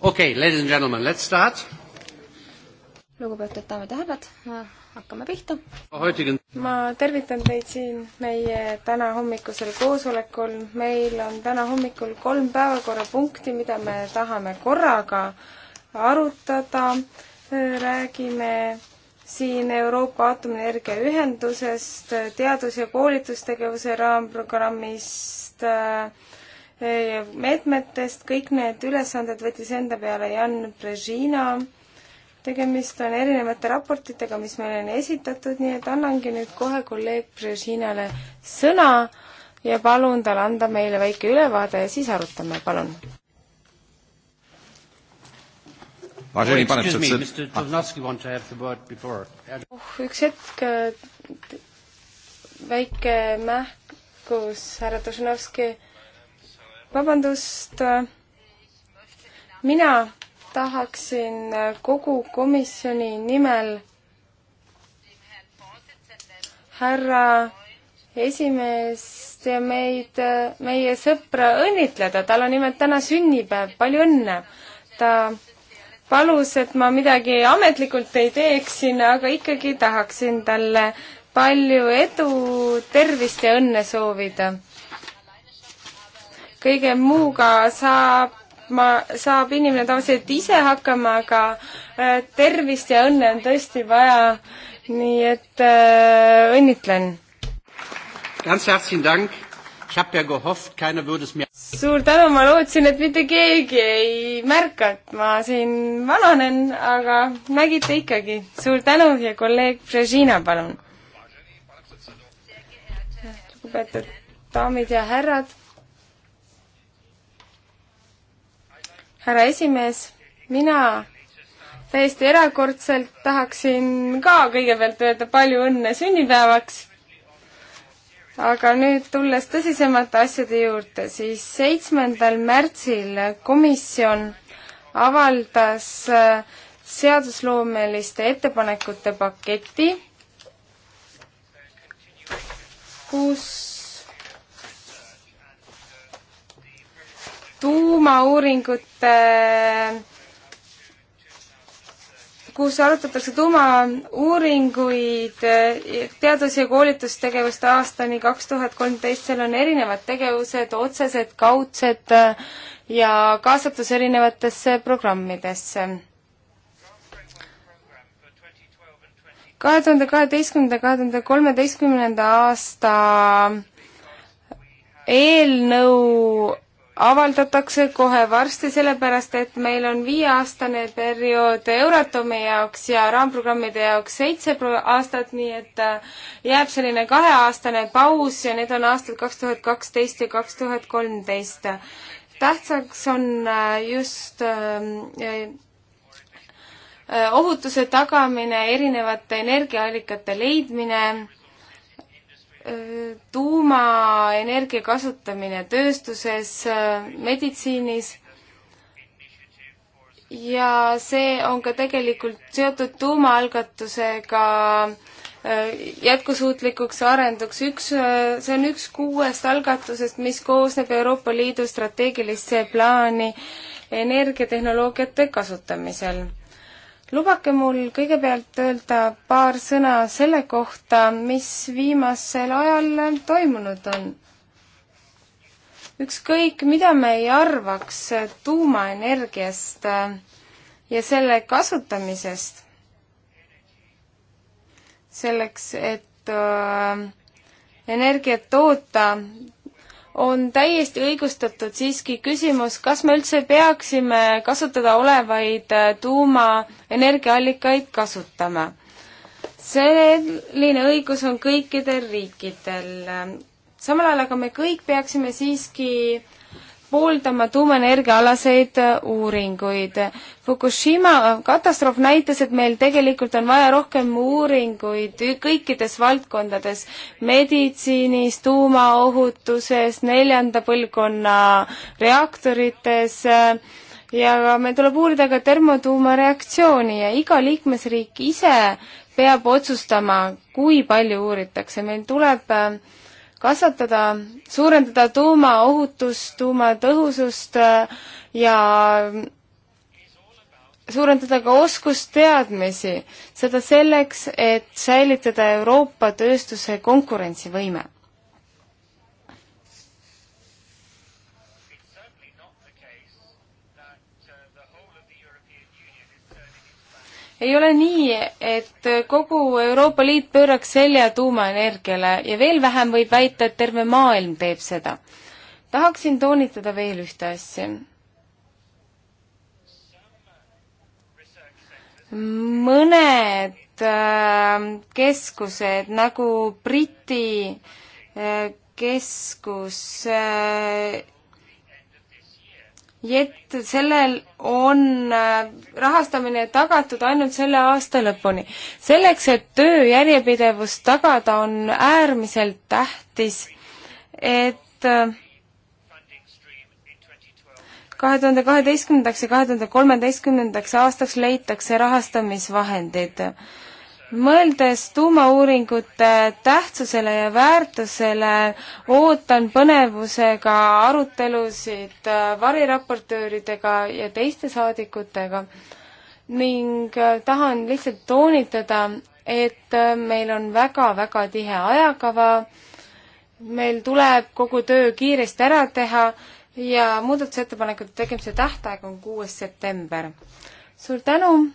okei okay,, ladies and gentlemen, let's start. lugupeetud daamid ja härrad, hakkame pihta. ma tervitan teid siin meie tänahommikusel koosolekul. meil on täna hommikul kolm päevakorrapunkti, mida me tahame korraga arutada. räägime siin Euroopa Aatomienergia Ühendusest, teadus- ja koolitustegevuse raamprogrammist äh,, Eh, meetmetest, kõik need ülesanded võttis enda peale Jan Brežina. tegemist on erinevate raportitega, mis meile on esitatud, nii et annangi nüüd kohe kolleeg Brežinale sõna ja palun tal anda meile väike ülevaade ja siis arutame, palun. Oh, ah. oh, üks hetk, äh, väike mähkus, härra Tošenovski vabandust, mina tahaksin kogu komisjoni nimel härra esimeest ja meid, meie sõpra õnnitleda, tal on nimelt täna sünnipäev, palju õnne! ta palus, et ma midagi ametlikult ei teeks siin, aga ikkagi tahaksin talle palju edu, tervist ja õnne soovida kõige muuga saab ma, saab inimene tavaliselt ise hakkama, aga äh, tervist ja õnne on tõesti vaja. nii et äh, õnnitlen. suur tänu, ma lootsin, et mitte keegi ei märka, et ma siin vananen, aga nägite ikkagi. suur tänu ja kolleeg Brežina, palun. lugupeetud daamid ja härrad härra esimees, mina täiesti erakordselt tahaksin ka kõigepealt öelda palju õnne sünnipäevaks. aga nüüd tulles tõsisemate asjade juurde, siis seitsmendal märtsil komisjon avaldas äh, seadusloomeliste ettepanekute paketi, kus tuumauuringute, kus arutatakse tuumauuringuid teadus- ja koolitustegevuste aastani kaks tuhat kolmteist, seal on erinevad tegevused, otsesed, kaudsed ja kaasatus erinevatesse programmidesse kahe tuhande kaheteistkümnenda, kahe tuhande kolmeteistkümnenda aasta eelnõu avaldatakse kohe varsti, sellepärast et meil on viieaastane periood Euratomi jaoks ja raamprogrammide jaoks seitse aastat, nii et äh, jääb selline kaheaastane paus ja need on aastad kaks tuhat kaksteist ja kaks tuhat kolmteist. tähtsaks on äh, just äh, ohutuse tagamine, erinevate energiaallikate leidmine tuumaenergia kasutamine tööstuses, meditsiinis ja see on ka tegelikult seotud tuumaalgatusega äh, jätkusuutlikuks arenduks. üks, äh, see on üks kuuest algatusest, mis koosneb Euroopa Liidu strateegilisse plaani energiatehnoloogiate kasutamisel lubage mul kõigepealt öelda paar sõna selle kohta, mis viimasel ajal toimunud on. ükskõik, mida me ei arvaks tuumaenergiast ja selle kasutamisest, selleks, et äh, energiat toota, on täiesti õigustatud siiski küsimus, kas me üldse peaksime kasutada olevaid äh, tuumaenergiaallikaid kasutama. selline õigus on kõikidel riikidel. samal ajal aga me kõik peaksime siiski pooldama tuumaenergiaalaseid äh, uuringuid. Fukushima katastroof näitas, et meil tegelikult on vaja rohkem uuringuid kõikides valdkondades, meditsiinis, tuumaohutuses, neljanda põlvkonna reaktorites äh, ja meil tuleb uurida ka termotuumareaktsiooni ja iga liikmesriik ise peab otsustama, kui palju uuritakse, meil tuleb äh, kasvatada, suurendada tuumaohutust, tuumatõhusust äh, ja suurendada ka oskusteadmisi, seda selleks, et säilitada Euroopa tööstuse konkurentsivõime ei ole nii, et kogu Euroopa Liit pööraks selja tuumaenergiale ja veel vähem võib väita, et terve maailm teeb seda. tahaksin toonitada veel ühte asja. mõned äh, keskused nagu Briti äh, keskus äh, et sellel on äh, rahastamine tagatud ainult selle aasta lõpuni. selleks, et töö järjepidevust tagada, on äärmiselt tähtis, et äh, kahe tuhande kaheteistkümnendaks ja kahe tuhande kolmeteistkümnendaks aastaks leitakse rahastamisvahendid mõeldes tuumauuringute tähtsusele ja väärtusele, ootan põnevusega arutelusid äh, variraportööridega ja teiste saadikutega ning äh, tahan lihtsalt toonitada, et äh, meil on väga-väga tihe ajakava, meil tuleb kogu töö kiiresti ära teha ja muudatusettepanekute tegemise tähtaeg on kuues september. suur tänu,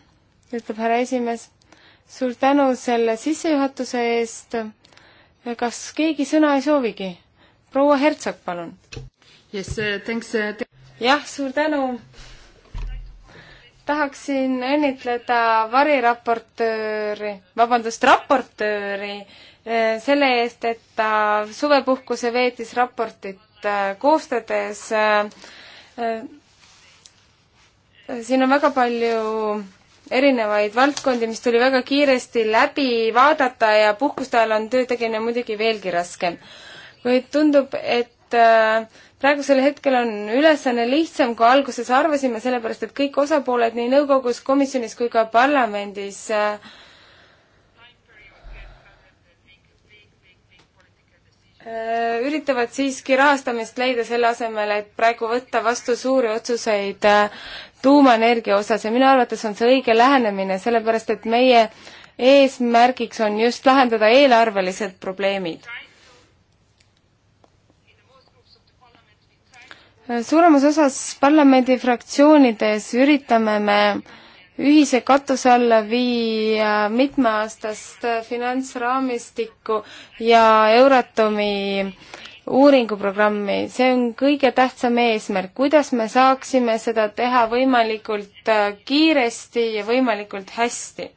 ütleb härra esimees suur tänu selle sissejuhatuse eest. kas keegi sõna ei soovigi? proua Hertsog, palun. Uh, uh, jah, suur tänu. tahaksin õnnitleda variraportööri, vabandust, raportööri eh, selle eest, et ta suvepuhkuse veetis raportit eh, koostades. Eh, siin on väga palju erinevaid valdkondi, mis tuli väga kiiresti läbi vaadata ja puhkuste ajal on töö tegemine muidugi veelgi raskem. kuid tundub, et äh, praegusel hetkel on ülesanne lihtsam, kui alguses arvasime, sellepärast et kõik osapooled nii nõukogus, komisjonis kui ka parlamendis äh, üritavad siiski rahastamist leida selle asemel, et praegu võtta vastu suuri otsuseid äh, tuumaenergia osas ja minu arvates on see õige lähenemine, sellepärast et meie eesmärgiks on just lahendada eelarvelised probleemid. suuremas osas parlamendifraktsioonides üritame me ühise katuse alla viia mitmeaastast finantsraamistikku ja Euratomi äh, uuringuprogrammi, see on kõige tähtsam eesmärk, kuidas me saaksime seda teha võimalikult äh, kiiresti ja võimalikult hästi.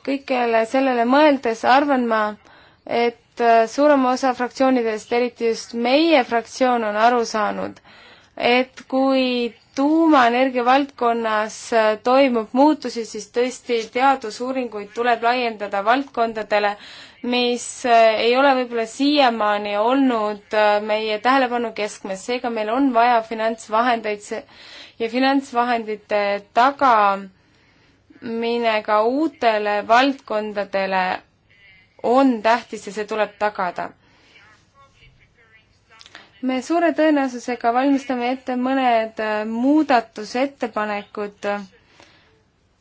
kõikele sellele mõeldes arvan ma, et äh, suurem osa fraktsioonidest, eriti just meie fraktsioon, on aru saanud, et kui tuumaenergia valdkonnas äh, toimub muutusi, siis tõesti teadusuuringuid tuleb laiendada valdkondadele, mis äh, ei ole võib-olla siiamaani olnud äh, meie tähelepanu keskmes, seega meil on vaja finantsvahendeid ja finantsvahendite tagamine ka uutele valdkondadele on tähtis ja see tuleb tagada me suure tõenäosusega valmistame ette mõned äh, muudatusettepanekud äh,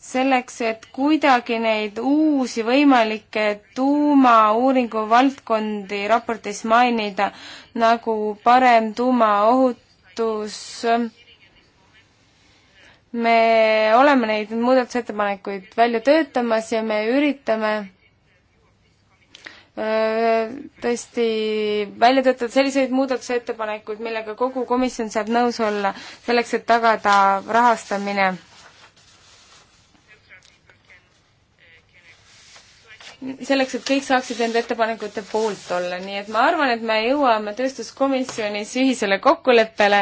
selleks, et kuidagi neid uusi võimalikke tuumauuringu valdkondi raportis mainida, nagu parem tuumaohutus. me oleme neid muudatusettepanekuid välja töötamas ja me üritame Äh, tõesti välja töötada selliseid muudatusettepanekuid, millega kogu komisjon saab nõus olla, selleks et tagada rahastamine. selleks, et kõik saaksid nende ettepanekute poolt olla, nii et ma arvan, et me jõuame tööstuskomisjonis ühisele kokkuleppele.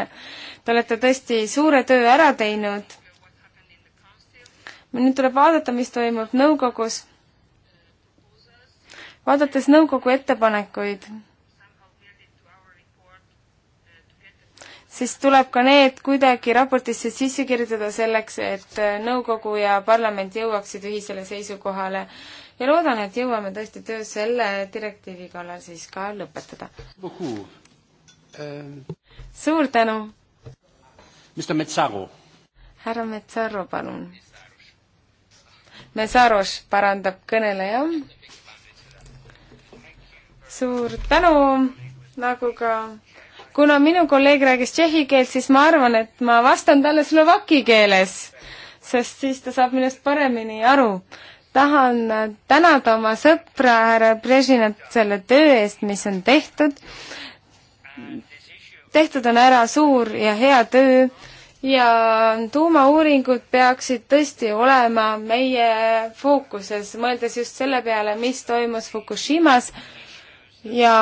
Te olete tõesti suure töö ära teinud. nüüd tuleb vaadata, mis toimub nõukogus vaadates nõukogu ettepanekuid, siis tuleb ka need kuidagi raportisse sisse kirjutada selleks, et nõukogu ja parlament jõuaksid ühisele seisukohale ja loodan, et jõuame tõesti töö selle direktiivi kallal siis ka lõpetada. suur tänu! härra Metsaro, palun. Mesaros parandab kõneleja suur tänu, nagu ka kuna minu kolleeg räägis tšehhi keelt, siis ma arvan, et ma vastan talle slovaki keeles, sest siis ta saab minust paremini aru. tahan tänada oma sõpra härra Brežinat selle töö eest, mis on tehtud. tehtud on ära suur ja hea töö ja tuumauuringud peaksid tõesti olema meie fookuses, mõeldes just selle peale, mis toimus Fukushimas ja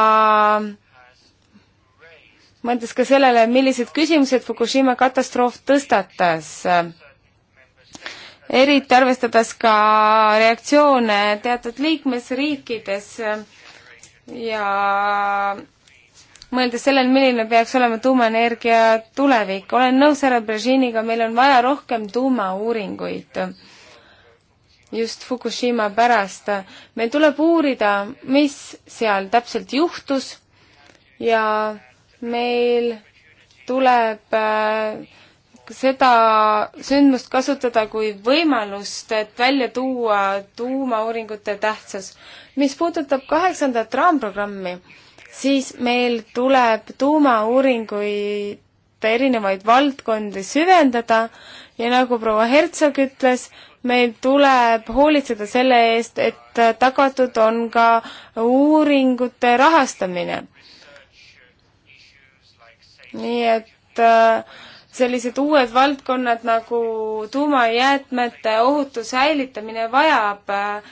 mõeldes ka sellele, millised küsimused Fukushima katastroof tõstatas, eriti arvestades ka reaktsioone teatud liikmesriikides ja mõeldes sellele, milline peaks olema tuumaenergia tulevik. olen nõus härra Brežiniga, meil on vaja rohkem tuumauuringuid just Fukushima pärast. meil tuleb uurida, mis seal täpselt juhtus ja meil tuleb äh, seda sündmust kasutada kui võimalust, et välja tuua tuumauuringute tähtsus. mis puudutab kaheksandat raamprogrammi, siis meil tuleb tuumauuringuid erinevaid valdkondi süvendada ja nagu proua Hertsog ütles, meil tuleb hoolitseda selle eest, et tagatud on ka uuringute rahastamine. nii et äh, sellised uued valdkonnad nagu tuumajäätmete ohutu säilitamine vajab äh,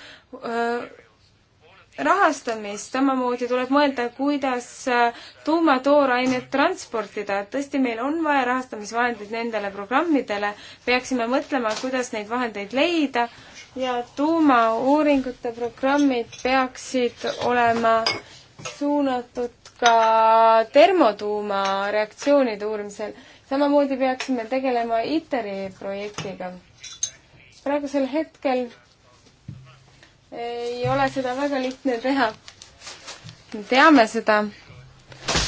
rahastamist, samamoodi tuleb mõelda, kuidas äh, tuumatoorainet transportida, et tõesti, meil on vaja rahastamisvahendeid nendele programmidele, peaksime mõtlema, kuidas neid vahendeid leida ja tuumauuringute programmid peaksid olema suunatud ka termotuuma reaktsioonide uurimisel. samamoodi peaksime tegelema ITER-i projektiga. praegusel hetkel ei ole seda väga lihtne teha. me teame seda.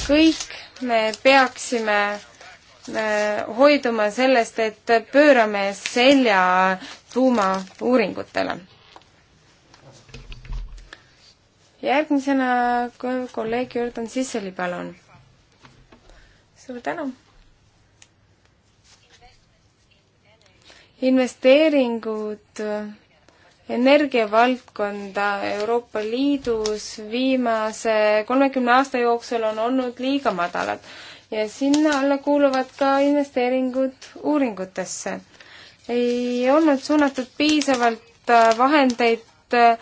kõik me peaksime hoiduma sellest, et pöörame selja tuumauuringutele. järgmisena kolleeg Jordan Sisseli, palun. suur tänu. investeeringud energiavaldkonda Euroopa Liidus viimase kolmekümne aasta jooksul on olnud liiga madalad ja sinna alla kuuluvad ka investeeringud uuringutesse. ei olnud suunatud piisavalt äh, vahendeid äh,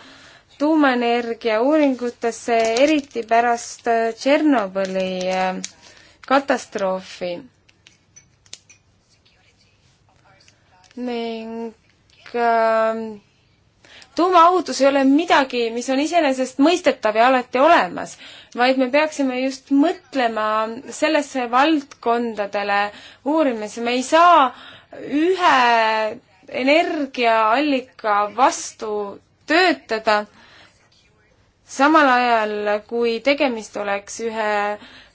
tuumaenergia uuringutesse, eriti pärast äh, Tšernobõli katastroofi. ning äh, tuumaohutus ei ole midagi, mis on iseenesestmõistetav ja alati olemas, vaid me peaksime just mõtlema sellesse valdkondadele uurimisse, me ei saa ühe energiaallika vastu töötada, samal ajal kui tegemist oleks ühe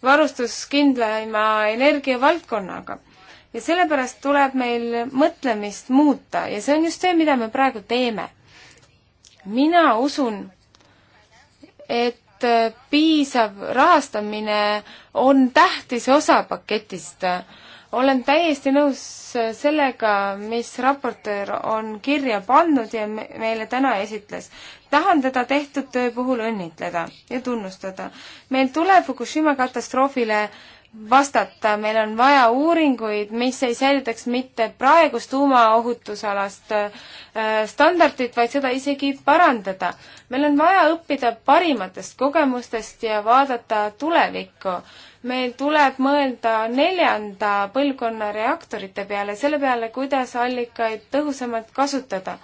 varustuskindlaima energiavaldkonnaga ja sellepärast tuleb meil mõtlemist muuta ja see on just see, mida me praegu teeme mina usun, et äh, piisav rahastamine on tähtis osa paketist. olen täiesti nõus äh, sellega, mis raportöör on kirja pannud ja meile täna esitles. tahan teda tehtud töö puhul õnnitleda ja tunnustada. meil tuleb Fukushima katastroofile äh, vastata, meil on vaja uuringuid, mis ei säilitaks mitte praegust tuumaohutusalast äh, standardit, vaid seda isegi parandada. meil on vaja õppida parimatest kogemustest ja vaadata tulevikku. meil tuleb mõelda neljanda põlvkonna reaktorite peale, selle peale, kuidas allikaid tõhusamalt kasutada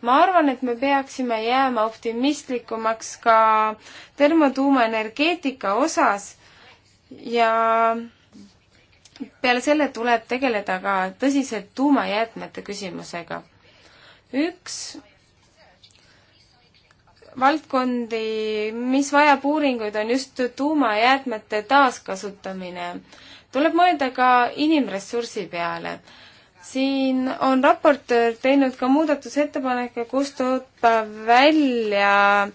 ma arvan, et me peaksime jääma optimistlikumaks ka termotuumaenergeetika osas ja peale selle tuleb tegeleda ka tõsiselt tuumajäätmete küsimusega. üks valdkondi, mis vajab uuringuid, on just tuumajäätmete taaskasutamine. tuleb mõelda ka inimressursi peale. siin on raportöör teinud ka muudatusettepaneku, kus toob välja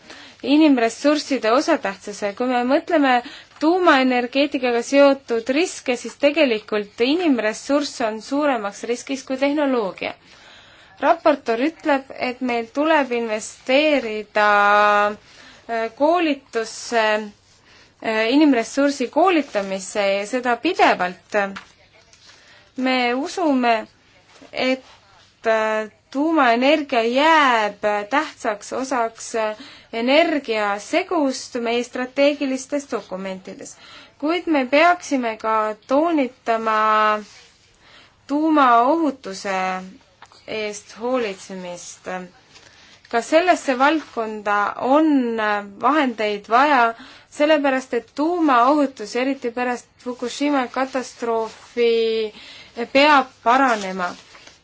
inimressursside osatähtsuse. kui me mõtleme tuumaenergeetikaga seotud riske, siis tegelikult inimressurss on suuremaks riskiks kui tehnoloogia. raportor ütleb, et meil tuleb investeerida äh, koolitusse, äh, inimressursi koolitamisse ja seda pidevalt. me usume, et äh, tuumaenergia jääb tähtsaks osaks energiasegust meie strateegilistes dokumentides. kuid me peaksime ka toonitama tuumaohutuse eest hoolitsemist. ka sellesse valdkonda on vahendeid vaja, sellepärast et tuumaohutus, eriti pärast Fukushima katastroofi, peab paranema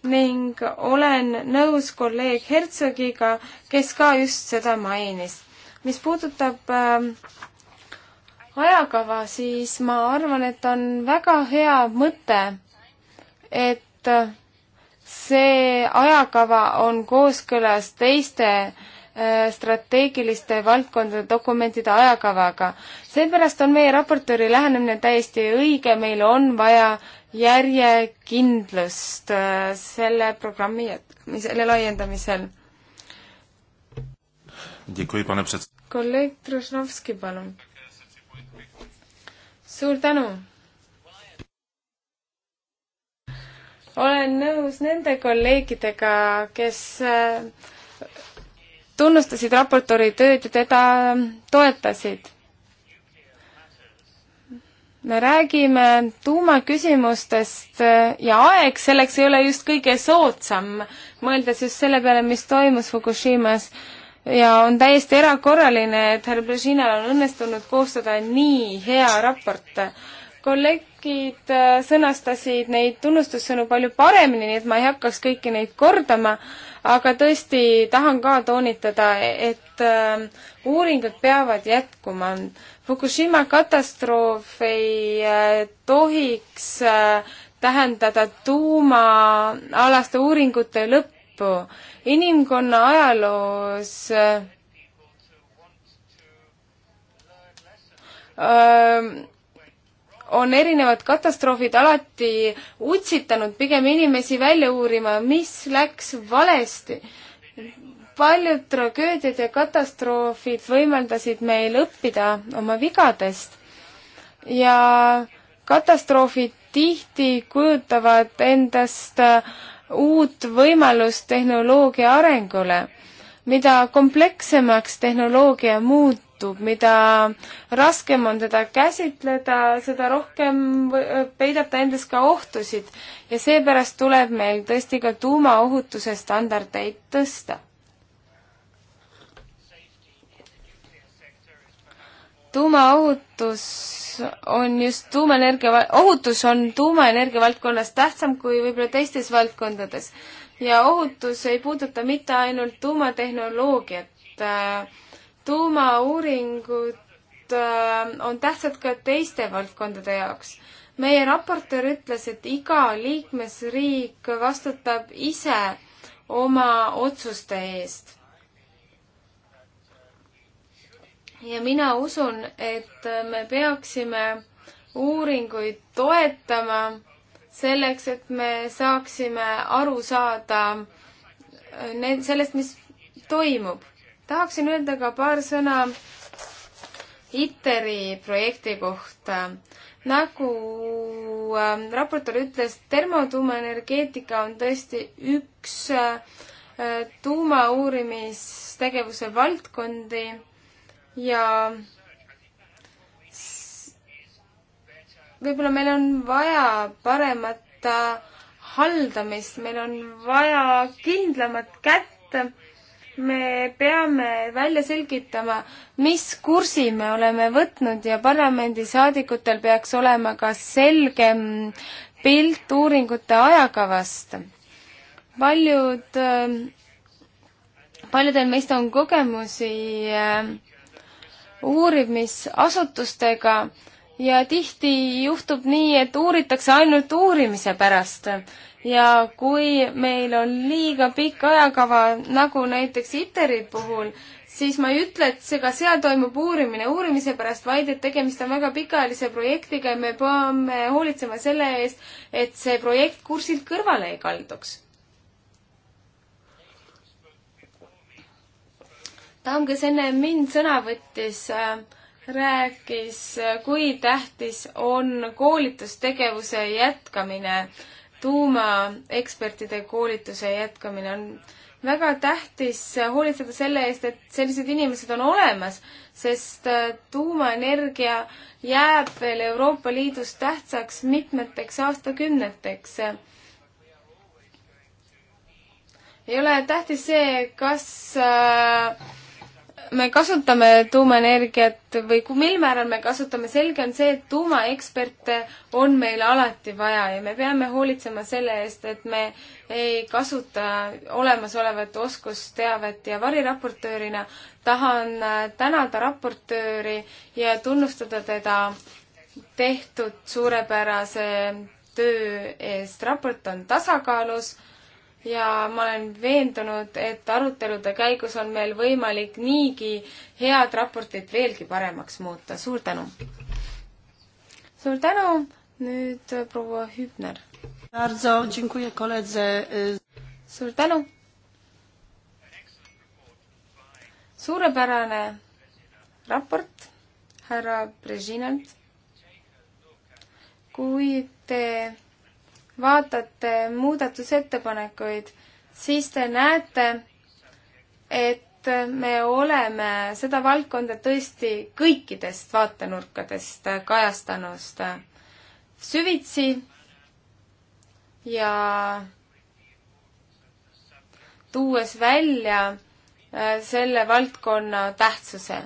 ning olen nõus kolleeg Hertsogiga, kes ka just seda mainis. mis puudutab äh, ajakava, siis ma arvan, et on väga hea mõte, et äh, see ajakava on kooskõlas teiste äh, strateegiliste valdkondade dokumentide ajakavaga. seepärast on meie raportööri lähenemine täiesti õige, meil on vaja järjekindlust äh, selle programmi jätkamisel ja laiendamisel. kolleeg Trušnovski, palun. suur tänu olen nõus nende kolleegidega, kes äh, tunnustasid raportööri tööd ja teda toetasid me räägime tuumaküsimustest äh, ja aeg selleks ei ole just kõige soodsam, mõeldes just selle peale, mis toimus Fukushimas. ja on täiesti erakorraline, et härra Brežinal on õnnestunud koostada nii hea raport. kolleegid äh, sõnastasid neid tunnustussõnu palju paremini, nii et ma ei hakkaks kõiki neid kordama aga tõesti tahan ka toonitada, et äh, uuringud peavad jätkuma. Fukushima katastroof ei äh, tohiks äh, tähendada tuumaalaste uuringute lõppu. inimkonna ajaloos äh, ähm, on erinevad katastroofid alati utsitanud pigem inimesi välja uurima, mis läks valesti. paljud tragöödiad ja katastroofid võimaldasid meil õppida oma vigadest ja katastroofid tihti kujutavad endast äh, uut võimalust tehnoloogia arengule. mida komplekssemaks tehnoloogia muutub, muutub, mida raskem on teda käsitleda, seda rohkem peidab ta endas ka ohtusid ja seepärast tuleb meil tõesti ka tuumaohutuse standardeid tõsta. tuumaohutus on just tuumaenergia, ohutus on tuumaenergia valdkonnas tähtsam kui võib-olla teistes valdkondades ja ohutus ei puuduta mitte ainult tuumatehnoloogiat äh,, tuumauuringud äh, on tähtsad ka teiste valdkondade jaoks. meie raportöör ütles, et iga liikmesriik vastutab ise oma otsuste eest. ja mina usun, et me peaksime uuringuid toetama selleks, et me saaksime aru saada äh, need, sellest, mis toimub tahaksin öelda ka paar sõna ITER-i projekti kohta. nagu ähm, raportöör ütles, termotuumaenergeetika on tõesti üks äh, tuumauurimistegevuse valdkondi ja võib-olla meil on vaja paremat äh, haldamist, meil on vaja kindlamat kätt me peame välja selgitama, mis kursi me oleme võtnud ja parlamendisaadikutel peaks olema ka selgem pilt uuringute ajakavast. paljud, ähm, paljudel meist on kogemusi ähm, uurimisasutustega ja tihti juhtub nii, et uuritakse ainult uurimise pärast ja kui meil on liiga pikk ajakava, nagu näiteks ITER-i puhul, siis ma ei ütle, et see, ka seal toimub uurimine uurimise pärast, vaid et tegemist on väga pikaajalise projektiga ja me peame hoolitsema selle eest, et see projekt kursilt kõrvale ei kalduks. Tamm, kes enne mind sõna võttis, äh, rääkis, äh, kui tähtis on koolitustegevuse jätkamine äh, tuumaekspertide koolituse jätkamine on väga tähtis hoolitseda selle eest, et sellised inimesed on olemas, sest äh, tuumaenergia jääb veel Euroopa Liidus tähtsaks mitmeteks aastakümneteks. ei ole tähtis see, kas äh, me kasutame tuumaenergiat või kui, mil määral me kasutame, selge on see, et tuumaeksperte on meil alati vaja ja me peame hoolitsema selle eest, et me ei kasuta olemasolevat oskusteavet ja variraportöörina tahan äh, tänada raportööri ja tunnustada teda tehtud suurepärase töö eest. raport on tasakaalus ja ma olen veendunud, et arutelude käigus on meil võimalik niigi head raportit veelgi paremaks muuta. suur tänu! suur tänu, nüüd äh, proua Hübner. suur tänu! suurepärane raport härra Brežinalt. kui te vaatate muudatusettepanekuid, siis te näete, et me oleme seda valdkonda tõesti kõikidest vaatenurkadest kajastanud süvitsi ja tuues välja äh, selle valdkonna tähtsuse.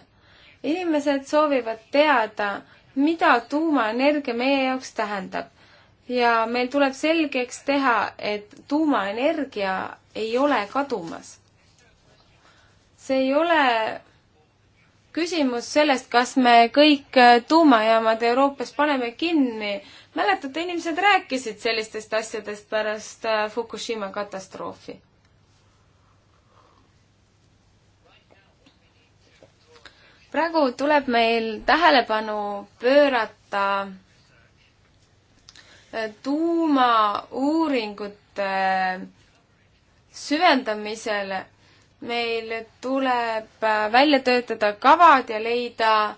inimesed soovivad teada, mida tuumaenergia meie jaoks tähendab ja meil tuleb selgeks teha, et tuumaenergia ei ole kadumas. see ei ole küsimus sellest, kas me kõik tuumajaamad Euroopas paneme kinni. mäletate, inimesed rääkisid sellistest asjadest pärast äh, Fukushima katastroofi. praegu tuleb meil tähelepanu pöörata tuumauuringute süvendamisel meil tuleb välja töötada kavad ja leida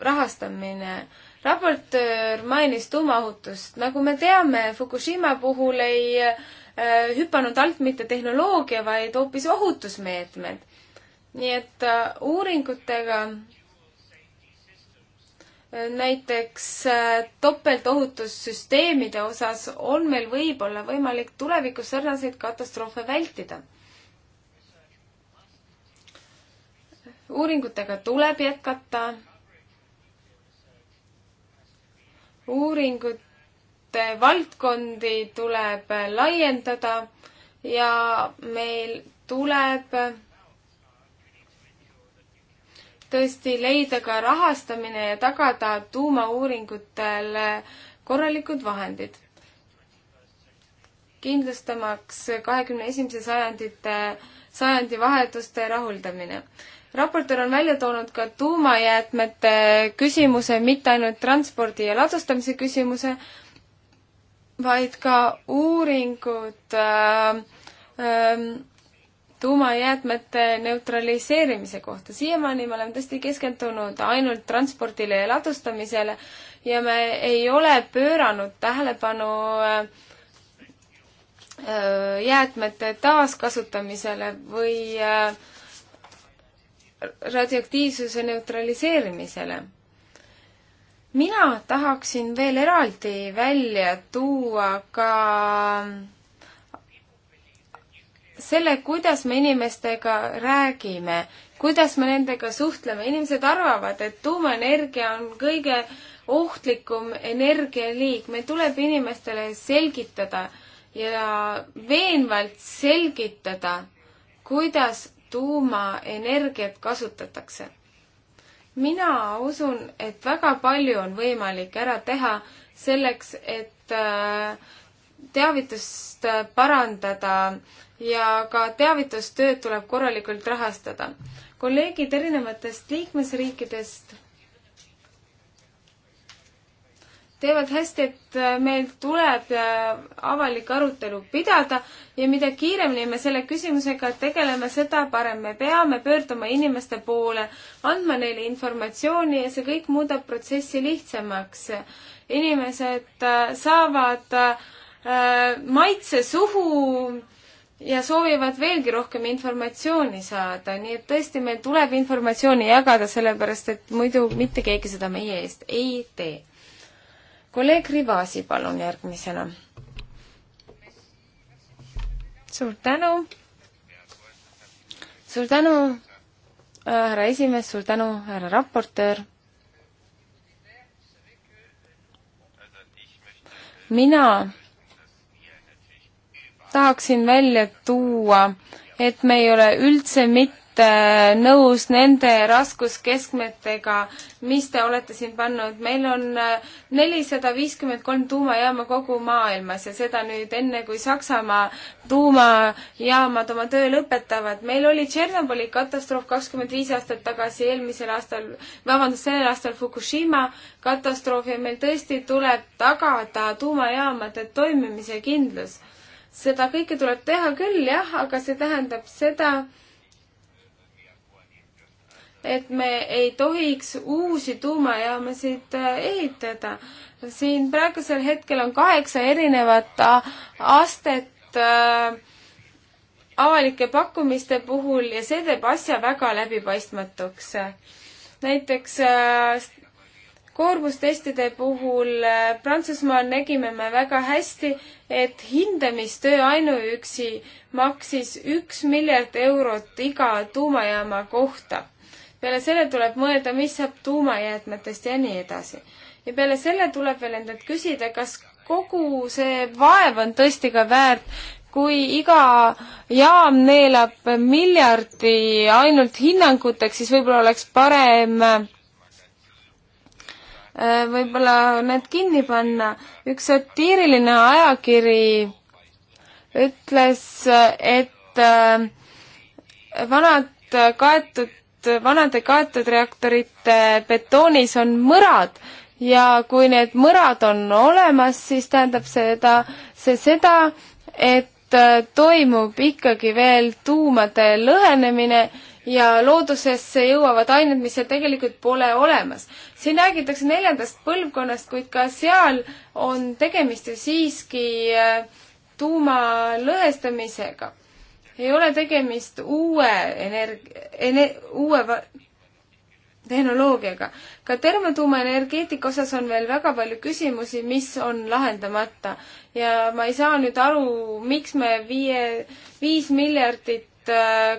rahastamine. raportöör mainis tuumaohutust. nagu me teame, Fukushima puhul ei äh, hüpanud alt mitte tehnoloogia, vaid hoopis ohutusmeetmed. nii et äh, uuringutega näiteks äh, topeltohutussüsteemide osas on meil võib-olla võimalik tulevikus sarnaseid katastroofe vältida. uuringutega tuleb jätkata. uuringute valdkondi tuleb laiendada ja meil tuleb tõesti leida ka rahastamine ja tagada tuumauuringutele korralikud vahendid. kindlustamaks kahekümne esimese sajandite, sajandivahetuste rahuldamine. raportöör on välja toonud ka tuumajäätmete küsimuse, mitte ainult transpordi ja ladustamise küsimuse, vaid ka uuringud äh, äh, tuumajäätmete neutraliseerimise kohta. siiamaani me oleme tõesti keskendunud ainult transpordile ja ladustamisele ja me ei ole pööranud tähelepanu äh, jäätmete taaskasutamisele või äh, radioaktiivsuse neutraliseerimisele. mina tahaksin veel eraldi välja tuua ka selle, kuidas me inimestega räägime, kuidas me nendega suhtleme. inimesed arvavad, et tuumaenergia on kõige ohtlikum energialiik. meil tuleb inimestele selgitada ja veenvalt selgitada, kuidas tuumaenergiat kasutatakse. mina usun, et väga palju on võimalik ära teha selleks, et äh, teavitust äh, parandada ja ka teavitustööd tuleb korralikult rahastada. kolleegid erinevatest liikmesriikidest teevad hästi, et äh, meil tuleb äh, avalik arutelu pidada ja mida kiiremini me selle küsimusega tegeleme, seda parem. me peame pöörduma inimeste poole, andma neile informatsiooni ja see kõik muudab protsessi lihtsamaks. inimesed saavad Äh, maitse suhu ja soovivad veelgi rohkem informatsiooni saada, nii et tõesti, meil tuleb informatsiooni jagada, sellepärast et muidu mitte keegi seda meie eest ei tee. kolleeg Rivasi, palun järgmisena. suur tänu. suur tänu, äh, härra esimees, suur tänu, härra raportöör. mina tahaksin välja tuua, et me ei ole üldse mitte nõus nende raskuskeskmetega, mis te olete siin pannud. meil on äh, nelisada viiskümmend kolm tuumajaama kogu maailmas ja seda nüüd enne, kui Saksamaa tuumajaamad oma töö lõpetavad. meil oli Tšernobõli katastroof kakskümmend viis aastat tagasi, eelmisel aastal, vabandust, sellel aastal Fukushima katastroof ja meil tõesti tuleb tagada tuumajaamade toimimise kindlus seda kõike tuleb teha küll, jah, aga see tähendab seda, et me ei tohiks uusi tuumajaamasid äh, ehitada. siin praegusel hetkel on kaheksa erinevat äh, astet äh, avalike pakkumiste puhul ja see teeb asja väga läbipaistmatuks. näiteks äh, koormustestide puhul äh, Prantsusmaal nägime me väga hästi, et hindamistöö ainuüksi maksis üks miljard eurot iga tuumajaama kohta. peale selle tuleb mõelda, mis saab tuumajäätmetest ja nii edasi. ja peale selle tuleb veel endalt küsida, kas kogu see vaev on tõesti ka väärt, kui iga jaam neelab miljardi ainult hinnanguteks, siis võib-olla oleks parem äh, Äh, võib-olla need kinni panna. üks satiiriline ajakiri ütles, et äh, vanad kaetud, vanade kaetud reaktorite betoonis on mõrad ja kui need mõrad on olemas, siis tähendab seda, see seda, et äh, toimub ikkagi veel tuumade lõhenemine ja loodusesse jõuavad ained, mis seal tegelikult pole olemas. siin räägitakse neljandast põlvkonnast, kuid ka seal on tegemist ju siiski äh, tuuma lõhestamisega. ei ole tegemist uue energ-, ener-, uue tehnoloogiaga. ka termotuumaenergeetika osas on veel väga palju küsimusi, mis on lahendamata. ja ma ei saa nüüd aru, miks me viie, viis miljardit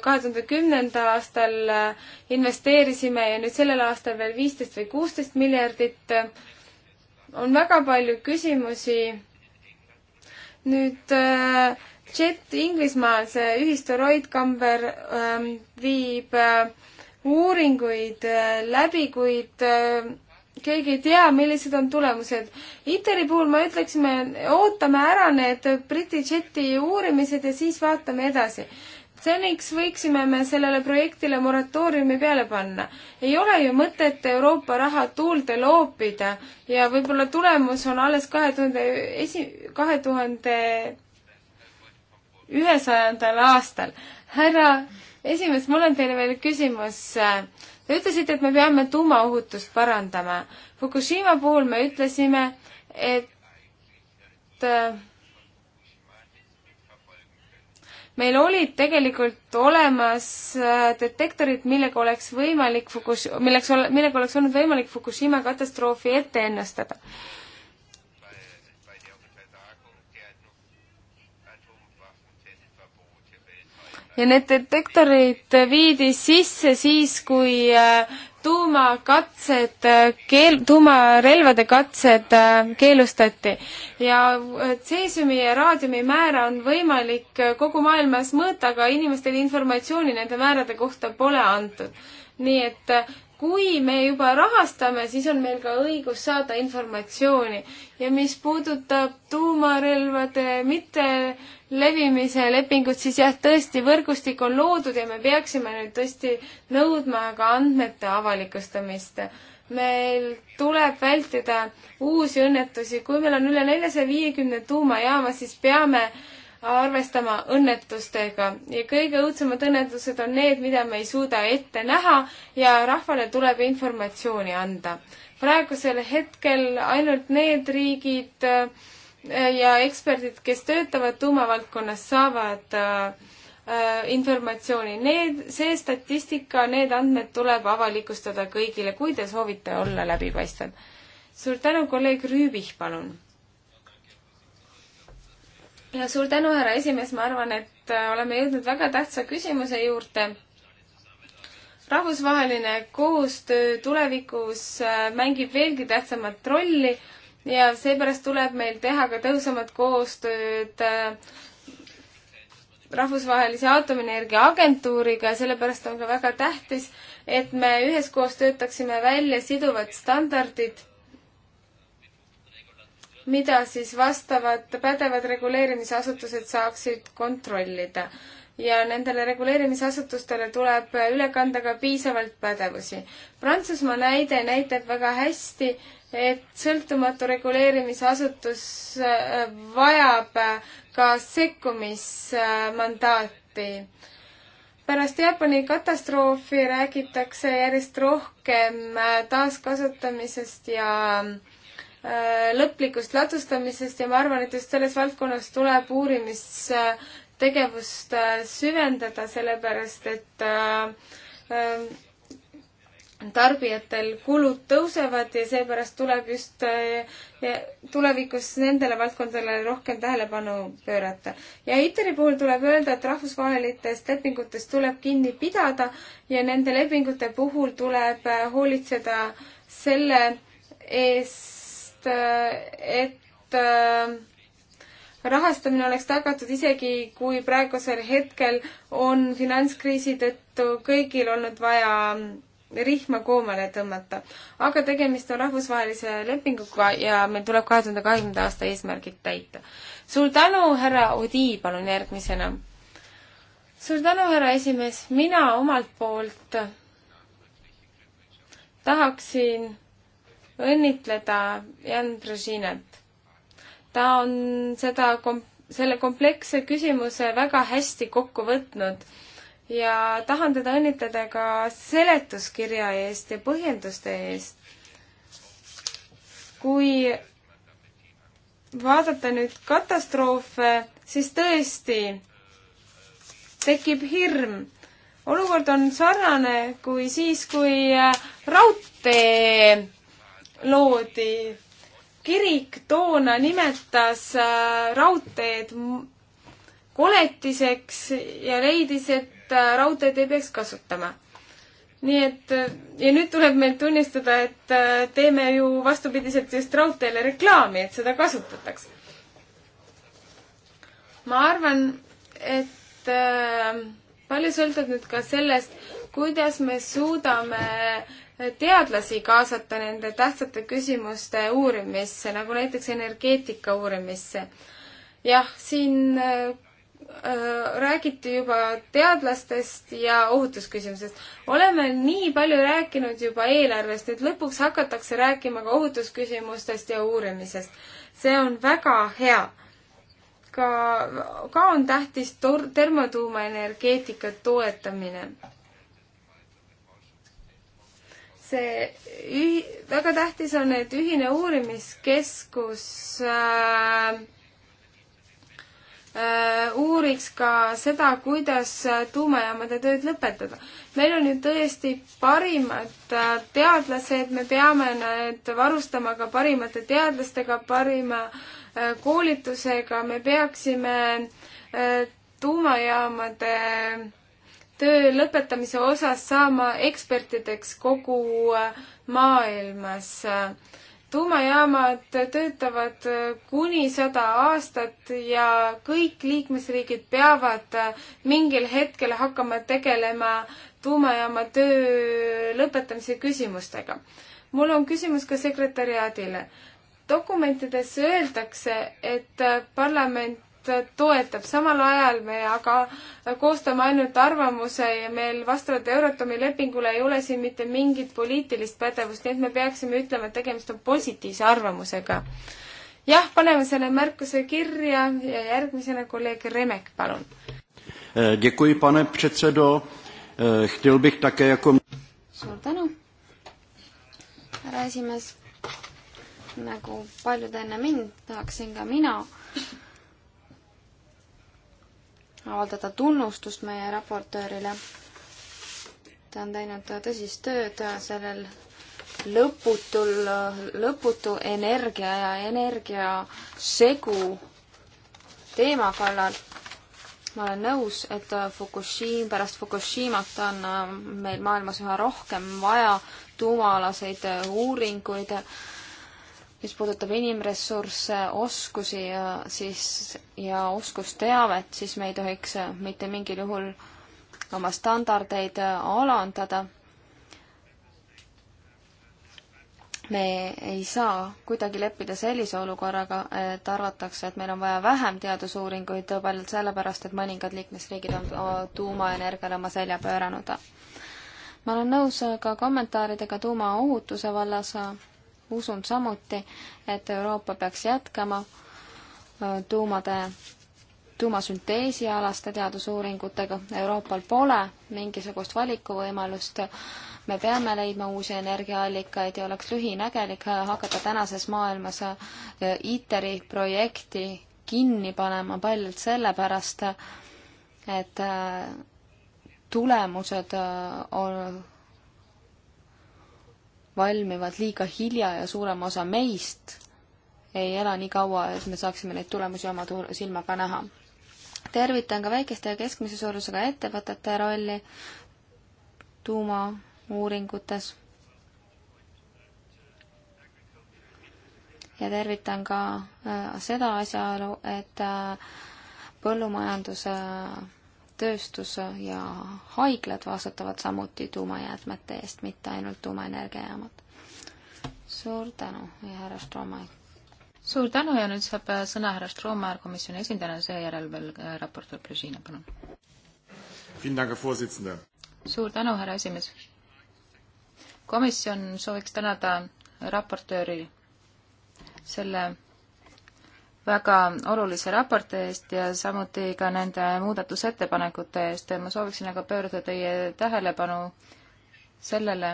kahe tuhande kümnendal aastal äh, investeerisime ja nüüd sellel aastal veel viisteist või kuusteist miljardit. on väga palju küsimusi. nüüd Jet äh, Inglismaal, see ühistu Roid Kamber ähm, viib äh, uuringuid läbi, kuid keegi ei tea, millised on tulemused. ITER-i puhul me ütleksime, ootame ära need Briti Jeti uurimised ja siis vaatame edasi seniks võiksime me sellele projektile moratooriumi peale panna. ei ole ju mõtet Euroopa raha tuulde loopida ja võib-olla tulemus on alles kahe tuhande esi, kahe tuhande ühesajandal aastal. härra esimees, mul on teile veel küsimus. Te ütlesite, et me peame tuumaohutust parandama. Fukushima puhul me ütlesime, et meil olid tegelikult olemas äh, detektorid, millega oleks võimalik Fukush-, milleks ole-, millega oleks olnud võimalik Fukushima katastroofi ette ennustada. ja need detektorid viidi sisse siis, kui äh, tuumakatsed keel-, tuumarelvade katsed äh, keelustati ja tseesiumi äh, ja raadiumi määra on võimalik äh, kogu maailmas mõõta, aga inimestele informatsiooni nende määrade kohta pole antud. nii et kui me juba rahastame, siis on meil ka õigus saada informatsiooni. ja mis puudutab tuumarelvade mittelevimise lepingut, siis jah, tõesti, võrgustik on loodud ja me peaksime nüüd tõesti nõudma ka andmete avalikustamist. meil tuleb vältida uusi õnnetusi, kui meil on üle neljasaja viiekümne tuumajaama, siis peame äh, arvestama õnnetustega ja kõige õudsemad õnnetused on need, mida me ei suuda ette näha ja rahvale tuleb informatsiooni anda. praegusel hetkel ainult need riigid äh, ja eksperdid, kes töötavad tuumavaldkonnas, saavad äh, informatsiooni. Need, see statistika, need andmed tuleb avalikustada kõigile, kui te soovite olla läbipaistvad. suur tänu, kolleeg Rüübih, palun suur tänu, härra esimees, ma arvan, et äh, oleme jõudnud väga tähtsa küsimuse juurde. rahvusvaheline koostöö tulevikus äh, mängib veelgi tähtsamat rolli ja seepärast tuleb meil teha ka tõhusamat koostööd äh, rahvusvahelise aatomienergia agentuuriga ja sellepärast on ka väga tähtis, et me üheskoos töötaksime välja siduvad standardid mida siis vastavad pädevad reguleerimisasutused saaksid kontrollida. ja nendele reguleerimisasutustele tuleb üle kanda ka piisavalt pädevusi. Prantsusmaa näide näitab väga hästi, et sõltumatu reguleerimisasutus äh, vajab äh, ka sekkumismandaati. pärast Jaapani katastroofi räägitakse järjest rohkem äh, taaskasutamisest ja äh, Äh, lõplikust ladustamisest ja ma arvan, et just selles valdkonnas tuleb uurimistegevust äh, süvendada, sellepärast et äh, tarbijatel kulud tõusevad ja seepärast tuleb just tulevikus nendele valdkondadele rohkem tähelepanu pöörata. ja ITER-i puhul tuleb öelda, et rahvusvahelistest lepingutest tuleb kinni pidada ja nende lepingute puhul tuleb hoolitseda selle eest, eest, et äh, rahastamine oleks tagatud isegi, kui praegusel hetkel on finantskriisi tõttu kõigil olnud vaja rihma koomale tõmmata. aga tegemist on rahvusvahelise lepinguga ja meil tuleb kahe tuhande kahekümnenda aasta eesmärgid täita. suur tänu, härra Odi, palun järgmisena. suur tänu, härra esimees, mina omalt poolt tahaksin õnnitleda Jan Brežinat. ta on seda kom-, selle kompleksse küsimuse väga hästi kokku võtnud ja tahan teda õnnitleda ka seletuskirja eest ja põhjenduste eest. kui vaadata nüüd katastroofe, siis tõesti tekib hirm. olukord on sarnane kui siis, kui raudtee loodi. kirik toona nimetas äh, raudteed koletiseks ja leidis, et äh, raudteed ei peaks kasutama. nii et äh, ja nüüd tuleb meil tunnistada, et teeme ju vastupidiselt just raudteele reklaami, et seda kasutatakse. ma arvan, et äh, palju sõltub nüüd ka sellest, kuidas me suudame teadlasi kaasata nende tähtsate küsimuste uurimisse, nagu näiteks energeetika uurimisse. jah, siin äh, räägiti juba teadlastest ja ohutusküsimusest. oleme nii palju rääkinud juba eelarvest, et lõpuks hakatakse rääkima ka ohutusküsimustest ja uurimisest. see on väga hea. ka, ka on tähtis tor-, termotuumaenergeetika toetamine see ühi-, väga tähtis on, et ühine uurimiskeskus äh, äh, uuriks ka seda, kuidas tuumajaamade tööd lõpetada. meil on ju tõesti parimad äh, teadlased, me peame need varustama ka parimate teadlastega, parima äh, koolitusega, me peaksime äh, tuumajaamade äh, töö lõpetamise osas saama ekspertideks kogu äh, maailmas. tuumajaamad töötavad äh, kuni sada aastat ja kõik liikmesriigid peavad äh, mingil hetkel hakkama tegelema tuumajaama töö lõpetamise küsimustega. mul on küsimus ka sekretäriaadile. dokumentides öeldakse, et parlament toetab, samal ajal me aga koostame ainult arvamuse ja meil vastavalt Euratomi lepingule ei ole siin mitte mingit poliitilist pädevust, nii et me peaksime ütlema, et tegemist on positiivse arvamusega. jah, paneme selle märkuse kirja ja järgmisena kolleeg Remek, palun. Eh, eh, suur tänu, härra esimees. nagu paljud enne mind, tahaksin ka mina avaldada tunnustust meie raportöörile. ta on teinud tõsist tööd sellel lõputul, lõputu energia ja energiasegu teema kallal. ma olen nõus, et Fukushima, pärast Fukushimat on meil maailmas üha rohkem vaja tuumaalaseid uuringuid mis puudutab inimressursse, oskusi ja siis, ja oskusteavet, siis me ei tohiks äh, mitte mingil juhul oma standardeid äh, alandada. me ei saa kuidagi leppida sellise olukorraga, et arvatakse, et meil on vaja vähem teadusuuringuid paljalt sellepärast, et mõningad liikmesriigid on äh, tuumaenergiale oma selja pööranud. ma olen nõus ka kommentaaridega tuumaohutuse vallas usun samuti, et Euroopa peaks jätkama äh, tuumade, tuumasünteesi alaste teadusuuringutega. Euroopal pole mingisugust valikuvõimalust. me peame leidma uusi energiaallikaid ja oleks lühinägelik äh, hakata tänases maailmas äh, ITER-i projekti kinni panema paljalt sellepärast, et tulemused on valmivad liiga hilja ja suurem osa meist ei ela nii kaua, et me saaksime neid tulemusi oma silmaga näha. tervitan ka väikeste ja keskmise suurusega ettevõtete rolli tuumauuringutes. ja tervitan ka äh, seda asjaolu, et äh, põllumajanduse äh, tööstus ja haiglad vastutavad samuti tuumajäätmete eest, mitte ainult tuumaenergiajaamad. suur tänu ja härra Stroomäe. suur tänu ja nüüd saab sõna härra Stroomäe komisjoni esindajana, seejärel veel äh, raportöör Brežina, palun. suur tänu, härra esimees. komisjon sooviks tänada raportööri selle väga olulise raporti eest ja samuti ka nende muudatusettepanekute eest. ma sooviksin aga pöörduda teie tähelepanu sellele,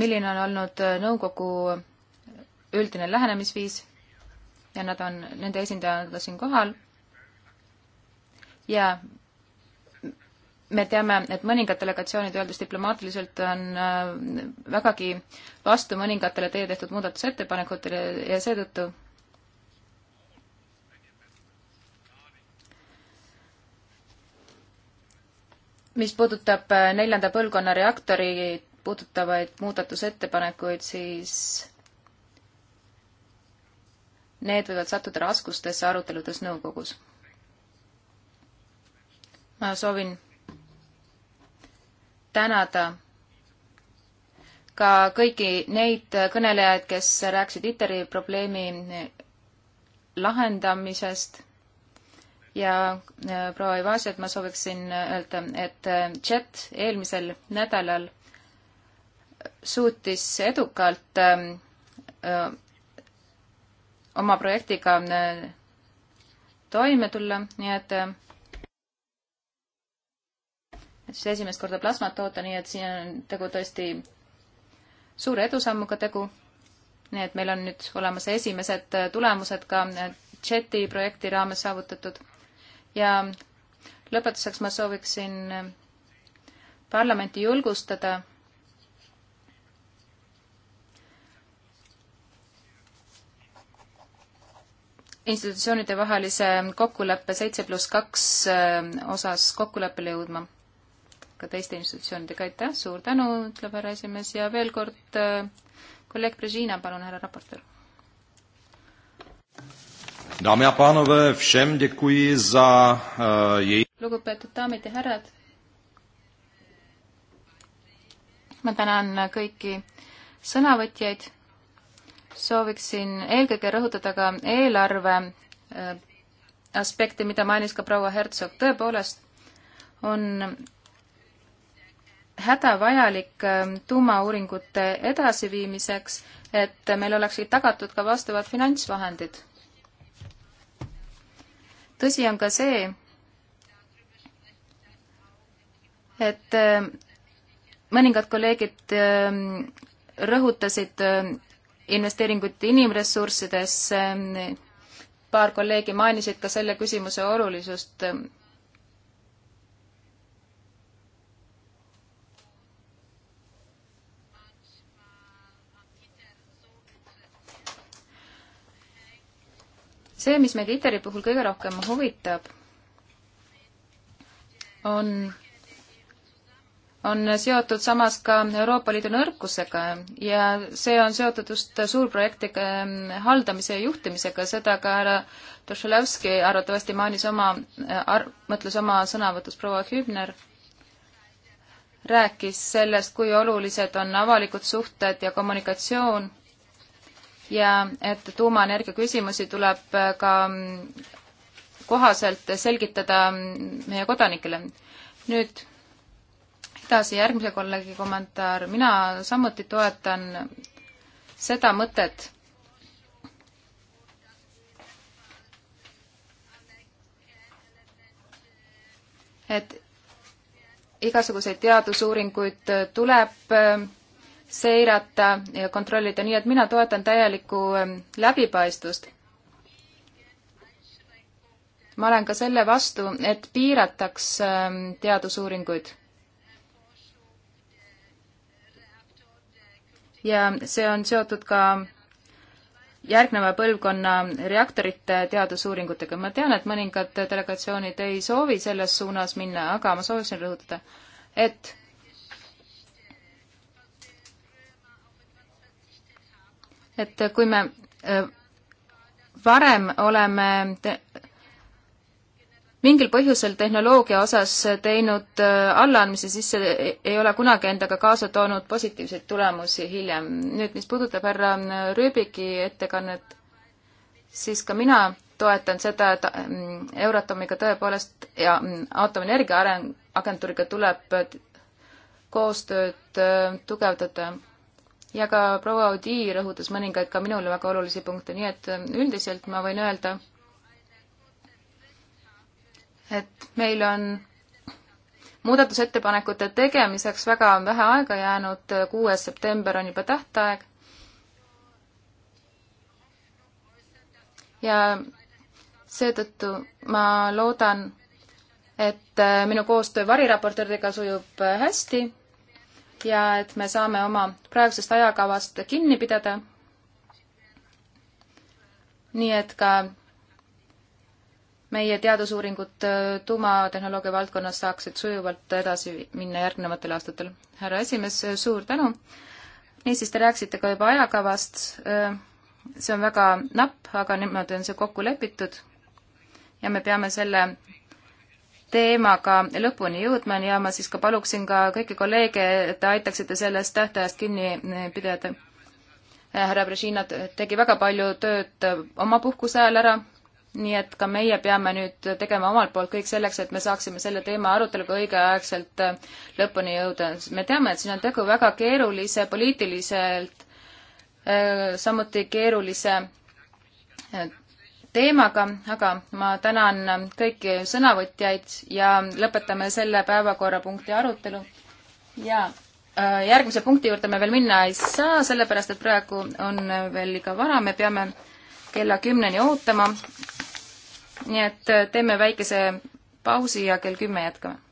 milline on olnud nõukogu üldine lähenemisviis ja nad on, nende esindajad on siin kohal ja me teame, et mõningad delegatsioonid, öeldes diplomaatiliselt, on äh, vägagi vastu mõningatele teie tehtud muudatusettepanekutele ja seetõttu mis puudutab äh, neljanda põlvkonna reaktori puudutavaid muudatusettepanekuid, siis need võivad sattuda raskustesse aruteludes nõukogus. ma soovin tänada ka kõiki neid kõnelejaid, kes rääkisid ITER-i probleemi lahendamisest ja äh, proua Ivasiat ma sooviksin öelda, et äh, chat eelmisel nädalal suutis edukalt öö, ähm, äh, oma projektiga öö, toime tulla, nii et öö, siis esimest korda plasmat toota, nii et siin on tegu tõesti suure edusammuga tegu. nii et meil on nüüd olemas esimesed äh, tulemused ka JET-i äh, projekti raames saavutatud. ja lõpetuseks ma sooviksin äh, parlamenti julgustada institutsioonide vahelise kokkuleppe seitse pluss kaks osas kokkuleppele jõudma ka teiste institutsioonidega, aitäh, suur tänu, ütleb härra esimees ja veel kord äh, kolleeg Brežina, palun, härra raportöör. Dámy a pánové, všem děkuji za uh, eh, její... Lugupeetud daamid ja härrad, ma tänan kõiki sõnavõtjaid. Sooviksin eelkõige rõhutada ka eelarve äh, aspekti, mida mainis ka proua Hertsog. Tõepoolest on hädavajalik ähm, tuumauuringute edasiviimiseks, et meil oleksid tagatud ka vastavad finantsvahendid. tõsi on ka see, et ähm, mõningad kolleegid ähm, rõhutasid investeeringut inimressurssidesse, paar kolleegi mainisid ka selle küsimuse olulisust see, mis meid ITER-i puhul kõige rohkem huvitab, on, on seotud samas ka Euroopa Liidu nõrkusega ja see on seotud just suurprojektide mm, haldamise ja juhtimisega, seda ka härra Tošelevski arvatavasti mainis oma, äh, mõtles oma sõnavõtus proua Hübner rääkis sellest, kui olulised on avalikud suhted ja kommunikatsioon ja et tuumaenergia küsimusi tuleb äh, ka mm, kohaselt selgitada mm, meie kodanikele. nüüd edasi järgmise kolleegi kommentaar, mina samuti toetan seda mõtet, et igasuguseid teadusuuringuid tuleb äh, seirata ja kontrollida, nii et mina toetan täielikku ähm, läbipaistvust. ma olen ka selle vastu, et piirataks ähm, teadusuuringuid. ja see on seotud ka järgneva põlvkonna reaktorite teadusuuringutega. ma tean, et mõningad delegatsioonid ei soovi selles suunas minna, aga ma soovisin rõhutada, et et kui me varem oleme mingil põhjusel tehnoloogia osas teinud allaandmisi, siis see ei ole kunagi endaga kaasa toonud positiivseid tulemusi hiljem. nüüd, mis puudutab härra Rüübiki ettekannet, siis ka mina toetan seda, et mm, Euratomiga tõepoolest ja mm, aatomienergia areng, agentuuriga tuleb koostööd tugevdada ja ka proua Audi rõhutas mõningaid ka minule väga olulisi punkte, nii et äh, üldiselt ma võin öelda, et meil on muudatusettepanekute tegemiseks väga vähe aega jäänud, kuues september on juba tähtaeg. ja seetõttu ma loodan, et äh, minu koostöö variraportööridega sujub äh, hästi ja et me saame oma praegusest ajakavast kinni pidada. nii et ka meie teadusuuringud äh, tuumatehnoloogia valdkonnas saaksid sujuvalt edasi minna järgnevatel aastatel. härra esimees, äh, suur tänu. niisiis, te rääkisite ka juba ajakavast. Äh, see on väga napp, aga niimoodi on see kokku lepitud. ja me peame selle teemaga lõpuni jõudma ja ma siis ka paluksin ka kõiki kolleege, et te aitaksite sellest tähtajast kinni eh, pidada. Eh, härra Brežina tegi väga palju tööd eh, oma puhkuse ajal ära, nii et ka meie peame nüüd tegema omalt poolt kõik selleks, et me saaksime selle teema aruteluga õigeaegselt lõpuni jõuda. me teame, et siin on tegu väga keerulise poliitiliselt, samuti keerulise teemaga, aga ma tänan kõiki sõnavõtjaid ja lõpetame selle päevakorrapunkti arutelu. ja äh, järgmise punkti juurde me veel minna ei saa, sellepärast et praegu on veel liiga vara, me peame kella kümneni ootama. nii et äh, teeme väikese pausi ja kell kümme jätkame.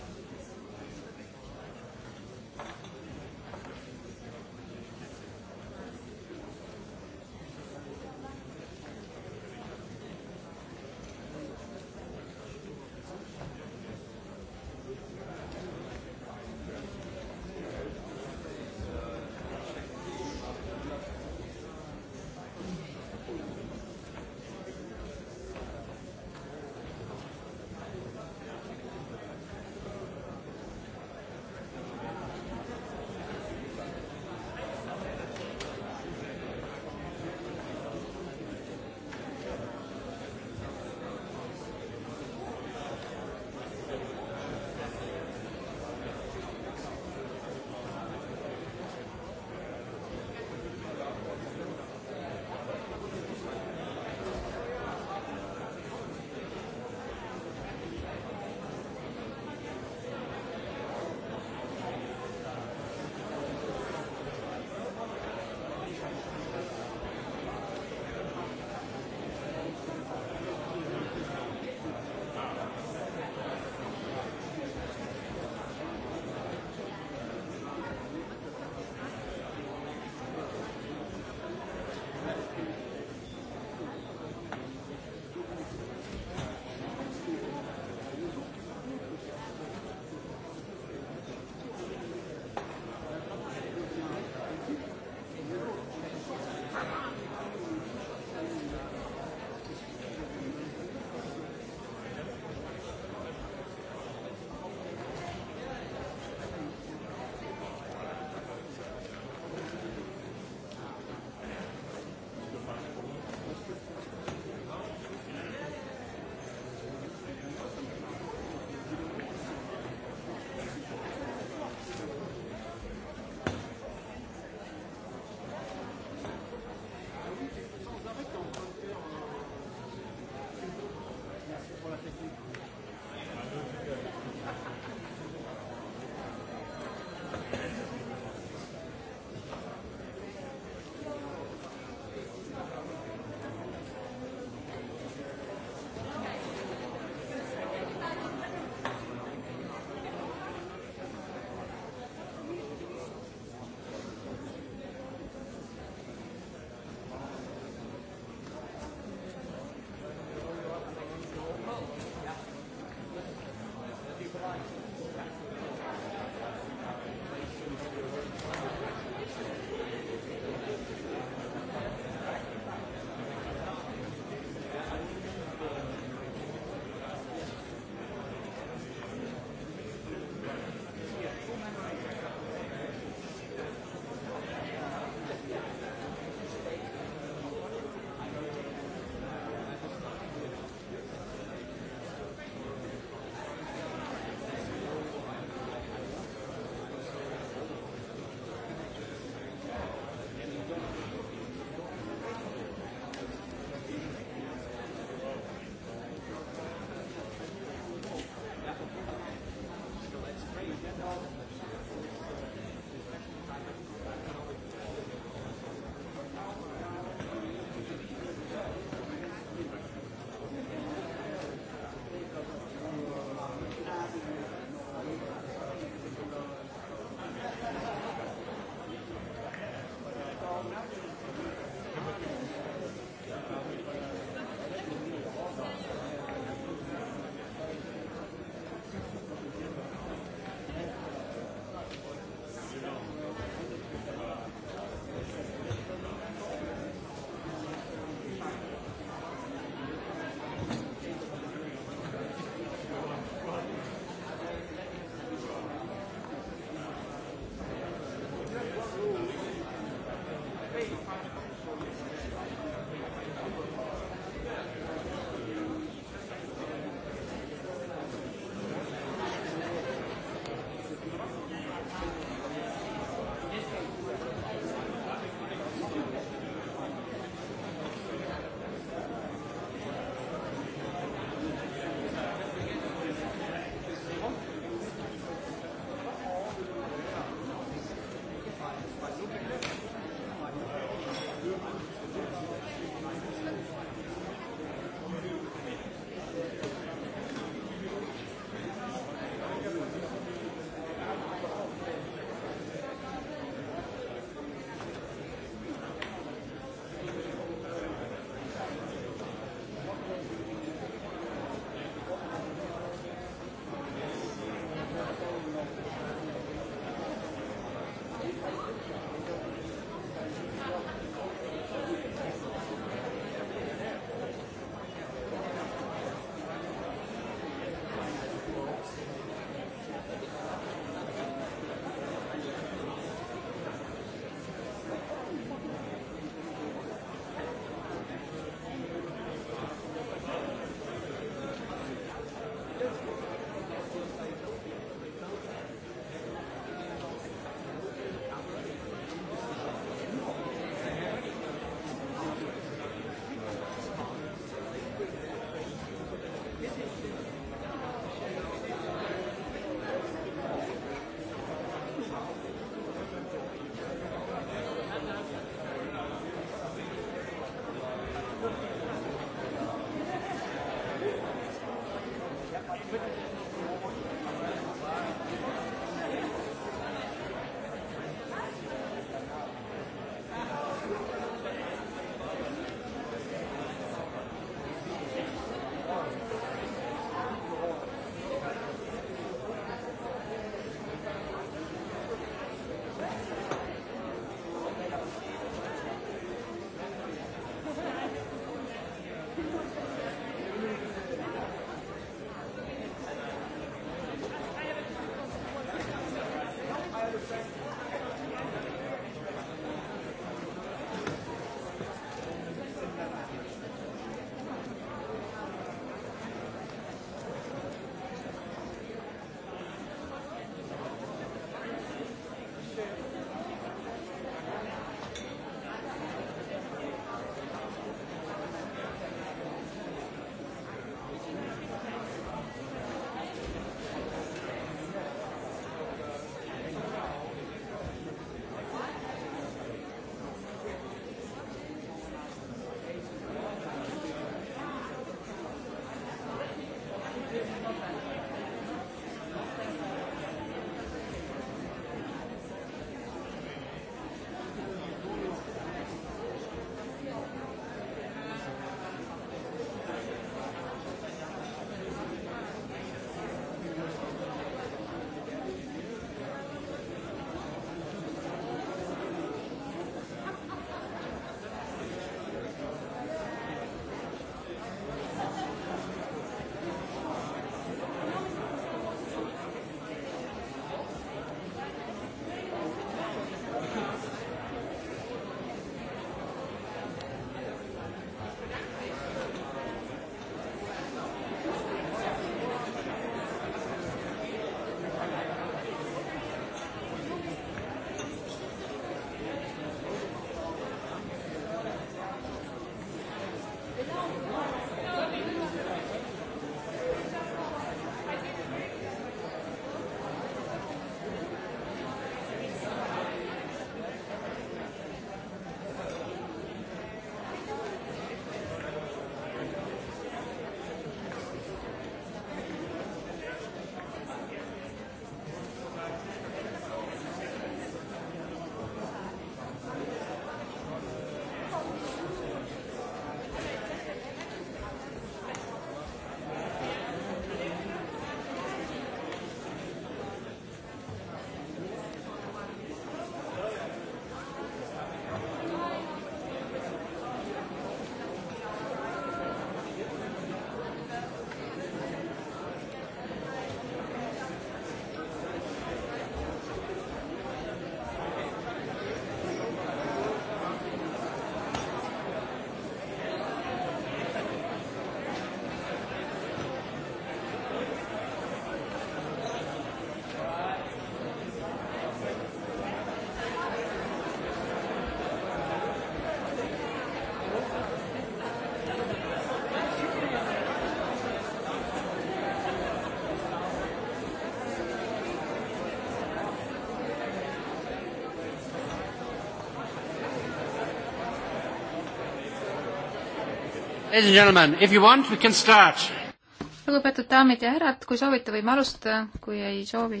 lugupeetud daamid ja härrad, kui soovite, võime alustada, kui ei soovi.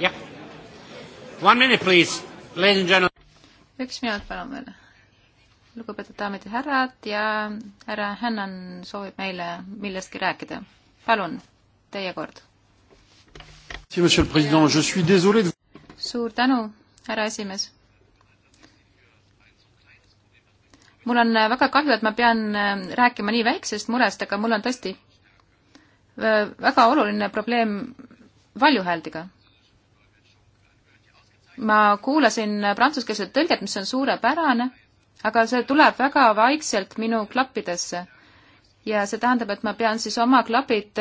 jah. One minute, please, ladies and gentlemen. üks minut palun veel. lugupeetud daamid ja härrad ja härra Hännan soovib meile millestki rääkida. palun, teie kord. suur tänu, härra esimees mul on äh, väga kahju, et ma pean äh, rääkima nii väiksest murest, aga mul on tõesti äh, väga oluline probleem valjuhääldiga. ma kuulasin prantsuskeelset tõlget, mis on suurepärane, aga see tuleb väga vaikselt minu klappidesse. ja see tähendab, et ma pean siis oma klapid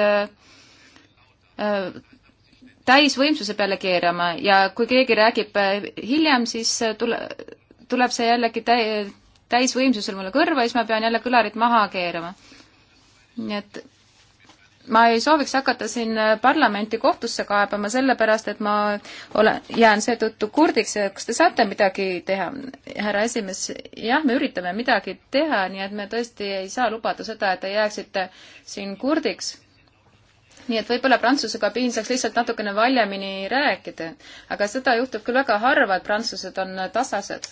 täisvõimsuse peale keerama ja kui keegi räägib hiljem, siis tule, tuleb see jällegi täi-, täisvõimsusel mulle kõrva ja siis ma pean jälle kõlarid maha keerama. nii et ma ei sooviks hakata siin äh, parlamenti kohtusse kaebama, sellepärast et ma olen, jään seetõttu kurdiks ja kas te saate midagi teha, härra esimees? jah, me üritame midagi teha, nii et me tõesti ei saa lubada seda, et te jääksite siin kurdiks. nii et võib-olla Prantsuse kabiin saaks lihtsalt natukene valjemini rääkida, aga seda juhtub küll väga harva, et prantslased on äh, tasased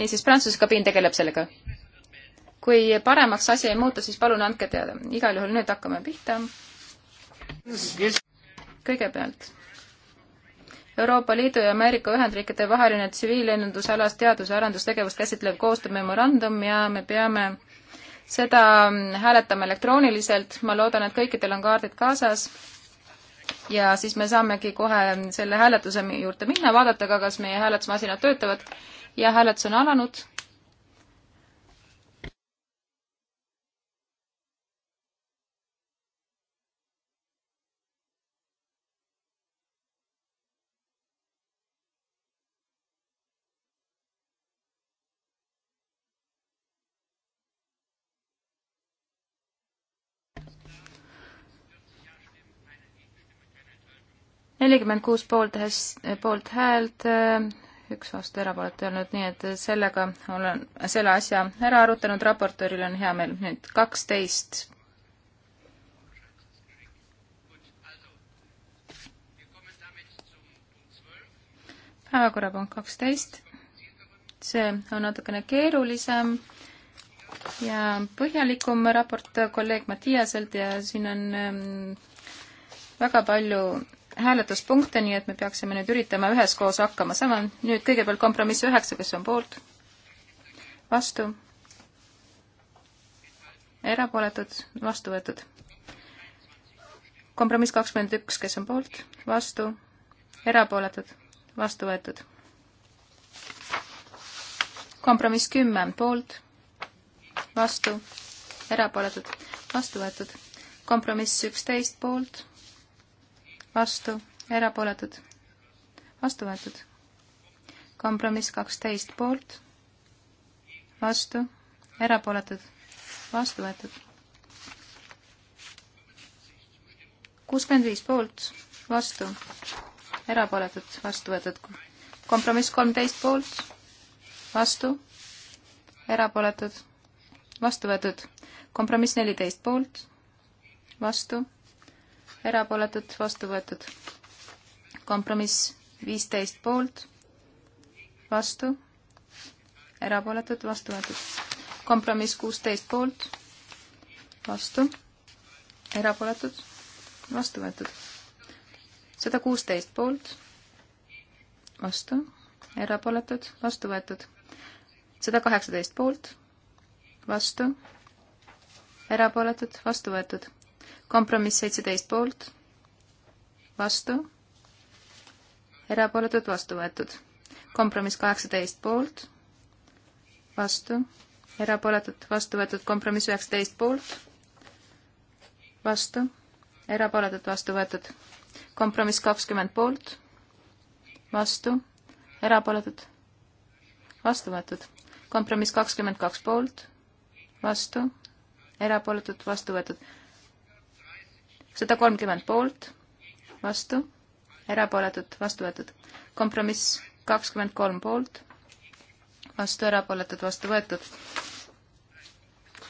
niisiis, Prantsuse kabiin tegeleb sellega. kui paremaks asi ei muutu, siis palun andke teada. igal juhul nüüd hakkame pihta. kõigepealt Euroopa Liidu ja Ameerika Ühendriikide vaheline tsiviillennundusalas teadus- ja arendustegevust käsitlev koostöömemorandum ja me peame seda hääletama elektrooniliselt, ma loodan, et kõikidel on kaardid kaasas ja siis me saamegi kohe selle hääletuse juurde minna, vaadata ka, kas meie hääletusmasinad töötavad ja hääletus on alanud. nelikümmend kuus poolthäält, poolthäält, üks vastu, erapooletu ei olnud, nii et sellega olen selle asja ära arutanud, raportööril on hea meel. nüüd kaksteist. päevakorrapunkt kaksteist. see on natukene keerulisem ja põhjalikum raport kolleeg Mattiaselt ja siin on ähm, väga palju hääletuspunkte, nii et me peaksime nüüd üritama üheskoos hakkama saama. nüüd kõigepealt kompromiss üheksa, kes on poolt? vastu? erapooletud, vastu võetud. kompromiss kakskümmend üks, kes on poolt, vastu, erapooletud, vastu võetud. kompromiss kümme, poolt, vastu, erapooletud, vastu võetud. kompromiss üksteist, poolt vastu, erapooletud, vastu võetud. kompromiss kaksteist poolt, vastu, erapooletud, vastu võetud. kuuskümmend viis poolt, vastu, erapooletud, vastu võetud. kompromiss kolmteist poolt, vastu, erapooletud, vastu võetud. kompromiss neliteist poolt, vastu erapooletud, vastu võetud. kompromiss viisteist poolt, vastu, erapooletud, vastu võetud. kompromiss kuusteist poolt, vastu, erapooletud, vastu võetud. sada kuusteist poolt, vastu, erapooletud, vastu võetud. sada kaheksateist poolt, vastu, erapooletud, vastu võetud kompromiss seitseteist poolt, vastu, erapooletud, vastu võetud. kompromiss kaheksateist poolt, vastu, erapooletud, vastu võetud. kompromiss üheksateist poolt, vastu, erapooletud, vastu võetud. kompromiss kakskümmend poolt, vastu, erapooletud, vastu võetud. kompromiss kakskümmend kaks poolt, vastu, erapooletud, vastu võetud sada kolmkümmend poolt, vastu, erapooletud, vastu võetud. kompromiss kakskümmend kolm poolt, vastu, erapooletud, vastu võetud.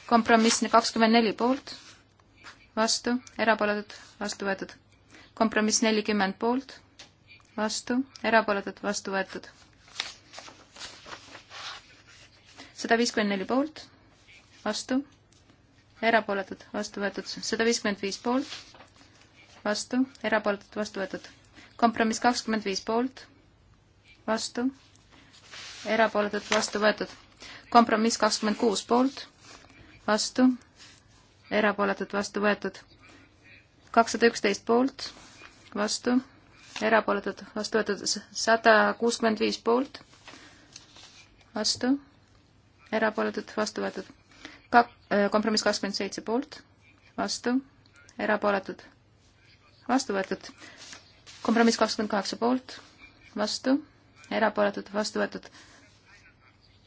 kompromiss kakskümmend neli poolt, vastu, erapooletud, vastu võetud. kompromiss nelikümmend poolt, vastu, erapooletud, vastu võetud. sada viiskümmend neli poolt, vastu erapooletud, vastu võetud sada viiskümmend viis poolt, vastu, erapooletud, vastu võetud. kompromiss kakskümmend viis poolt, vastu, erapooletud, vastu võetud. kompromiss kakskümmend kuus poolt, vastu, erapooletud, vastu võetud. kakssada üksteist poolt, vastu, erapooletud, vastu võetud sada kuuskümmend viis poolt, vastu, erapooletud, vastu võetud. Kak-, kompromiss kakskümmend seitse poolt, vastu, erapooletud vastu võetud. kompromiss kakskümmend kaheksa poolt, vastu, erapooletud, vastu võetud.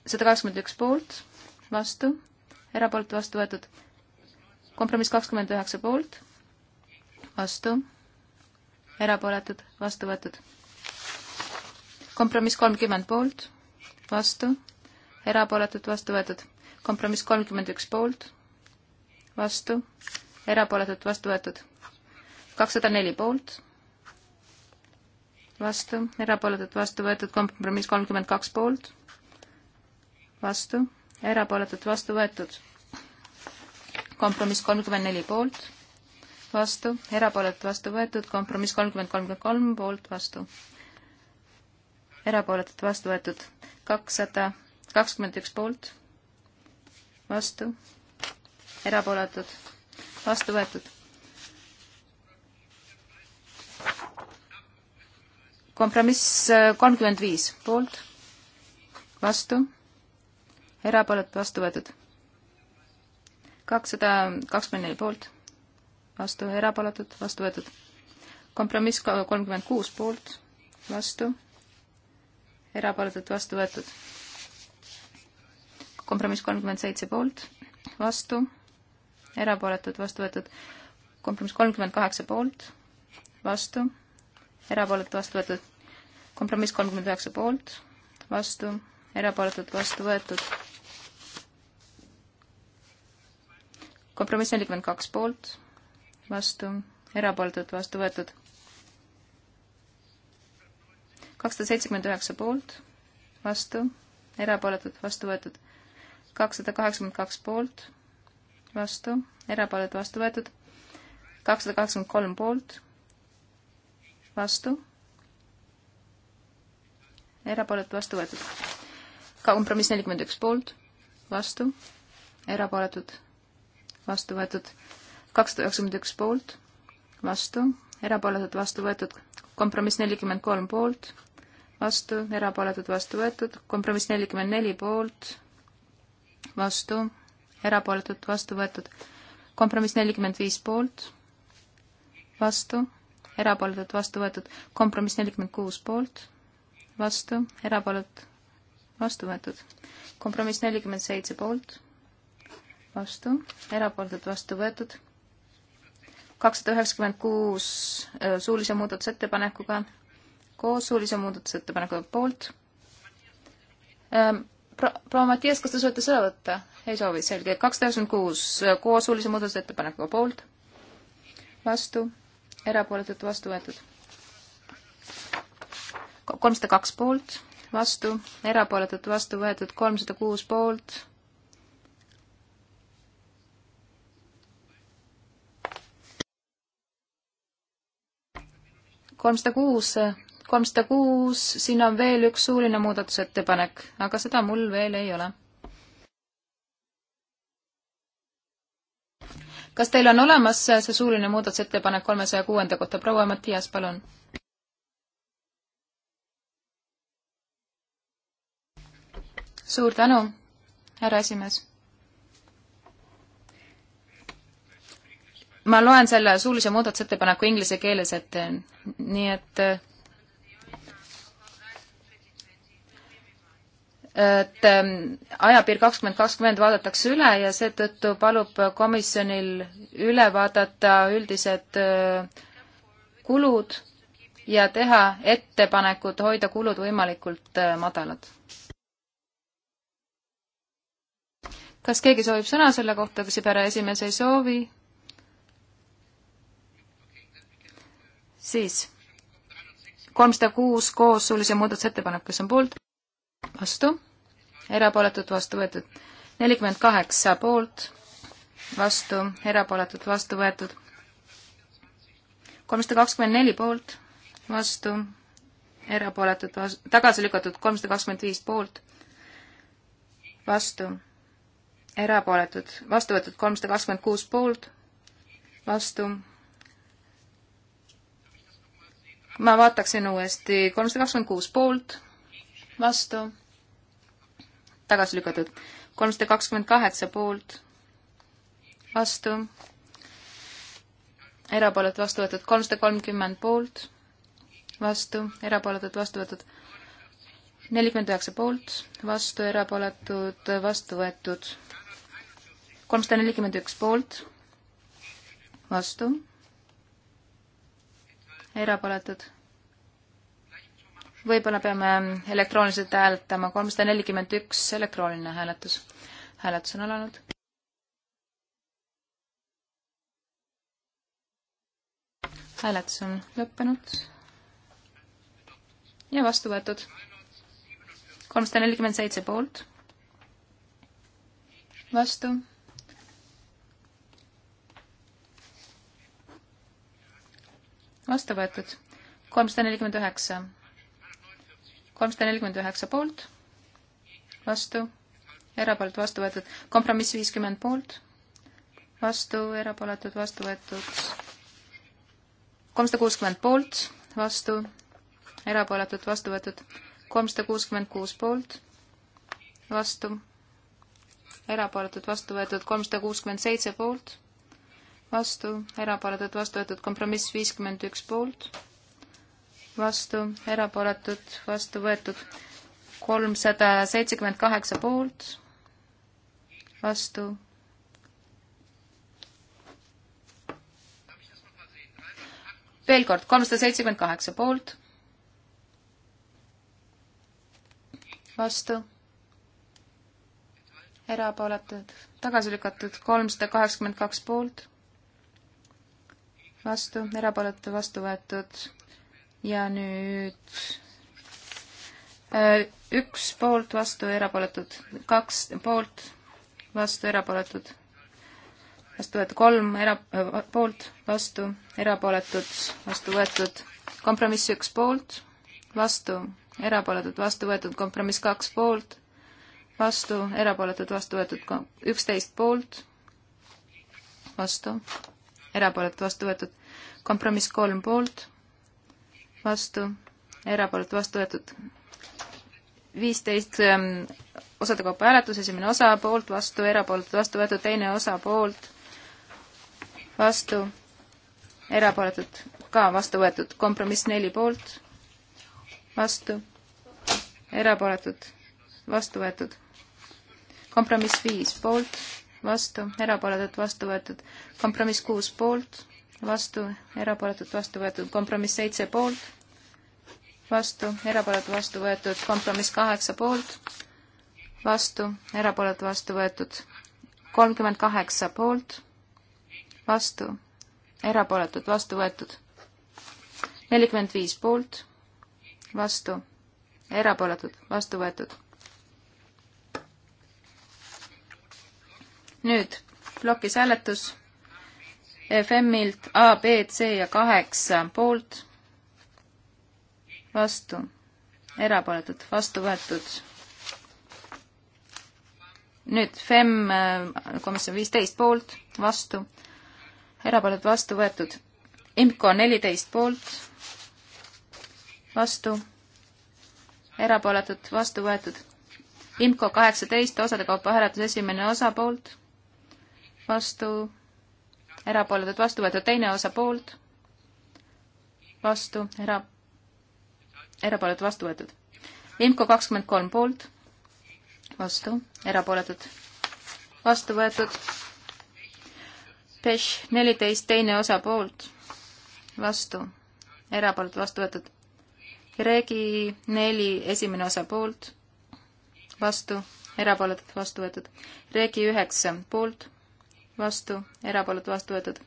sada kakskümmend üks poolt, vastu, erapooletu, vastu võetud. kompromiss kakskümmend üheksa poolt, vastu, erapooletud, vastu võetud. kompromiss kolmkümmend poolt, vastu, erapooletud, vastu võetud. kompromiss kolmkümmend üks poolt, vastu, erapooletud, vastu võetud kakssada neli poolt, vastu, erapooletud vastu võetud kompromiss kolmkümmend kaks poolt, vastu, erapooletud vastu võetud kompromiss kolmkümmend neli poolt, vastu, erapooletud vastu võetud kompromiss kolmkümmend kolmkümmend kolm poolt, vastu, erapooletud vastu võetud kakssada kakskümmend üks poolt, vastu, erapooletud vastu võetud kompromiss äh, kolmkümmend viis poolt, vastu, erapooletu vastu võetud. kakssada kakskümmend neli poolt, vastu, erapooletud, vastu võetud. kompromiss kolmkümmend kuus poolt, vastu, erapooletud, vastu võetud. kompromiss kolmkümmend seitse poolt, vastu, erapooletud, vastu võetud. kompromiss kolmkümmend kaheksa poolt, vastu erapooletud, vastu võetud. kompromiss kolmkümmend üheksa poolt, vastu, erapooletud, vastu võetud. kompromiss nelikümmend kaks poolt, vastu, erapooletud, vastu võetud. kakssada seitsekümmend üheksa poolt, vastu, erapooletud, vastu võetud. kakssada kaheksakümmend kaks poolt, vastu, erapooletud, vastu võetud. kakssada kaheksakümmend kolm poolt vastu, erapooletu vastu võetud. kompromiss nelikümmend üks poolt, vastu, erapooletud, vastu võetud, kakssada üheksakümmend üks poolt, vastu, erapooletud, vastu võetud, kompromiss nelikümmend kolm poolt, vastu, erapooletud, vastu võetud, kompromiss nelikümmend neli poolt, vastu, erapooletud, vastu võetud, kompromiss nelikümmend viis poolt, vastu erapooletud, vastu võetud. kompromiss nelikümmend kuus poolt, vastu, erapooletud, vastu võetud. kompromiss nelikümmend seitse poolt, vastu, erapooletud, vastu võetud. kakssada üheksakümmend kuus äh, suulise muudatusettepanekuga, koos suulise muudatusettepanekuga poolt ähm, proua Mattias, kas te soovite sõna võtta? ei soovi, selge. kakssada üheksakümmend kuus äh, koos suulise muudatusettepanekuga poolt, vastu, erapooletult vastu võetud. kolmsada kaks poolt, vastu, erapooletult vastu võetud, kolmsada kuus poolt. kolmsada kuus, kolmsada kuus, siin on veel üks suuline muudatusettepanek, aga seda mul veel ei ole kas teil on olemas see suuline muudatusettepanek kolmesaja kuuenda kohta, proua Mattias, palun? suur tänu, härra esimees. ma loen selle suulise muudatusettepaneku inglise keeles ette, nii et et ähm, ajapiir kakskümmend kakskümmend vaadatakse üle ja seetõttu palub komisjonil üle vaadata üldised äh, kulud ja teha ettepanekud hoida kulud võimalikult äh, madalad. kas keegi soovib sõna selle kohta, kas Sibera esimees ei soovi? siis kolmsada kuus koos suulise muudatusettepanek, kes on poolt? vastu, erapooletud, vastu võetud. nelikümmend kaheksa poolt, vastu, erapooletud, vastu võetud. kolmsada kakskümmend neli poolt, vastu, erapooletud, tagasi lükatud, kolmsada kakskümmend viis poolt, vastu, erapooletud, vastu võetud kolmsada kakskümmend kuus poolt, vastu. ma vaataksin uuesti, kolmsada kakskümmend kuus poolt vastu, tagasi lükatud. kolmsada kakskümmend kaheksa poolt, vastu, erapooletud vastu võetud. kolmsada kolmkümmend poolt, vastu, erapooletud vastu võetud. nelikümmend üheksa poolt, vastu, erapooletud vastu võetud. kolmsada nelikümmend üks poolt, vastu, erapooletud võib-olla peame elektrooniliselt hääletama, kolmsada nelikümmend üks elektrooniline hääletus. hääletus on alanud. hääletus on lõppenud ja vastu võetud. kolmsada nelikümmend seitse poolt, vastu. vastu võetud. kolmsada nelikümmend üheksa kolmsada nelikümmend üheksa poolt, vastu, erapooletud, vastu võetud. kompromiss viiskümmend poolt, vastu, erapooletud, vastu võetud. kolmsada kuuskümmend poolt, vastu, erapooletud, vastu võetud. kolmsada kuuskümmend kuus poolt, vastu, erapooletud, vastu võetud. kolmsada kuuskümmend seitse poolt, vastu, erapooletud, vastu võetud. kompromiss viiskümmend üks poolt vastu, erapooletud, vastu võetud. kolmsada seitsekümmend kaheksa poolt, vastu. veel kord, kolmsada seitsekümmend kaheksa poolt, vastu, erapooletud, tagasi lükatud, kolmsada kaheksakümmend kaks poolt, vastu, erapooletu, vastu võetud ja nüüd äh, üks poolt, vastu, erapooletud, kaks poolt, vastu, erapooletud, vastu võetud kolm era-, äh, poolt, vastu, erapooletud, vastu võetud, kompromiss üks poolt, vastu, erapooletud, vastu võetud, kompromiss kaks poolt, vastu, erapooletud, vastu võetud üksteist poolt, vastu, erapooletud, vastu võetud, kompromiss kolm poolt vastu, erapooletu vastu võetud. viisteist ähm, osade kaupa hääletus, esimene osa poolt, vastu, erapooletu vastu võetud, teine osa poolt, vastu, erapooletud ka vastu võetud, kompromiss neli poolt, vastu, erapooletud, vastu võetud. kompromiss viis poolt, vastu, erapooletud, vastu võetud. kompromiss kuus poolt vastu, erapooletud, vastu võetud, kompromiss seitse poolt, vastu, erapooletu, vastu võetud, kompromiss kaheksa poolt, vastu, erapooletu, vastu võetud, kolmkümmend kaheksa poolt, vastu, erapooletud, vastu võetud, nelikümmend viis poolt, vastu, erapooletud, vastu võetud. nüüd plokis hääletus FM-ilt A, B, C ja kaheksa poolt, vastu, erapooletud, vastu võetud. nüüd FEM äh, komisjon viisteist poolt, vastu, erapooletud, vastu võetud. IMCO neliteist poolt, vastu, erapooletud, vastu võetud. IMCO kaheksateist osade kaupa hääletus esimene osa poolt, vastu erapooletud, vastu võetud, teine osa poolt, vastu, era-, erapooletud, vastu võetud. IMCO kakskümmend kolm poolt, vastu, erapooletud, vastu võetud. Pesh neliteist, teine osa poolt, vastu, erapooletud, vastu võetud. Regi neli, esimene osa poolt, vastu, erapooletud, vastu võetud. Regi üheksa poolt vastu, erapooletu vastu võetud.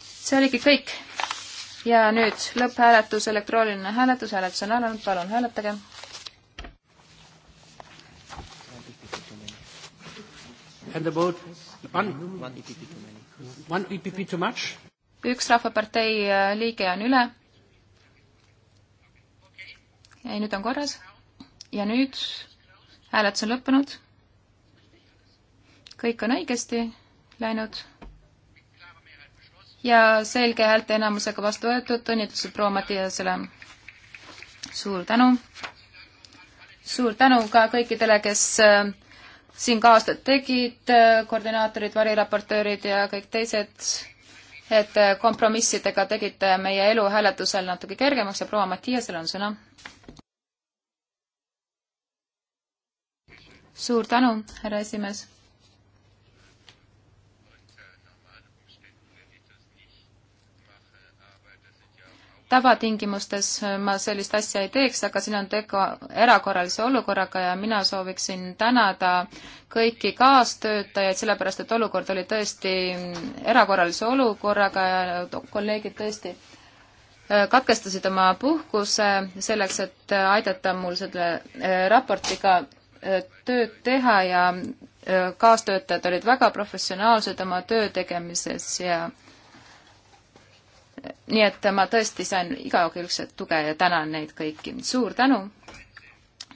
see oligi kõik. ja nüüd lõpphääletus, elektrooniline hääletus, hääletus on alanud, palun hääletage. And the vote one, one EPP too many. One EPP too much? üks Rahvapartei äh, liige on üle. ei, nüüd on korras. ja nüüd hääletus on lõppenud kõik on õigesti läinud ja selge häälte enamusega vastu võetud, õnnitlused proua Mattiasele. suur tänu. suur tänu ka kõikidele, kes äh, siin kaastööd tegid, äh, koordinaatorid, variraportöörid ja kõik teised, et äh, kompromissidega tegite meie elu hääletusel natuke kergemaks ja proua Mattiasele on sõna. suur tänu, härra esimees tavatingimustes äh, ma sellist asja ei teeks, aga siin on tegu erakorralise olukorraga ja mina sooviksin tänada kõiki kaastöötajaid, sellepärast et olukord oli tõesti mm, erakorralise olukorraga ja kolleegid tõesti äh, katkestasid oma puhkuse selleks, et äh, aidata mul selle raportiga tööd teha ja kaastöötajad olid väga professionaalsed oma töö tegemises ja nii et ma tõesti sain igakülgset tuge ja tänan neid kõiki. suur tänu!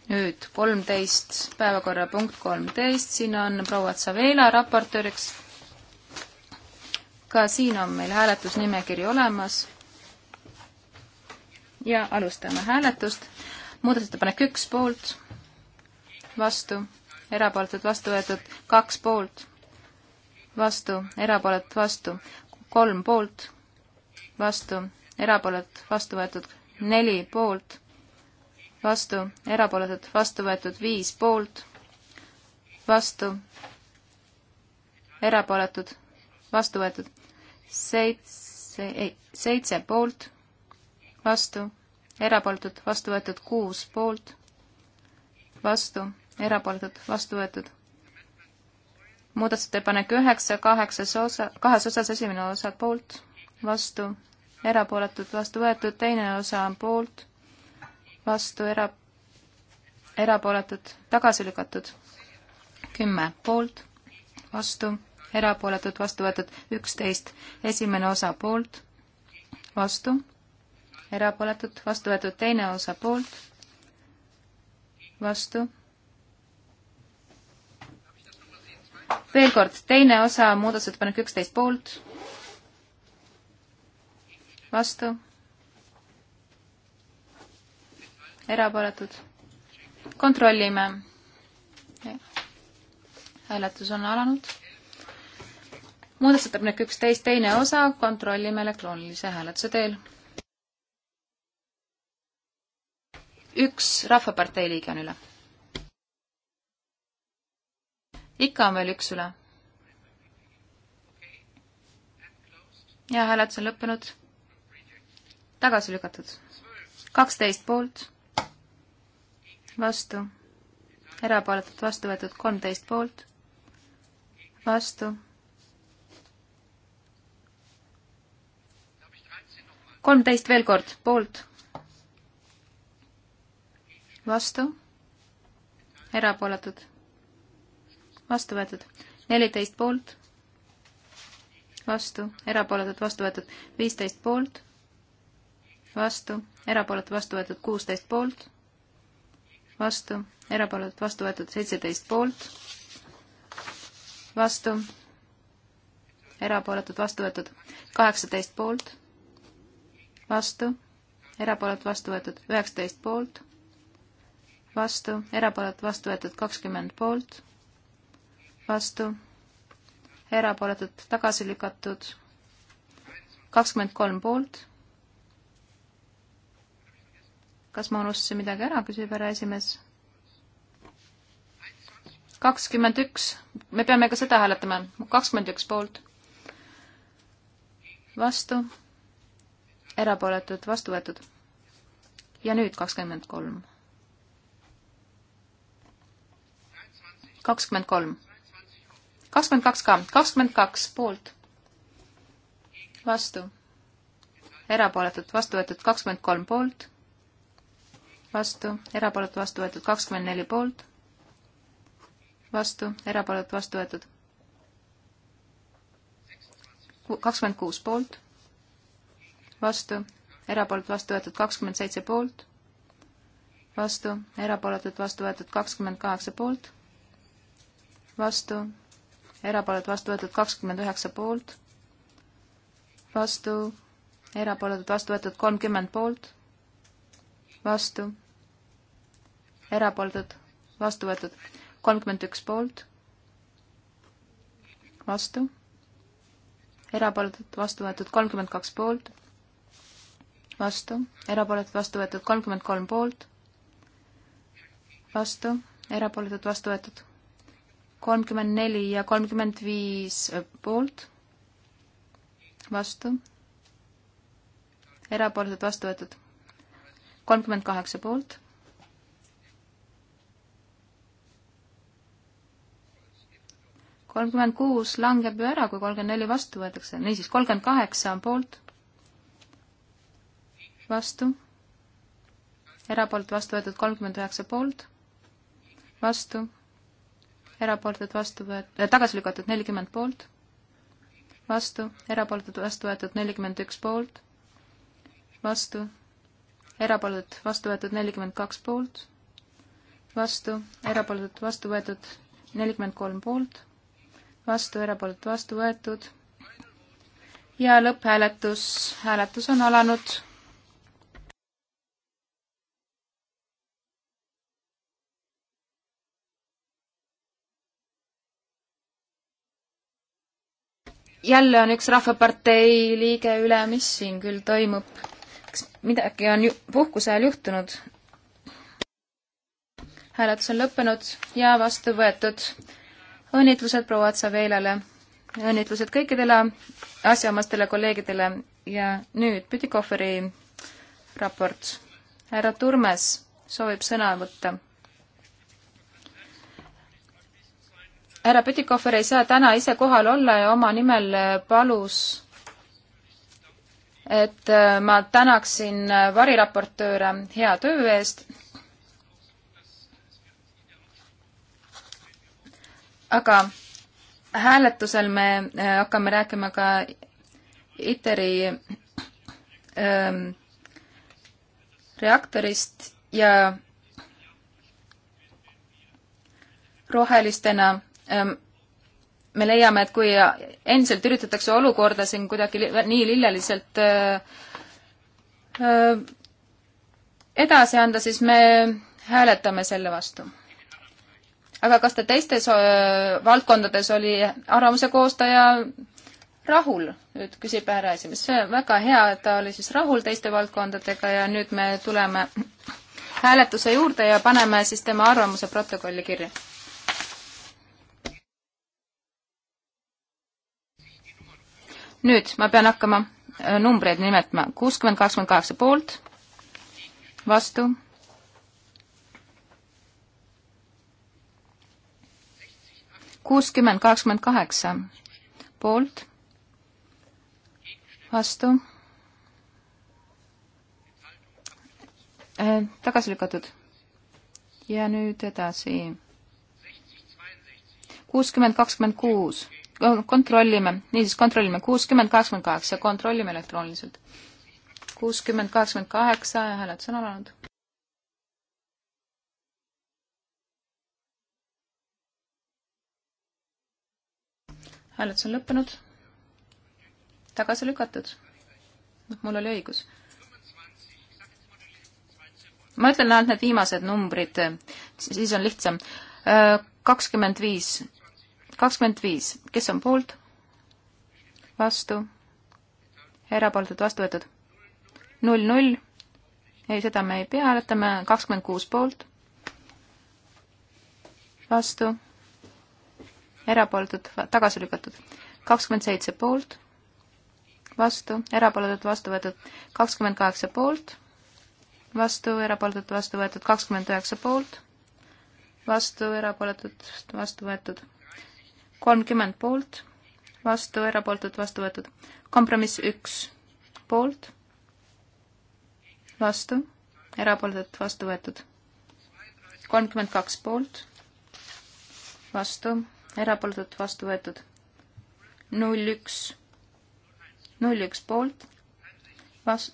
nüüd kolmteist, päevakorrapunkt kolmteist, siin on proua Tsavela raportööriks. ka siin on meil hääletusnimekiri olemas. ja alustame hääletust. muudatusettepanek üks poolt, vastu, erapooletud, vastu võetud, kaks poolt, vastu, erapooletud, vastu, kolm poolt vastu, erapooletud, vastu võetud neli poolt, vastu, erapooletud, vastu võetud viis poolt, vastu, erapooletud, vastu võetud seitse, ei, seitse poolt, vastu, erapooletud, vastu võetud kuus poolt, vastu, erapooletud, vastu võetud muudatusettepanek üheksa, kaheksas osa, kahes osas esimene osa poolt, vastu, erapooletud, vastu võetud, teine osa poolt, vastu, era-, erapooletud, tagasi lükatud. kümme poolt, vastu, erapooletud, vastu võetud, üksteist, esimene osa poolt, vastu, erapooletud, vastu võetud, teine osa poolt, vastu veel kord, teine osa muudatusettepanek üksteist poolt, vastu, erapooletud. kontrollime. hääletus on alanud. muudatusettepanek üksteist, teine osa, kontrollime elektroonilise hääletuse teel. üks Rahvapartei liige on üle. ikka on veel üks üle. ja hääletus on lõppenud tagasi lükatud. kaksteist poolt, vastu, erapooletult vastu võetud kolmteist poolt, vastu. kolmteist veel kord, poolt, vastu, erapooletud, vastu võetud, neliteist poolt vastu, erapooletult vastu võetud viisteist poolt, vastu, erapooletu vastu võetud kuusteist poolt, vastu, erapooletu vastu võetud seitseteist poolt, vastu, erapooletud vastu võetud kaheksateist poolt, vastu, erapooletu vastu võetud üheksateist poolt, vastu, erapooletu vastu võetud kakskümmend poolt, vastu, erapooletud tagasi lükatud kakskümmend kolm poolt kas ma unustasin midagi ära, küsib härra esimees. kakskümmend üks, me peame ka seda hääletama, kakskümmend üks poolt. vastu, erapooletud, vastu võetud. ja nüüd kakskümmend kolm. kakskümmend kolm. kakskümmend kaks ka, kakskümmend kaks poolt. vastu, erapooletud, vastu võetud, kakskümmend kolm poolt vastu, erapooletu vastu võetud kakskümmend neli poolt, vastu, erapooletu vastu võetud kakskümmend kuus poolt, vastu, erapooletu vastu võetud kakskümmend seitse poolt, vastu, erapooletult vastu võetud kakskümmend kaheksa poolt, vastu, erapooletult vastu võetud kakskümmend üheksa poolt, vastu, erapooletult vastu võetud kolmkümmend poolt, vastu erapooletud, vastu võetud. kolmkümmend üks poolt, vastu, erapooletud, vastu võetud. kolmkümmend kaks poolt, vastu, erapooletud, vastu võetud. kolmkümmend kolm poolt, vastu, erapooletud, vastu võetud. kolmkümmend neli ja kolmkümmend viis poolt, vastu, erapooletud, vastu võetud. kolmkümmend kaheksa poolt kolmkümmend kuus langeb ju ära, kui kolmkümmend neli vastu võetakse, niisiis kolmkümmend kaheksa on poolt, vastu, erapoolt vastu võetud kolmkümmend üheksa poolt, vastu, erapooltud vastu võet-, äh, tagasi lükatud nelikümmend poolt, vastu, erapooletud vastu võetud nelikümmend üks poolt, vastu, erapooletud vastu võetud nelikümmend kaks poolt, vastu, erapooletud vastu võetud nelikümmend kolm poolt vastu, erapooletu vastu võetud. ja lõpphääletus, hääletus on alanud. jälle on üks Rahvapartei liige üle, mis siin küll toimub? kas midagi on ju puhkuse ajal juhtunud? hääletus on lõppenud ja vastu võetud õnnitlused proua Otsa-Veelale, õnnitlused kõikidele asjaomastele kolleegidele ja nüüd Pütikohveri raport. härra Turmes soovib sõna võtta. härra Pütikohver ei saa täna ise kohal olla ja oma nimel palus et ma tänaksin variraportööre hea töö eest aga hääletusel me äh, hakkame rääkima ka ITER-i ähm, reaktorist ja rohelistena ähm, me leiame, et kui endiselt üritatakse olukorda siin kuidagi li nii lilleliselt äh, äh, edasi anda, siis me hääletame selle vastu aga kas ta teistes valdkondades oli arvamuse koostaja rahul, nüüd küsib härra esimees, see on väga hea, et ta oli siis rahul teiste valdkondadega ja nüüd me tuleme hääletuse juurde ja paneme siis tema arvamuse protokolli kirja. nüüd ma pean hakkama numbreid nimetama, kuuskümmend kakskümmend kaheksa poolt, vastu kuuskümmend, kakskümmend kaheksa poolt, vastu, äh, tagasi lükatud. ja nüüd edasi. kuuskümmend, kakskümmend kuus, äh, kontrollime, niisiis kontrollime, kuuskümmend, kakskümmend kaheksa, kontrollime elektrooniliselt. kuuskümmend, kakskümmend kaheksa ja hääletus on alanud. hääletus on lõppenud. tagasi lükatud. noh, mul oli õigus. ma ütlen ainult need viimased numbrid, siis on lihtsam. Äh, kakskümmend viis, kakskümmend viis, kes on poolt? vastu? erapooletud vastu võetud? null, null. ei, seda me ei pea hääletama, kakskümmend kuus poolt. vastu erapooletud, tagasi lükatud. kakskümmend seitse poolt, vastu, erapooletud, vastu võetud. kakskümmend kaheksa poolt, vastu, erapooletud, vastu võetud. kakskümmend üheksa poolt, vastu, erapooletud, vastu võetud. kolmkümmend poolt, vastu, erapooletud, vastu võetud. kompromiss üks poolt, vastu, erapooletud, vastu võetud. kolmkümmend kaks poolt, vastu erapooletud, vastu võetud. null üks, null üks poolt, vas-,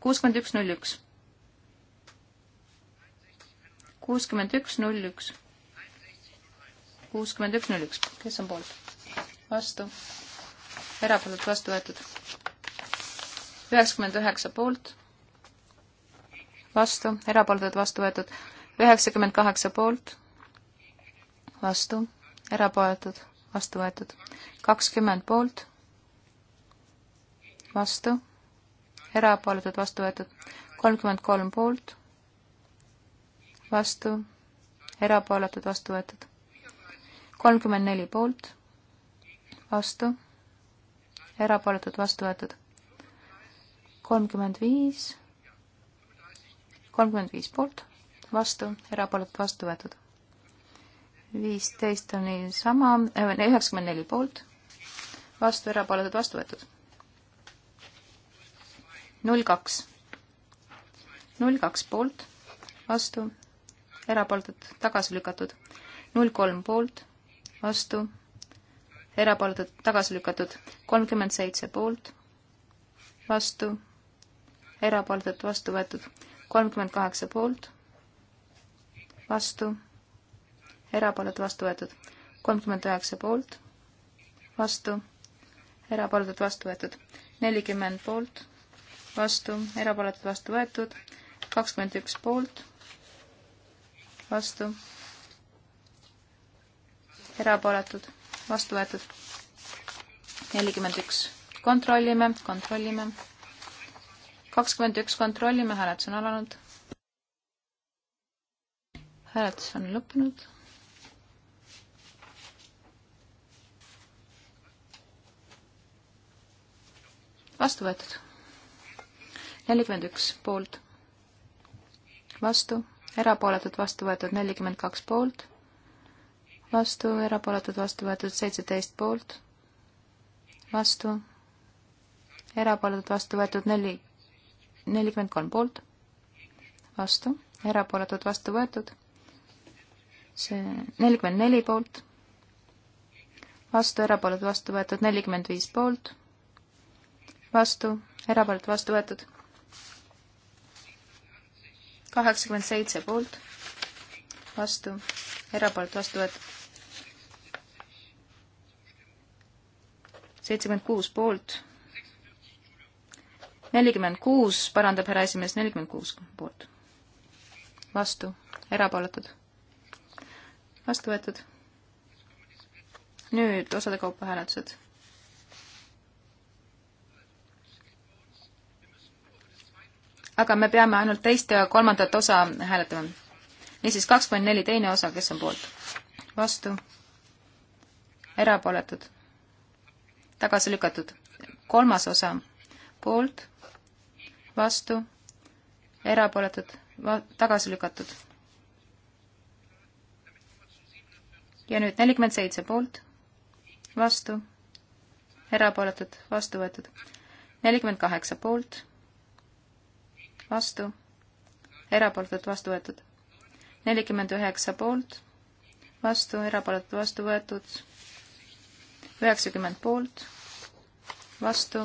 kuuskümmend üks, null üks. kuuskümmend üks, null üks. kuuskümmend üks, null üks, kes on poolt? vastu, erapooletud, vastu võetud. üheksakümmend üheksa poolt, vastu, erapooletud, vastu võetud. üheksakümmend kaheksa poolt, vastu erapooletud, vastu võetud. kakskümmend poolt, vastu, erapooletud, vastu võetud. kolmkümmend kolm poolt, vastu, erapooletud, vastu võetud. kolmkümmend neli poolt, vastu, erapooletud, vastu võetud. kolmkümmend viis, kolmkümmend viis poolt, vastu, erapooletud, vastu võetud viisteist on niisama, äh, üheksakümmend neli poolt, vastu erapooletud, vastu võetud. null kaks, null kaks poolt, vastu, erapooletud, tagasi lükatud. null kolm poolt, vastu, erapooletud, tagasi lükatud. kolmkümmend seitse poolt, vastu, erapooletud, vastu võetud. kolmkümmend kaheksa poolt, vastu erapooletu vastu võetud. kolmkümmend üheksa poolt, vastu, erapooletud vastu võetud. nelikümmend poolt, vastu, erapooletud vastu võetud. kakskümmend üks poolt, vastu, erapooletud, vastu võetud. nelikümmend üks, kontrollime, kontrollime kakskümmend üks kontrollime, hääletus on alanud. hääletus on lõppenud. vastu võetud. nelikümmend üks poolt, vastu, erapooletud, vastu võetud, nelikümmend kaks poolt, vastu, erapooletud, vastu võetud, seitseteist poolt, vastu, erapooletud, vastu võetud, neli, nelikümmend kolm poolt, vastu, erapooletud, vastu võetud, see nelikümmend neli poolt vastu, erapooletud vastu võetud nelikümmend viis poolt, vastu, erapooletu vastu võetud. kaheksakümmend seitse poolt, vastu, erapooletu vastu võetud. seitsekümmend kuus poolt, nelikümmend kuus, parandab härra esimees, nelikümmend kuus poolt. vastu, erapooletud. vastu võetud. nüüd osade kaupa hääletused aga me peame ainult teist ja kolmandat osa hääletama. niisiis, kakskümmend neli teine osa, kes on poolt? vastu? erapooletud? tagasi lükatud? kolmas osa? poolt? vastu? erapooletud? tagasi lükatud? ja nüüd nelikümmend seitse poolt, vastu, erapooletud, vastu võetud. nelikümmend kaheksa poolt vastu, erapooletud, vastu võetud. nelikümmend üheksa poolt, vastu, erapooletud, vastu võetud. üheksakümmend poolt, vastu.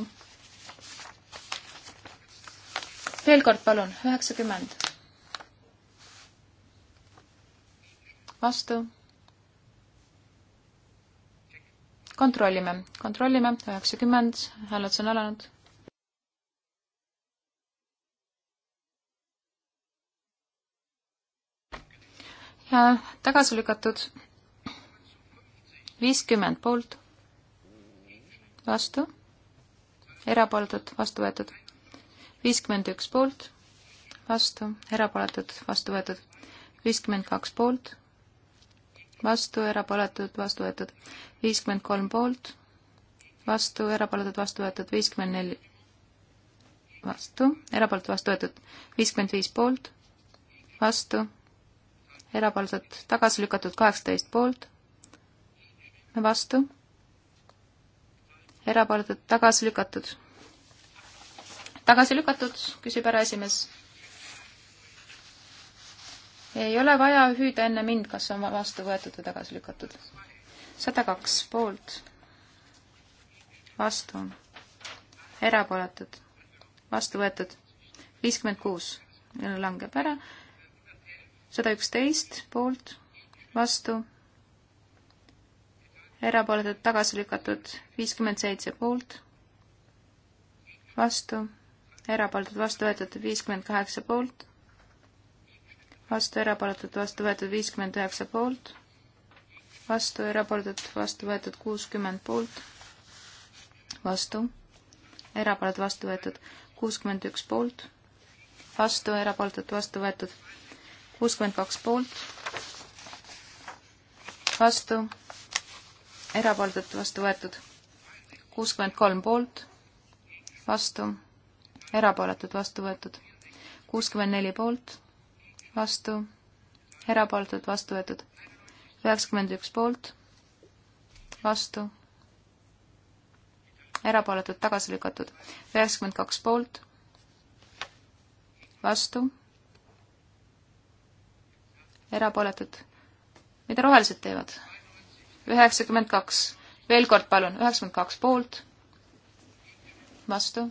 veel kord palun, üheksakümmend. vastu. kontrollime, kontrollime, üheksakümmend, hääletus on alanud Äh, tagasi lükatud. viiskümmend poolt, vastu, erapooletud, vastu võetud. viiskümmend üks poolt, vastu, erapooletud, vastu võetud. viiskümmend kaks poolt, vastu, erapooletud, vastu võetud. viiskümmend kolm poolt, vastu, erapooletud, vastu võetud. viiskümmend neli vastu, erapooletud, vastu võetud. viiskümmend viis poolt, vastu erapooletud tagasi lükatud kaheksateist poolt, vastu, erapooletud tagasi lükatud. tagasi lükatud, küsib härra esimees. ei ole vaja hüüda enne mind, kas on vastu võetud või tagasi lükatud. sada kaks poolt, vastu, erapooletud, vastu võetud, viiskümmend kuus, langeb ära sada üksteist poolt, vastu, erapooletud tagasi lükatud, viiskümmend seitse poolt, vastu, erapooletud vastu võetud viiskümmend kaheksa poolt, vastu erapooletud vastu võetud viiskümmend üheksa poolt, vastu erapooletud vastu võetud kuuskümmend poolt, vastu, erapooletud vastu võetud kuuskümmend üks poolt, vastu erapooletud vastu võetud kuuskümmend kaks poolt, vastu, erapooletult vastu võetud. kuuskümmend kolm poolt, vastu, erapooletult vastu võetud. kuuskümmend neli poolt, vastu, erapooletult vastu võetud. üheksakümmend üks poolt, vastu, erapooletult tagasi lükatud. üheksakümmend kaks poolt, vastu erapooletud. mida rohelised teevad? üheksakümmend kaks. veel kord palun, üheksakümmend kaks poolt, vastu,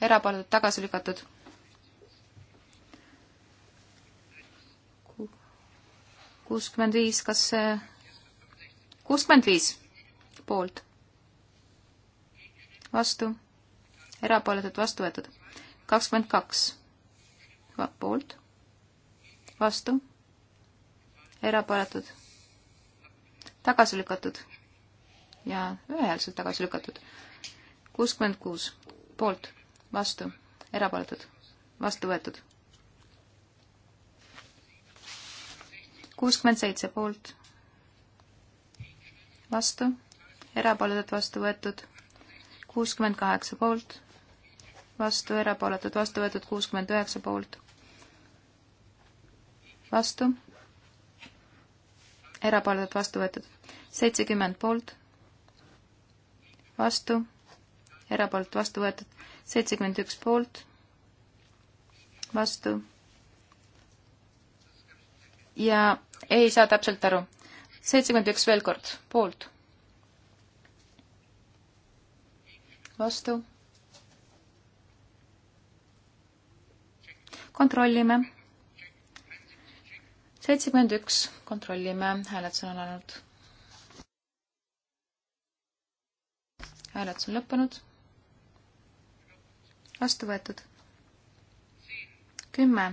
erapooletud, tagasi lükatud. kuuskümmend viis, kas see, kuuskümmend viis poolt, vastu, erapooletud, vastu võetud. kakskümmend kaks poolt, vastu erapooletud, tagasi lükatud ja ühehäälselt tagasi lükatud. kuuskümmend kuus poolt, vastu, erapooletud, vastu võetud. kuuskümmend seitse poolt, vastu, erapooletud, vastu võetud, kuuskümmend kaheksa poolt, vastu, erapooletud, vastu võetud, kuuskümmend üheksa poolt, vastu erapooletud vastu võetud. seitsekümmend poolt, vastu, erapooletud vastu võetud. seitsekümmend üks poolt, vastu. ja ei saa täpselt aru. seitsekümmend üks veel kord, poolt. vastu. kontrollime seitsekümmend üks, kontrollime, hääletus on alanud. hääletus on lõppenud. vastu võetud. kümme,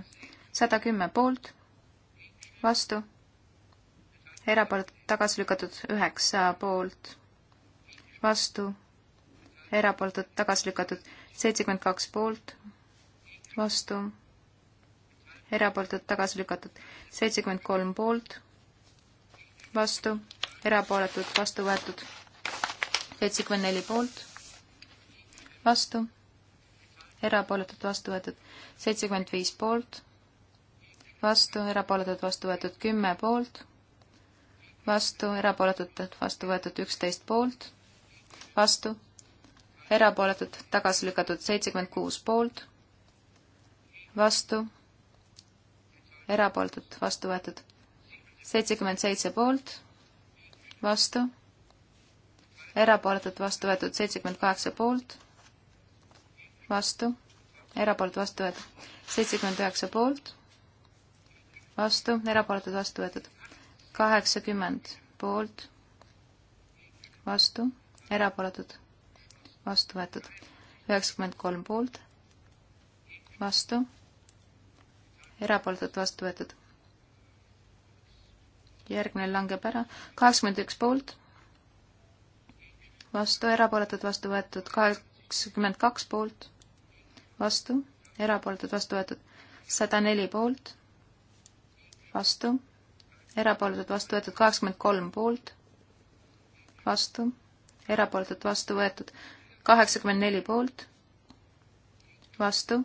sada kümme poolt, vastu, erapoolt tagasi lükatud üheksa poolt, vastu, erapooletud tagasi lükatud seitsekümmend kaks poolt, vastu erapooletud tagasi lükatud. seitsekümmend kolm poolt, vastu, erapooletud, vastu võetud. seitsekümmend neli poolt, vastu, erapooletud, vastu võetud. seitsekümmend viis poolt, vastu, erapooletud, vastu võetud. kümme poolt, vastu, erapooletud, vastu võetud. üksteist poolt, vastu, erapooletud, tagasi lükatud. seitsekümmend kuus poolt, vastu erapooletud, vastu võetud. seitsekümmend seitse poolt, vastu, erapooletud, vastu võetud, seitsekümmend kaheksa poolt, vastu, erapooletud, vastu võetud, seitsekümmend üheksa poolt, vastu, erapooletud, vastu võetud, kaheksakümmend poolt, vastu, erapooletud, vastu võetud, üheksakümmend kolm poolt, vastu erapooletult vastu võetud. järgmine langeb ära, kaheksakümmend üks poolt, vastu, erapooletult vastu võetud, kaheksakümmend kaks poolt, vastu, erapooletult vastu võetud, sada neli poolt, vastu, erapooletult vastu võetud, kaheksakümmend kolm poolt, vastu, erapooletult vastu võetud, kaheksakümmend neli poolt, vastu,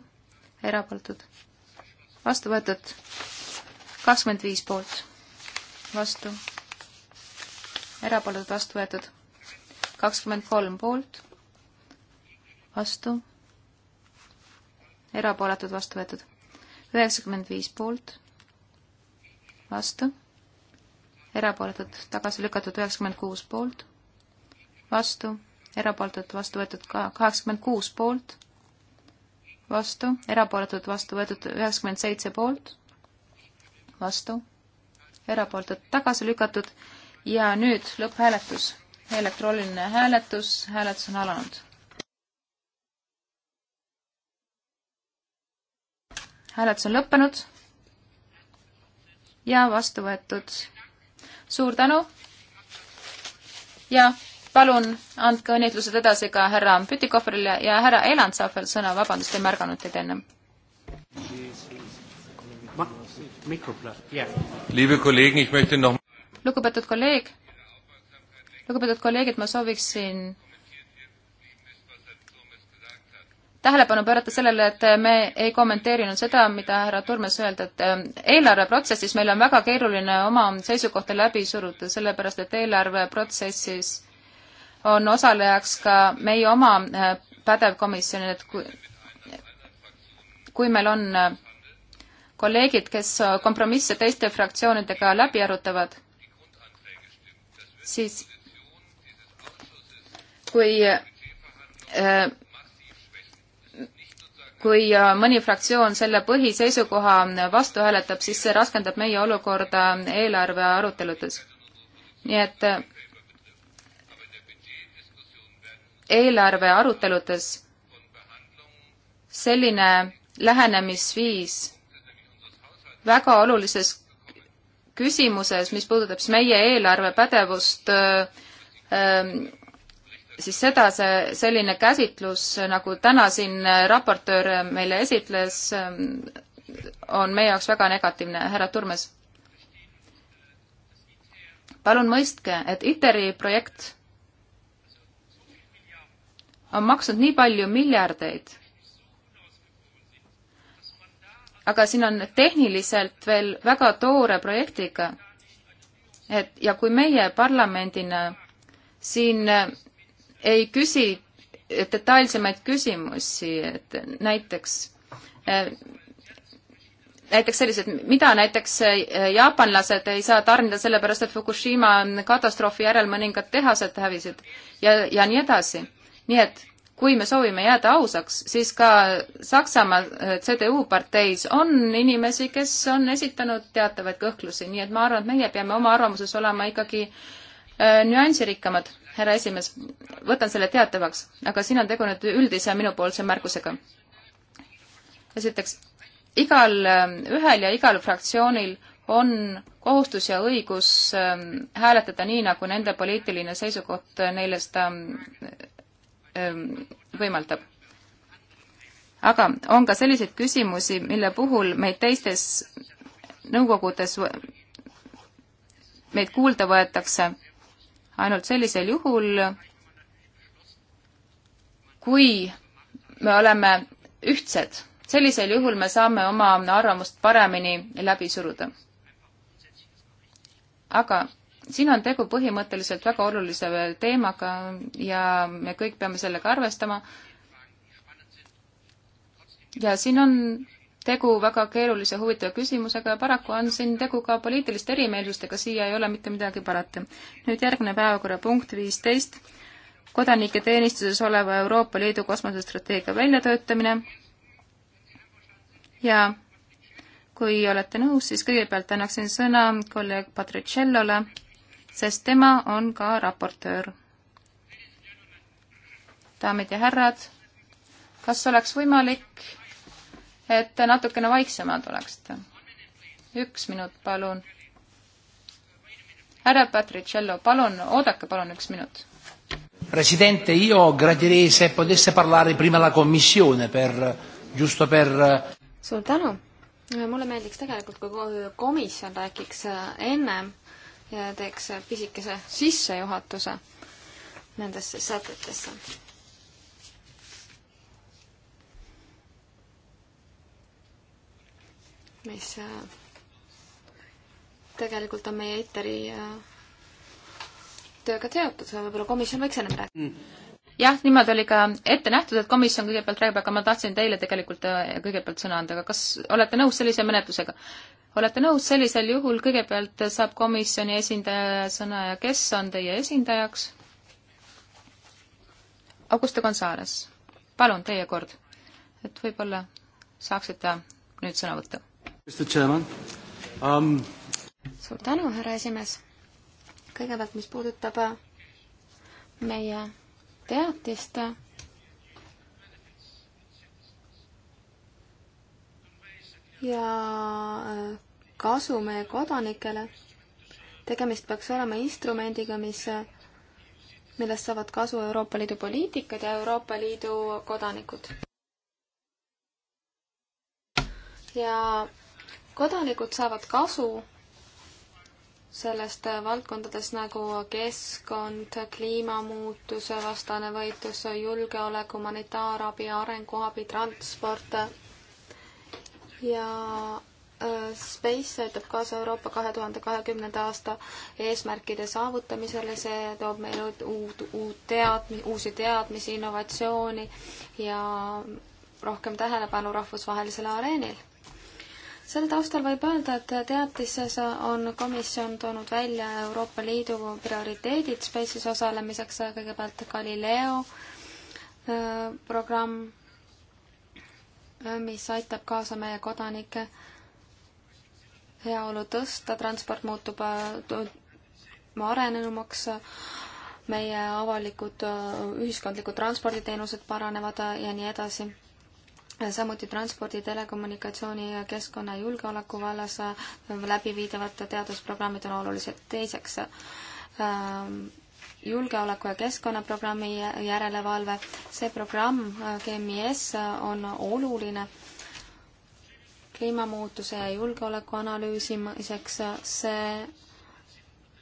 erapooletud vastu võetud kakskümmend viis poolt, vastu, erapooletud vastu võetud kakskümmend kolm poolt, vastu, erapooletud vastu võetud üheksakümmend viis poolt, vastu, erapooletud tagasi lükatud üheksakümmend kuus poolt, vastu, erapooletud vastu võetud ka kaheksakümmend kuus poolt vastu, erapooletud vastu võetud üheksakümmend seitse poolt, vastu, erapooletud tagasi lükatud ja nüüd lõpphääletus, elektrooniline hääletus, hääletus on alanud. hääletus on lõppenud ja vastu võetud. suur tänu ja palun andke õnnitlused edasi ka härra Pütikohvrile ja härra Eland saab veel sõna, vabandust, ei märganud teid ennem. lugupeetud kolleeg, lugupeetud kolleegid, ma sooviksin tähelepanu pöörata sellele, et me ei kommenteerinud seda, mida härra Turmes öelda, et eh, eelarveprotsessis meil on väga keeruline oma seisukohta läbi suruda, sellepärast et eelarveprotsessis on osalejaks ka meie oma äh, pädev komisjon, et kui, kui meil on äh, kolleegid, kes äh, kompromisse teiste fraktsioonidega läbi arutavad, siis kui kui mõni fraktsioon selle põhiseisukoha vastu hääletab, siis see raskendab meie olukorda eelarve aruteludes. nii et eelarve aruteludes selline lähenemisviis väga olulises küsimuses, mis puudutab siis meie eelarvepädevust, ähm, siis seda see selline käsitlus, nagu täna siin raportöör meile esitles, ähm, on meie jaoks väga negatiivne. härra Turmes, palun mõistke, et ITER-i projekt on maksnud nii palju miljardeid, aga siin on tehniliselt veel väga toore projektiga, et ja kui meie parlamendina siin ei küsi detailsemaid küsimusi, et näiteks eh, näiteks sellised, mida näiteks eh, jaapanlased ei saa tarnida sellepärast, et Fukushima katastroofi järel mõningad tehased hävisid ja, ja nii edasi nii et kui me soovime jääda ausaks, siis ka Saksamaa äh, CDU parteis on inimesi, kes on esitanud teatavaid kõhklusi, nii et ma arvan, et meie peame oma arvamuses olema ikkagi äh, nüansirikkamad, härra esimees. võtan selle teatavaks, aga siin on tegu nüüd üldise minupoolse märkusega. esiteks, igal äh, ühel ja igal fraktsioonil on kohustus ja õigus ähm, hääletada nii, nagu nende poliitiline seisukoht äh, neile seda Ähm, võimaldab. aga on ka selliseid küsimusi, mille puhul meid teistes nõukogudes, meid kuulda võetakse ainult sellisel juhul, kui me oleme ühtsed, sellisel juhul me saame oma arvamust paremini läbi suruda. aga siin on tegu põhimõtteliselt väga olulise teemaga ja me kõik peame sellega arvestama. ja siin on tegu väga keerulise huvitava küsimusega ja paraku on siin tegu ka poliitiliste erimeelsustega, siia ei ole mitte midagi parata. nüüd järgmine päevakorrapunkt viisteist, kodanike teenistuses oleva Euroopa Liidu kosmosestrateegia väljatöötamine ja kui olete nõus, siis kõigepealt annaksin sõna kolleeg Patricellole sest tema on ka raportöör. daamid ja härrad, kas oleks võimalik, et te natukene vaiksemad oleksite? üks minut, palun. härra Patricello, palun, oodake palun üks minut. Presidente, io gradirei se potesse parlare prima la Commissione per, giusto per... suur tänu mulle meeldiks tegelikult, kui komisjon räägiks äh, ennem ja teeks pisikese sissejuhatuse nendesse sätetesse. mis äh, tegelikult on meie ITER-i äh, tööga seotud, võib-olla komisjon võiks ennem rääkida. Mm jah, niimoodi oli ka ette nähtud, et komisjon kõigepealt räägib, aga ma tahtsin teile tegelikult äh, kõigepealt sõna anda, aga kas olete nõus sellise menetlusega? olete nõus, sellisel juhul kõigepealt saab komisjoni esindaja sõna ja kes on teie esindajaks? Augusto Gonzales, palun, teie kord. et võib-olla saaksite nüüd sõna võtta. Um... suur tänu, härra esimees. kõigepealt, mis puudutab äh, meie teatist. ja äh, kasu meie kodanikele. tegemist peaks olema instrumendiga, mis, äh, millest saavad kasu Euroopa Liidu poliitikad ja Euroopa Liidu kodanikud. ja kodanikud saavad kasu sellest valdkondades nagu keskkond, kliimamuutuse vastane võitlus, julgeolek, humanitaarabi, arenguabi, transport ja äh, Space aitab kaasa Euroopa kahe tuhande kahekümnenda aasta eesmärkide saavutamisele, see toob meile uut, uut teadmi-, uusi teadmisi, innovatsiooni ja rohkem tähelepanu rahvusvahelisel areenil sel taustal võib öelda, et teatises on komisjon toonud välja Euroopa Liidu prioriteedid Space'is osalemiseks, kõigepealt Galileo äh, programm, mis aitab kaasa meie kodanike heaolu tõsta, transport muutub äh, arenenumaks, meie avalikud äh, ühiskondlikud transporditeenused paranevad ja nii edasi samuti transpordi, telekommunikatsiooni ja keskkonna julgeoleku vallas äh, läbiviidavad teadusprogrammid on olulised. teiseks, ähm, julgeoleku- ja keskkonnaprogrammi järelevalve, see programm äh, GMIS äh, on oluline kliimamuutuse ja julgeoleku analüüsimiseks, see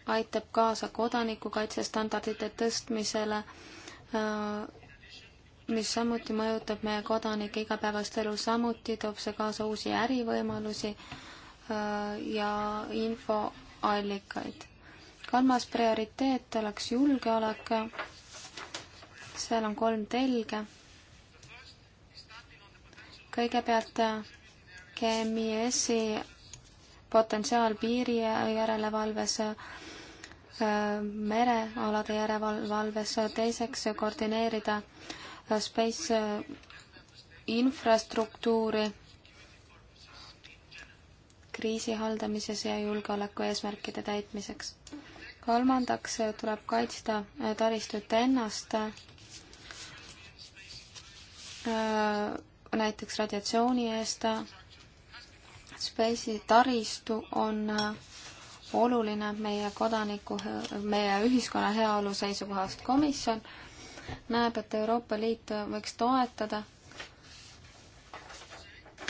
aitab kaasa kodanikukaitse standardite tõstmisele mis samuti mõjutab meie kodanike igapäevast elu, samuti toob see kaasa uusi ärivõimalusi äh, ja infoallikaid. kolmas prioriteet oleks julgeolek. seal on kolm telge. kõigepealt äh, GMIS-i potentsiaal piiri järelevalves äh, merealade järelevalves, teiseks koordineerida äh, space äh, infrastruktuuri kriisi haldamises ja julgeoleku eesmärkide täitmiseks. kolmandaks äh, tuleb kaitsta äh, taristut ennast näiteks radiatsiooni eest. Space'i taristu on oluline meie kodaniku, meie ühiskonna heaolu seisukohast. komisjon näeb, et Euroopa Liit võiks toetada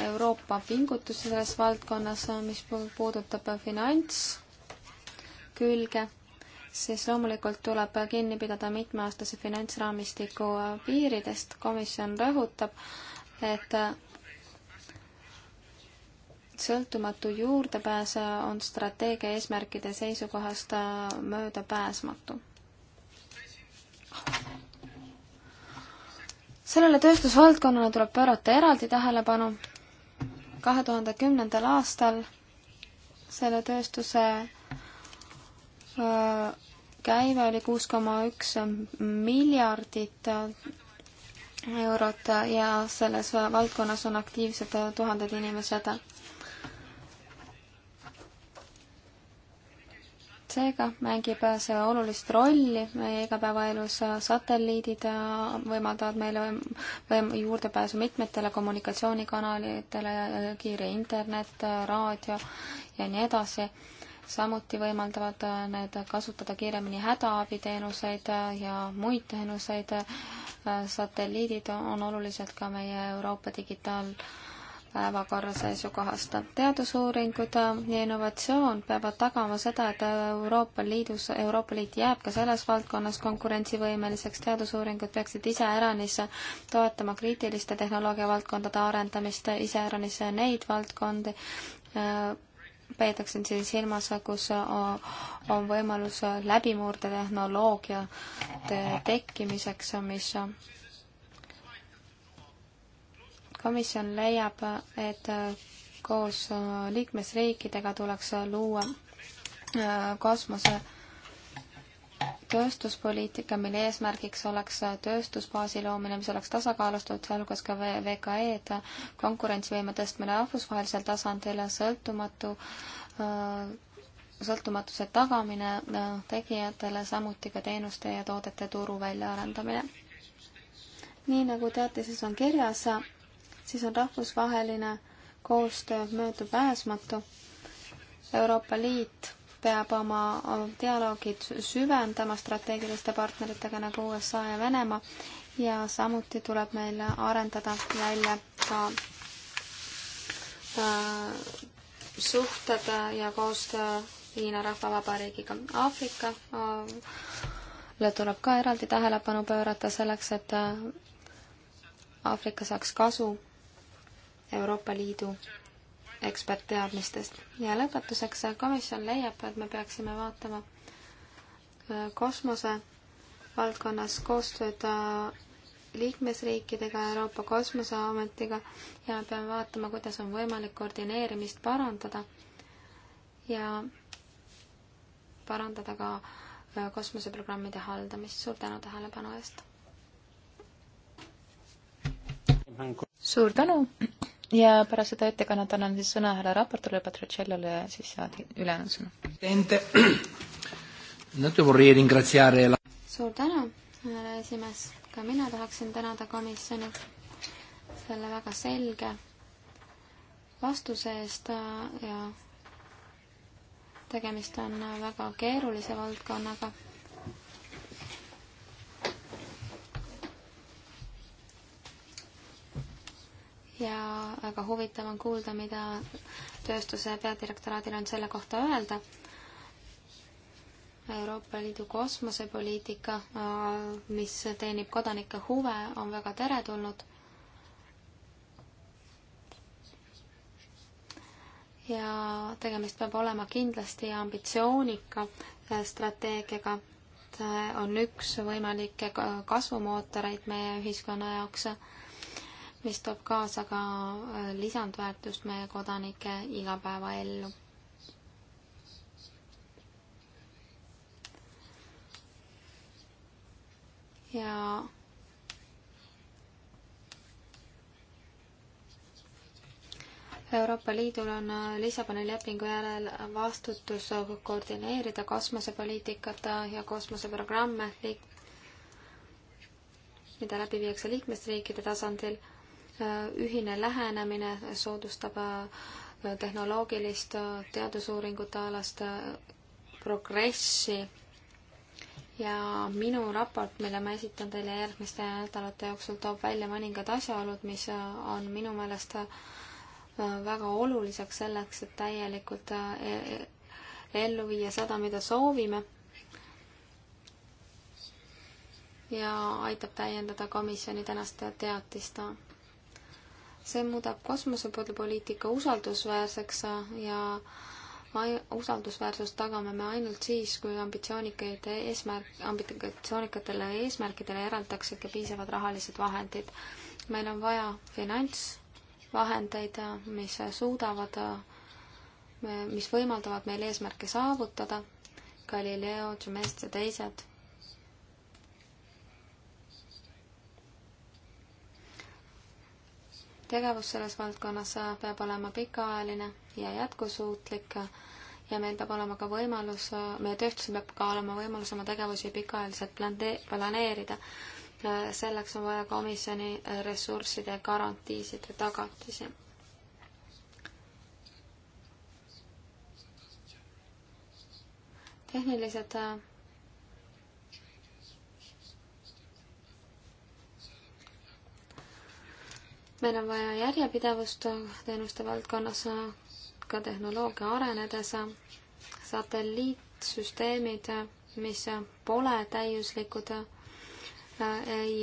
Euroopa pingutusi selles valdkonnas, mis puudutab finantskülge, siis loomulikult tuleb kinni pidada mitmeaastase finantsraamistiku piiridest. komisjon rõhutab, et sõltumatu juurdepääs on strateegia eesmärkide seisukohast möödapääsmatu sellele tööstusvaldkonnale tuleb pöörata eraldi tähelepanu. kahe tuhande kümnendal aastal selle tööstuse käive oli kuus koma üks miljardit eurot ja selles valdkonnas on aktiivsed tuhanded inimesed. seega mängib see olulist rolli meie igapäevaelus, satelliidid äh, võimaldavad meile võim juurdepääsu mitmetele kommunikatsioonikanalitele, äh, kiire internet, äh, raadio ja nii edasi. samuti võimaldavad need kasutada kiiremini hädaabiteenuseid ja muid teenuseid. satelliidid on olulised ka meie Euroopa digitaal- päevakorra seisukohast. teadusuuringud ja innovatsioon peavad tagama seda, et Euroopa Liidus, Euroopa Liit jääb ka selles valdkonnas konkurentsivõimeliseks. teadusuuringud peaksid iseäranis toetama kriitiliste tehnoloogia valdkondade arendamist, iseäranis neid valdkondi, äh, peetakse siin silmas, kus on võimalus läbimurdetehnoloogia tekkimiseks, mis komisjon leiab, et äh, koos äh, liikmesriikidega tuleks äh, luua kosmose tööstuspoliitika, mille eesmärgiks oleks tööstusbaasi loomine, mis oleks tasakaalustatud, sealhulgas ka VKE-d, konkurentsivõime tõstmine rahvusvahelisel tasandil, sõltumatu, sõltumatuse tagamine tegijatele, samuti ka teenuste ja toodete turu väljaarendamine. nii nagu teate, siis on kirjas siis on rahvusvaheline koostöö möödapääsmatu. Euroopa Liit peab oma dialoogid süvendama strateegiliste partneritega nagu USA ja Venemaa ja samuti tuleb meil arendada välja ka äh, suhted ja koostöö Hiina Rahvavabariigiga. Aafrika äh, tuleb ka eraldi tähelepanu pöörata selleks, et äh, Aafrika saaks kasu Euroopa Liidu ekspertteadmistest. ja lõpetuseks äh, komisjon leiab, et me peaksime vaatama äh, kosmose valdkonnas koostööd äh, liikmesriikidega, Euroopa Kosmoseametiga ja me peame vaatama, kuidas on võimalik koordineerimist parandada ja parandada ka kosmoseprogrammide haldamist. suur tänu tähelepanu eest! suur tänu! ja pärast seda ettekannet annan siis sõna härra raportööle Patricellole ja siis saad ülejäänud sõna. suur tänu, härra esimees, ka mina tahaksin tänada komisjoni selle väga selge vastuse eest ja tegemist on väga keerulise valdkonnaga ja väga huvitav on kuulda, mida tööstuse peadirektoraadil on selle kohta öelda. Euroopa Liidu kosmosepoliitika, äh, mis teenib kodanike huve, on väga teretulnud. ja tegemist peab olema kindlasti ambitsioonika äh, strateegiaga. see on üks võimalikke kasvumootoreid meie ühiskonna jaoks mis toob kaasa ka äh, lisandväärtust meie kodanike igapäevaellu. ja Euroopa Liidul on äh, Lissaboni lepingu järel vastutus koordineerida kosmosepoliitikat äh, ja kosmoseprogramme, mida läbi viiakse liikmesriikide tasandil Äh, ühine lähenemine soodustab äh, tehnoloogilist äh, teadusuuringute alast progressi ja minu raport, mille ma esitan teile järgmiste nädalate jooksul, toob välja mõningad asjaolud, mis on minu meelest väga oluliseks selleks, et täielikult e, e, ellu viia seda, mida soovime. ja aitab täiendada komisjoni tänast teatist see muudab kosmosepoliitika usaldusväärseks ja usaldusväärsust tagame me ainult siis, kui ambitsioonikaid eesmärk, ambitsioonikatele eesmärkidele eraldatakse ikka piisavad rahalised vahendid. meil on vaja finantsvahendeid, mis suudavad, mis võimaldavad meil eesmärke saavutada, Galileo, Gemest ja teised tegevus selles valdkonnas peab olema pikaajaline ja jätkusuutlik ja meil peab olema ka võimalus, meie tööstusel peab ka olema võimalus oma tegevusi pikaajaliselt plante-, planeerida. selleks on vaja komisjoni ressursside garantiisid ja tagatisi. tehnilised meil on vaja järjepidevust teenuste valdkonnas, ka tehnoloogia arenedes, satelliitsüsteemid, mis pole täiuslikud, ei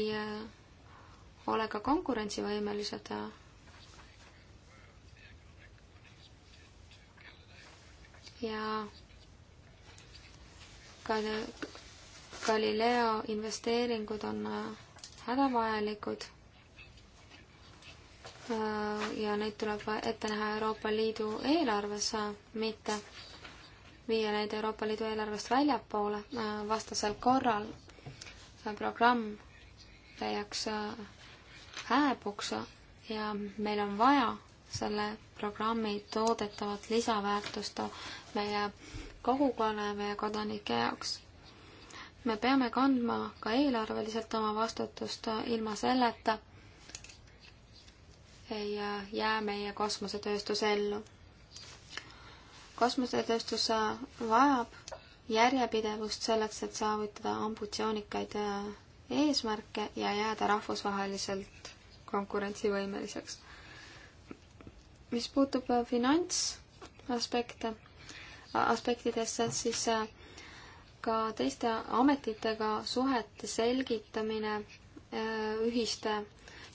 ole ka konkurentsivõimelised. ja Galileo investeeringud on hädavajalikud Äh, ja neid tuleb ette näha Euroopa Liidu eelarves, mitte viia neid Euroopa Liidu eelarvest väljapoole, äh, vastasel korral programm leiaks äh, hääbuks ja meil on vaja selle programmi toodetavat lisaväärtust meie kogukonna ja meie kodanike jaoks. me peame kandma ka eelarveliselt oma vastutust ilma selleta, ja jää meie kosmosetööstuse ellu. kosmosetööstus vajab järjepidevust selleks, et saavutada ambitsioonikaid äh, eesmärke ja jääda rahvusvaheliselt konkurentsivõimeliseks. mis puutub äh, finantsaspekte, aspektidesse, siis äh, ka teiste ametitega suhete selgitamine, ühiste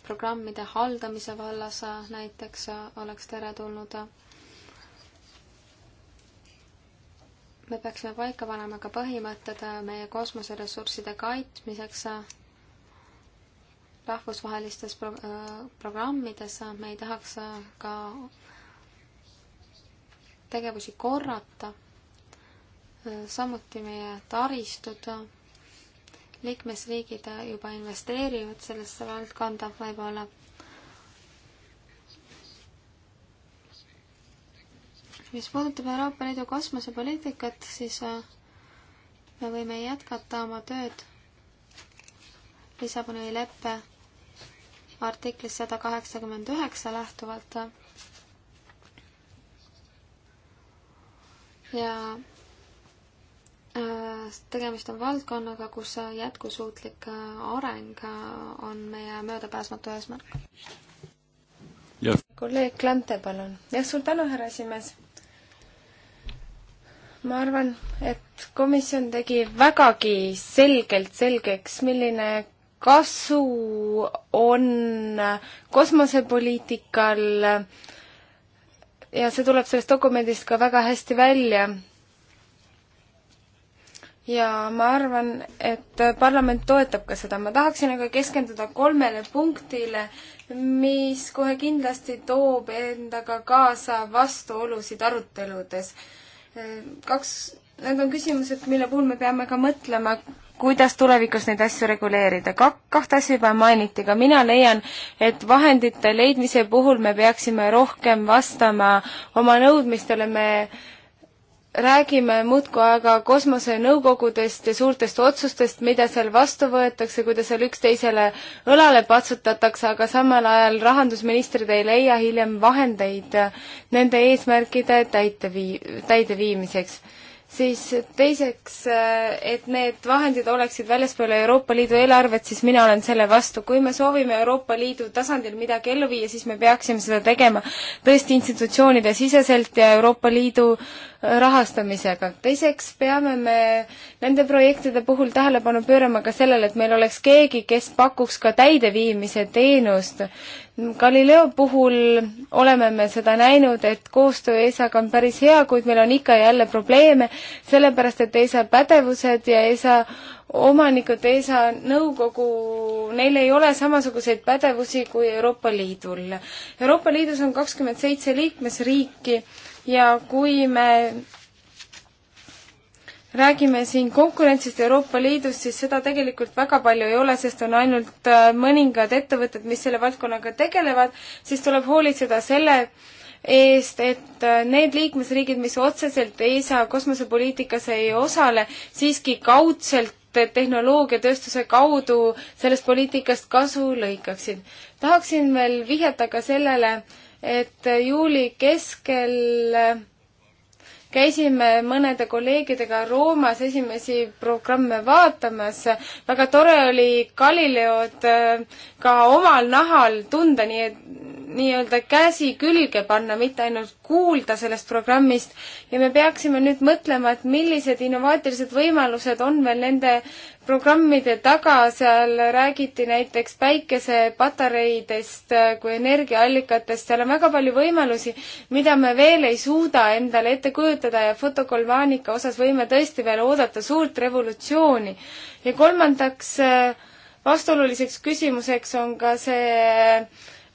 programmide haldamise vallas näiteks oleks teretulnud. me peaksime paika panema ka põhimõtted meie kosmoseressursside kaitsmiseks rahvusvahelistes pro programmides, me ei tahaks ka tegevusi korrata, samuti meie taristud liikmesriigid juba investeerivad sellesse valdkonda võib-olla. mis puudutab Euroopa Liidu kosmosepoliitikat, siis äh, me võime jätkata oma tööd Lissaboni leppe artiklist sada kaheksakümmend üheksa lähtuvalt ja Äh, tegemist on valdkonnaga, kus jätkusuutlik äh, areng äh, on meie möödapääsmatu eesmärk. kolleeg Klante, palun. jah, suur tänu, härra esimees. ma arvan, et komisjon tegi vägagi selgelt selgeks, milline kasu on kosmosepoliitikal ja see tuleb sellest dokumendist ka väga hästi välja ja ma arvan, et parlament toetab ka seda. ma tahaksin aga keskenduda kolmele punktile, mis kohe kindlasti toob endaga kaasa vastuolusid aruteludes. kaks, need on küsimused, mille puhul me peame ka mõtlema, kuidas tulevikus neid asju reguleerida. Ka-, kahte asja juba mainiti, ka mina leian, et vahendite leidmise puhul me peaksime rohkem vastama oma nõudmistele, me räägime muudkui aga kosmosenõukogudest ja suurtest otsustest, mida seal vastu võetakse, kuidas seal üksteisele õlale patsutatakse, aga samal ajal rahandusministrid ei leia hiljem vahendeid nende eesmärkide täitevii-, täideviimiseks. siis teiseks, et need vahendid oleksid väljaspool Euroopa Liidu eelarvet, siis mina olen selle vastu. kui me soovime Euroopa Liidu tasandil midagi ellu viia, siis me peaksime seda tegema tõesti institutsioonide siseselt ja Euroopa Liidu äh, rahastamisega. teiseks peame me nende projektide puhul tähelepanu pöörama ka sellele, et meil oleks keegi, kes pakuks ka täideviimise teenust. Galileo puhul oleme me seda näinud, et koostöö ESA-ga on päris hea, kuid meil on ikka ja jälle probleeme, sellepärast et ESA pädevused ja ESA omanikud, ESA nõukogu, neil ei ole samasuguseid pädevusi kui Euroopa Liidul. Euroopa Liidus on kakskümmend seitse liikmesriiki ja kui me räägime siin konkurentsist Euroopa Liidus, siis seda tegelikult väga palju ei ole, sest on ainult äh, mõningad ettevõtted, mis selle valdkonnaga tegelevad, siis tuleb hoolitseda selle eest, et äh, need liikmesriigid, mis otseselt ESA kosmosepoliitikas ei osale, siiski kaudselt tehnoloogiatööstuse kaudu sellest poliitikast kasu lõikaksid. tahaksin veel vihjata ka sellele, et juuli keskel käisime mõnede kolleegidega Roomas esimesi programme vaatamas. väga tore oli Galileod äh, ka omal nahal tunda, nii et nii-öelda käsi külge panna, mitte ainult kuulda sellest programmist ja me peaksime nüüd mõtlema, et millised innovaatilised võimalused on veel nende programmide taga, seal räägiti näiteks päikesepatareidest kui energiaallikatest, seal on väga palju võimalusi, mida me veel ei suuda endale ette kujutada ja fotokolvaanika osas võime tõesti veel oodata suurt revolutsiooni. ja kolmandaks vastuoluliseks küsimuseks on ka see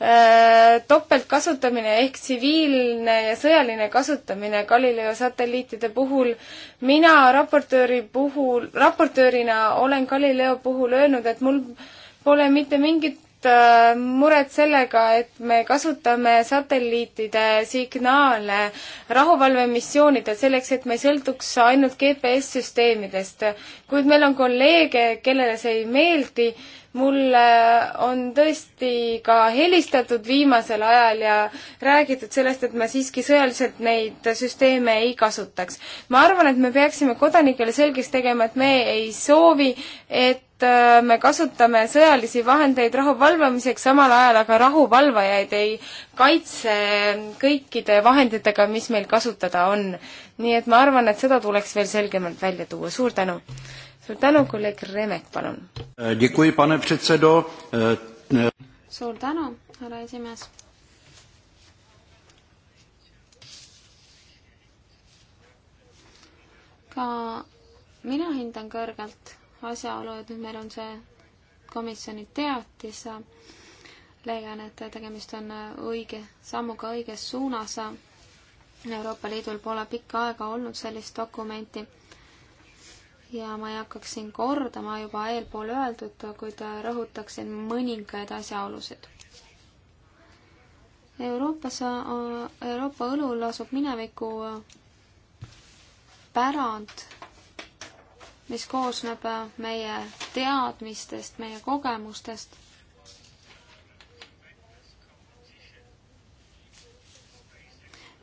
Äh, topeltkasutamine ehk tsiviilne ja sõjaline kasutamine Galileo satelliitide puhul. mina raportööri puhul, raportöörina olen Galileo puhul öelnud, et mul pole mitte mingit Äh, muret sellega, et me kasutame satelliitide signaale rahuvalvemissioonidel selleks, et me ei sõltuks ainult GPS-süsteemidest. kuid meil on kolleege, kellele see ei meeldi. mulle on tõesti ka helistatud viimasel ajal ja räägitud sellest, et me siiski sõjaliselt neid süsteeme ei kasutaks. ma arvan, et me peaksime kodanikele selgeks tegema, et me ei soovi, et Äh, me kasutame sõjalisi vahendeid rahu valvamiseks, samal ajal aga rahuvalvajaid ei kaitse kõikide vahenditega, mis meil kasutada on. nii et ma arvan, et seda tuleks veel selgemalt välja tuua, suur tänu! suur tänu, kolleeg Remek, palun! Äh, äh, suur tänu, härra esimees! ka mina hindan kõrgelt asjaolu, et nüüd meil on see komisjoni teatis, leian, et tegemist on õige, sammuga õiges suunas. Euroopa Liidul pole pikka aega olnud sellist dokumenti ja ma ei hakkaks siin kordama juba eelpool öeldud, kuid rõhutaksin mõningaid asjaolusid. Euroopas, Euroopa õlul asub mineviku pärand mis koosneb äh, meie teadmistest, meie kogemustest.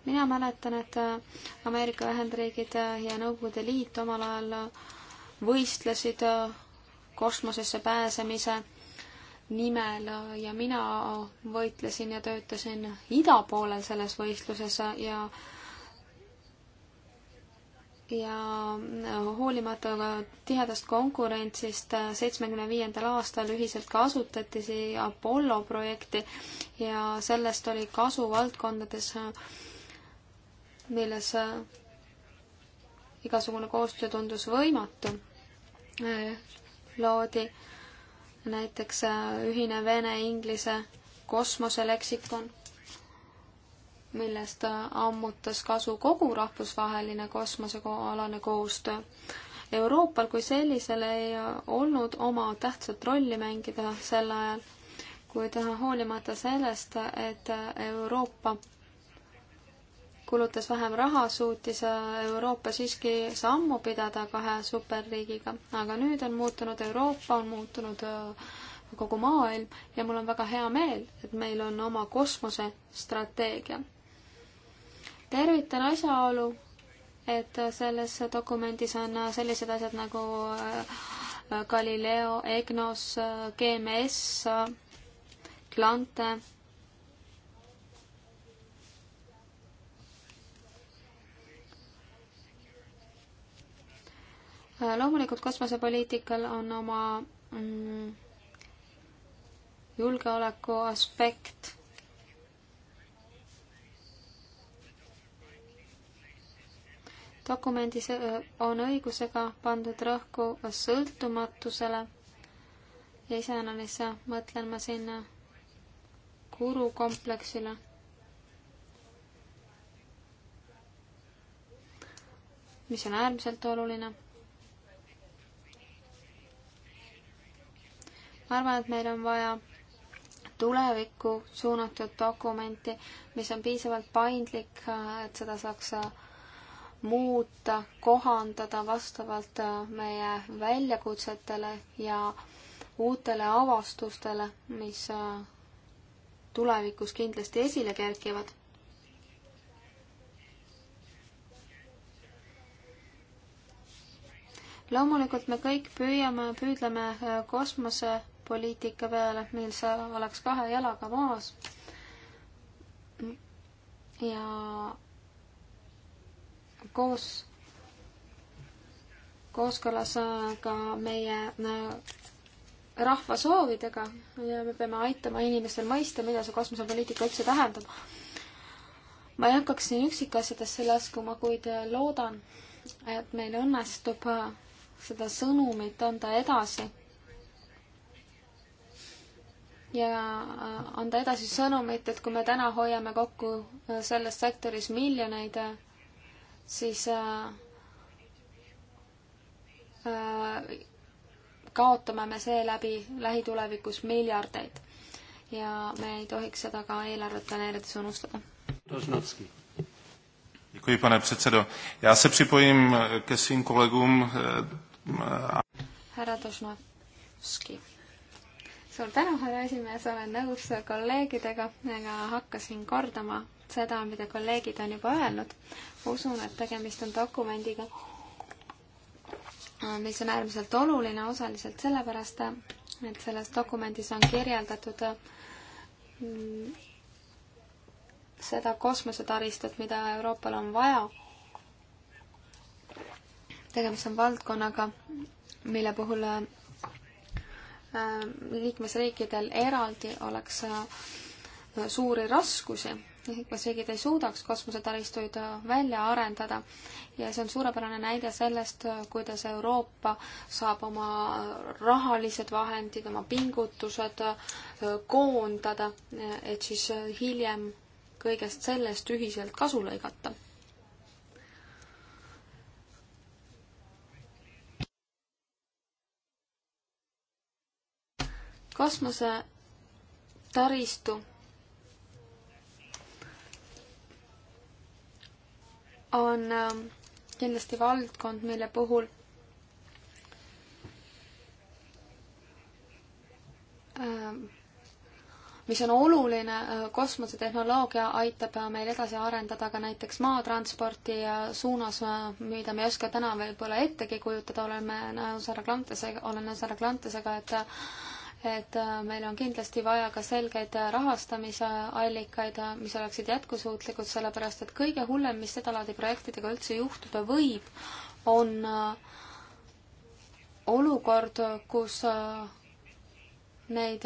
mina mäletan, et äh, Ameerika Ühendriigid äh, ja Nõukogude Liit omal ajal võistlesid kosmosesse pääsemise nimel ja mina võitlesin ja töötasin ida poolel selles võistluses ja ja hoolimata tihedast konkurentsist seitsmekümne viiendal aastal ühiselt kasutati siia Apollo projekti ja sellest oli kasu valdkondades, milles igasugune koostöö tundus võimatu. loodi näiteks ühine vene-inglise kosmoseleksikon millest ammutas kasu kogu rahvusvaheline kosmosealane koostöö. Euroopal kui sellisel ei olnud oma tähtsat rolli mängida sel ajal, kuid hoolimata sellest, et Euroopa kulutas vähem raha, suutis Euroopa siiski sammu pidada kahe superriigiga. aga nüüd on muutunud Euroopa, on muutunud äh, kogu maailm ja mul on väga hea meel, et meil on oma kosmosestrateegia tervitan asjaolu, et selles dokumendis on sellised asjad nagu äh, Galileo, EGNOS, äh, GMS, Glante. Äh, loomulikult kosmosepoliitikal on oma mm, julgeoleku aspekt dokumendis äh, on õigusega pandud rõhku sõltumatusele ja iseenesest äh, mõtlen ma siin gurukompleksile. Äh, mis on äärmiselt oluline. ma arvan, et meil on vaja tulevikku suunatud dokumenti, mis on piisavalt paindlik, et seda saaks muuta, kohandada vastavalt äh, meie väljakutsetele ja uutele avastustele, mis äh, tulevikus kindlasti esile kerkivad. loomulikult me kõik püüame, püüdleme äh, kosmosepoliitika peale, mil see oleks kahe jalaga maas. ja koos, kooskõlas äh, ka meie äh, rahva soovidega ja me peame aitama inimestel mõista, mida see kosmosepoliitika üldse tähendab. ma ei hakkaks siin üksikasjadesse laskuma, kuid äh, loodan, et meil õnnestub seda sõnumit anda edasi. ja anda edasi sõnumit, et kui me täna hoiame kokku selles sektoris miljoneid siis äh, äh, kaotame me seeläbi lähitulevikus miljardeid ja me ei tohiks seda ka eelarvet planeerides unustada. Děkuji, pane předsedo. Já se připojím ke svým kolegům. Eh, eh, härra Tošnovski. Suur tänu, härra esimees, olen nõus kolleegidega, ega hakkasin kordama seda, mida kolleegid on juba öelnud. usun, et tegemist on dokumendiga, mis on äärmiselt oluline osaliselt sellepärast, et selles dokumendis on kirjeldatud mm, seda kosmosetaristut, mida Euroopal on vaja. tegemist on valdkonnaga, mille puhul äh, liikmesriikidel eraldi oleks äh, suuri raskusi liikmesriigid ei suudaks kosmosetaristuid äh, välja arendada ja see on suurepärane näide sellest, äh, kuidas Euroopa saab oma äh, rahalised vahendid, oma pingutused koondada, et siis hiljem kõigest sellest ühiselt kasu lõigata. kosmosetaristu on ähm, kindlasti valdkond, mille puhul ähm, mis on oluline, äh, kosmosetehnoloogia aitab äh, meil edasi arendada ka näiteks maatransporti suunas, äh, mida me ei oska täna võib-olla ettegi kujutada, oleme nõus härra Klantesega, olen nõus härra Klantesega, et et äh, meil on kindlasti vaja ka selgeid äh, rahastamise allikaid, äh, mis oleksid jätkusuutlikud, sellepärast et kõige hullem, mis sedalaadi projektidega üldse juhtuda võib, on olukord, kus neid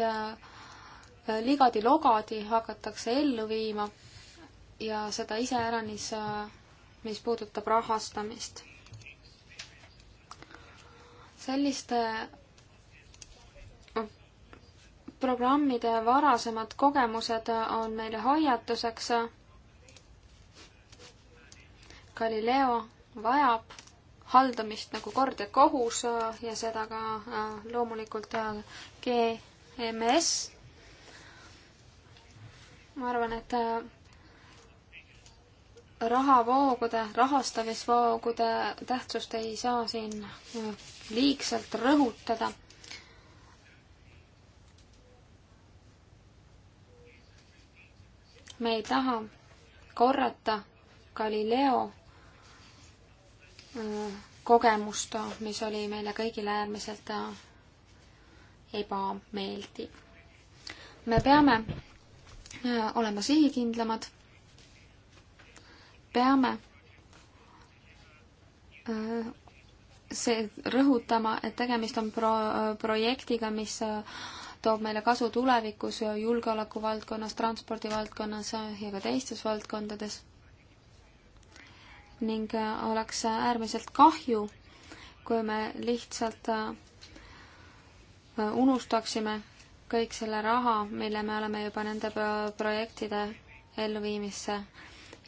ligadi-logadi hakatakse ellu viima ja seda iseäranis, mis puudutab rahastamist. selliste programmide varasemad kogemused on meile hoiatuseks. Galileo vajab haldamist nagu kord ja kohus ja seda ka äh, loomulikult äh, GMS. ma arvan, et äh, rahavoogude, rahastamisvoogude tähtsust ei saa siin liigselt rõhutada me ei taha korrata Galileo äh, kogemust, mis oli meile kõigile äärmiselt äh, ebameeldiv. me peame äh, olema sihikindlamad, peame see rõhutama, et tegemist on pro-, projektiga, mis toob meile kasu tulevikus julgeoleku valdkonnas, transpordi valdkonnas ja ka teistes valdkondades. ning äh, oleks äärmiselt kahju, kui me lihtsalt äh, unustaksime kõik selle raha, mille me oleme juba nende pro projektide elluviimisse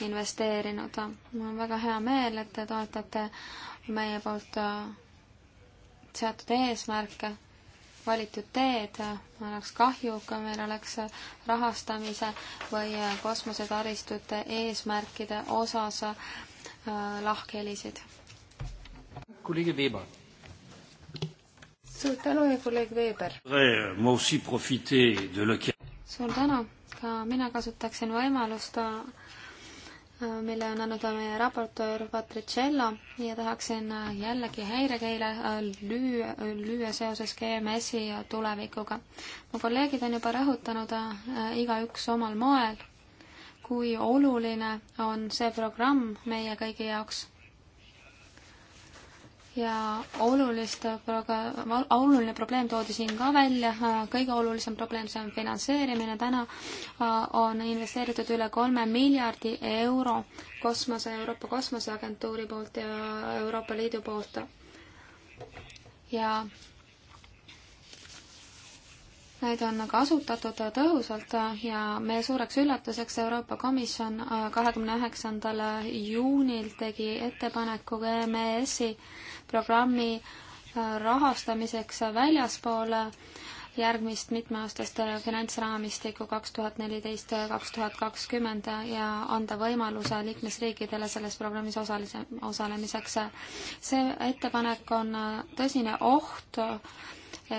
investeerinud. mul on väga hea meel, et te toetate meie poolt äh, seatud eesmärke valitud teed, oleks kahju, kui meil oleks rahastamise või kosmosetaristute eesmärkide osas äh, lahkhelisid. kolleeg Weber. suur tänu ja kolleeg Weber. Euh, suur tänu, ka mina kasutaksin võimalust äh, mille on andnud meie raportöör Patricello ja tahaksin äh, jällegi häirekeele äh, lüüa, äh, lüüa seoses GMS-i ja tulevikuga. mu kolleegid on juba rõhutanud igaüks omal moel, kui oluline on see programm meie kõigi jaoks ja oluliste, oluline probleem toodi siin ka välja, kõige olulisem probleem, see on finantseerimine, täna äh, on investeeritud üle kolme miljardi euro kosmose, Euroopa Kosmoseagentuuri poolt ja Euroopa Liidu poolt. ja Neid on kasutatud tõhusalt ja meie suureks üllatuseks Euroopa Komisjon äh, kahekümne üheksandal juunil tegi ettepaneku GMS-i programmi äh, rahastamiseks väljaspool järgmist mitmeaastast finantsraamistikku kaks tuhat neliteist, kaks tuhat kakskümmend ja anda võimaluse liikmesriikidele selles programmis osalise, osalemiseks. see ettepanek on äh, tõsine oht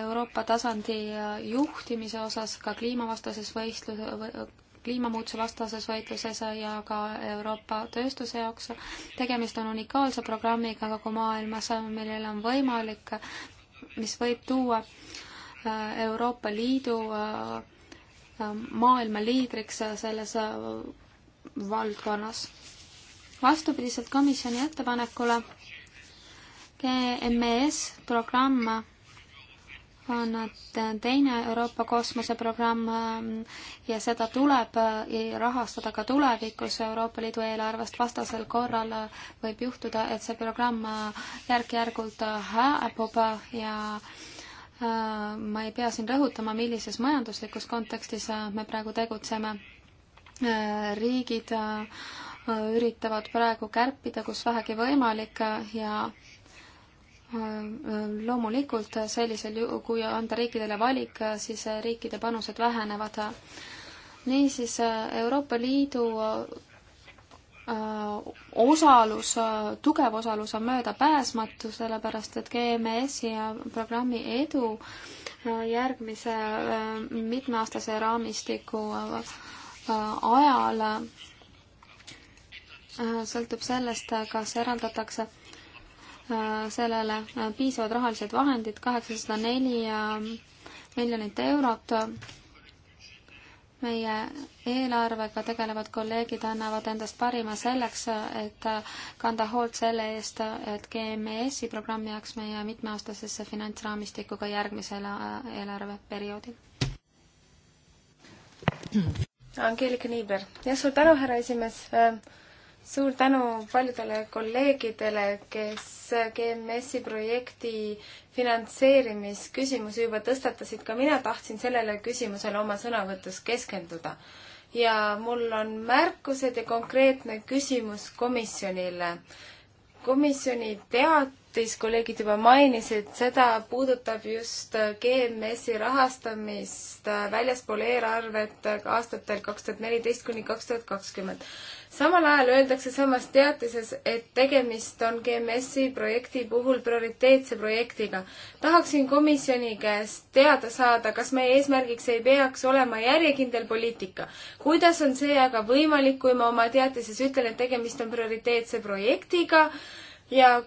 Euroopa tasandi äh, juhtimise osas, ka kliimavastases võistlus, kliimamuutuse vastases võitluses ja ka Euroopa tööstuse jaoks. tegemist on unikaalse programmiga kogu maailmas, millel on võimalik, mis võib tuua äh, Euroopa Liidu äh, maailma liidriks selles äh, valdkonnas. vastupidiselt komisjoni ettepanekule GMS e programm on teine Euroopa kosmoseprogramm äh, ja seda tuleb äh, rahastada ka tulevikus Euroopa Liidu eelarvest. vastasel korral äh, võib juhtuda, et see programm järk-järgult hääbub ja ma ei pea siin rõhutama, millises majanduslikus kontekstis me praegu tegutseme. riigid üritavad praegu kärpida, kus vähegi võimalik ja loomulikult sellisel juhul, kui anda riikidele valik, siis riikide panused vähenevad. niisiis Euroopa Liidu äh, osalus, tugev osalus on möödapääsmatu, sellepärast et GMS-i ja programmi edu äh, järgmise äh, mitmeaastase raamistiku ajal sõltub sellest, kas eraldatakse Äh, sellele äh, piisavad rahalised vahendid, kaheksasada neli miljonit eurot. meie eelarvega tegelevad kolleegid annavad endast parima selleks, et äh, kanda hoolt selle eest, et GMS-i e programm jääks meie mitmeaastasesse finantsraamistikku ka järgmisel eelarveperioodil. Angeelika Niiber, jah, suur tänu, härra esimees suur tänu paljudele kolleegidele, kes GMS-i projekti finantseerimisküsimusi juba tõstatasid, ka mina tahtsin sellele küsimusele oma sõnavõtus keskenduda. ja mul on märkused ja konkreetne küsimus komisjonile. komisjoni teatis, kolleegid juba mainisid, seda puudutab just GMS-i rahastamist väljaspool eelarvet aastatel kaks tuhat neliteist kuni kaks tuhat kakskümmend samal ajal öeldakse samas teatises, et tegemist on GMS-i projekti puhul prioriteetse projektiga. tahaksin komisjoni käest teada saada, kas meie eesmärgiks ei peaks olema järjekindel poliitika. kuidas on see aga võimalik, kui ma oma teatises ütlen, et tegemist on prioriteetse projektiga ja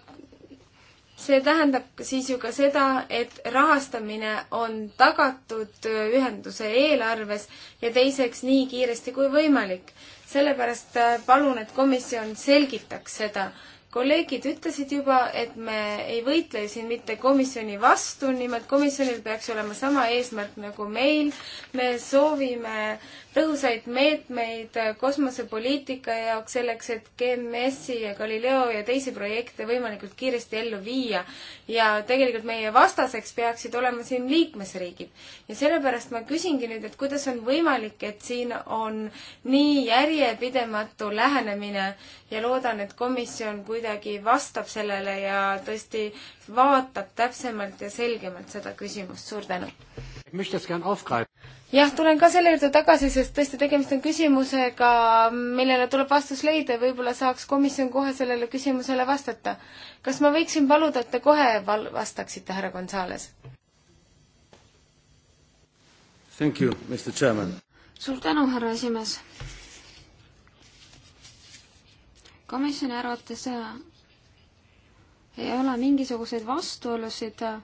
see tähendab siis ju ka seda, et rahastamine on tagatud ühenduse eelarves ja teiseks nii kiiresti kui võimalik sellepärast äh, palun, et komisjon selgitaks seda. kolleegid ütlesid juba, et me ei võitle ju siin mitte komisjoni vastu, nimelt komisjonil peaks olema sama eesmärk nagu meil. me soovime tõhusaid meetmeid kosmosepoliitika jaoks selleks, et GMS-i ja Galileo ja teisi projekte võimalikult kiiresti ellu viia. ja tegelikult meie vastaseks peaksid olema siin liikmesriigid. ja sellepärast ma küsingi nüüd, et kuidas on võimalik, et siin on nii järjepidematu lähenemine ja loodan, et komisjon kuidagi vastab sellele ja tõesti vaatab täpsemalt ja selgemalt seda küsimust. suur tänu! jah, tulen ka selle juurde tagasi, sest tõesti tegemist on küsimusega, millele tuleb vastus leida ja võib-olla saaks komisjon kohe sellele küsimusele vastata. kas ma võiksin paluda, et te kohe val-, vastaksite, härra Gonzales? suur tänu, härra esimees. komisjoni arvates äh, ei ole mingisuguseid vastuolusid äh,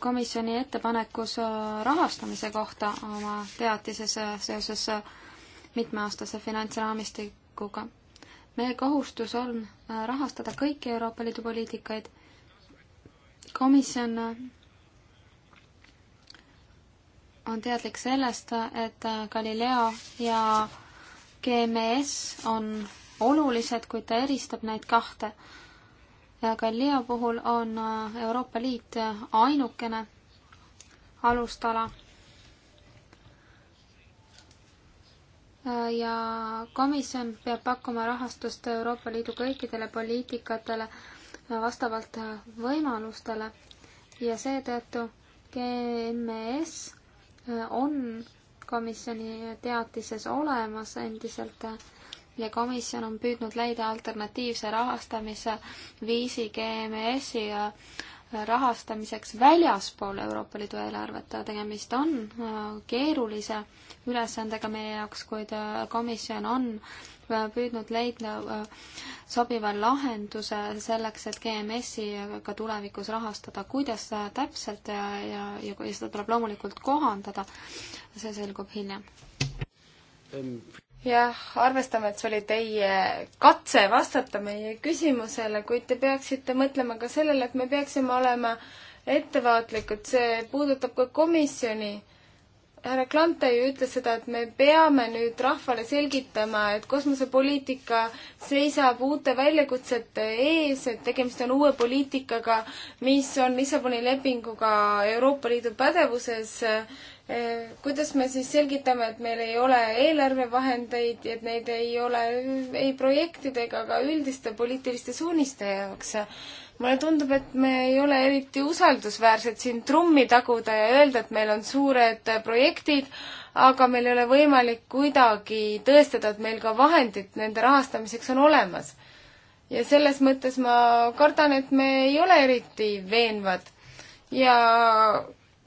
komisjoni ettepanekus äh, rahastamise kohta oma teatises äh, seoses äh, mitmeaastase finantsraamistikuga. meie kohustus on rahastada kõiki Euroopa Liidu poliitikaid. komisjon on teadlik sellest, et Galileo ja GMS on olulised, kuid ta eristab neid kahte Galileo puhul on äh, Euroopa Liit äh, ainukene alustala. Äh, ja komisjon peab pakkuma rahastust Euroopa Liidu kõikidele poliitikatele vastavalt võimalustele ja seetõttu GMS on komisjoni teatises olemas endiselt ja komisjon on püüdnud leida alternatiivse rahastamise viisi GMS-i äh, rahastamiseks väljaspool Euroopa Liidu eelarvet. tegemist on äh, keerulise ülesandega meie jaoks, kuid äh, komisjon on püüdnud leida sobiva lahenduse selleks, et GMS-i ka tulevikus rahastada. kuidas täpselt ja, ja, ja, ja seda tuleb loomulikult kohandada, see selgub hiljem. Ähm, jah, arvestame, et see oli teie katse vastata meie küsimusele, kuid te peaksite mõtlema ka sellele, et me peaksime olema ettevaatlikud, see puudutab ka komisjoni. härra Klante ju ütles seda, et me peame nüüd rahvale selgitama, et kosmosepoliitika seisab uute väljakutsete ees, et tegemist on uue poliitikaga, mis on Lissaboni lepinguga Euroopa Liidu pädevuses Eh, kuidas me siis selgitame, et meil ei ole eelarvevahendeid, et neid ei ole ei projektidega ega üldiste poliitiliste suuniste jaoks? mulle tundub, et me ei ole eriti usaldusväärsed siin trummi taguda ja öelda, et meil on suured projektid, aga meil ei ole võimalik kuidagi tõestada, et meil ka vahendid nende rahastamiseks on olemas. ja selles mõttes ma kardan, et me ei ole eriti veenvad ja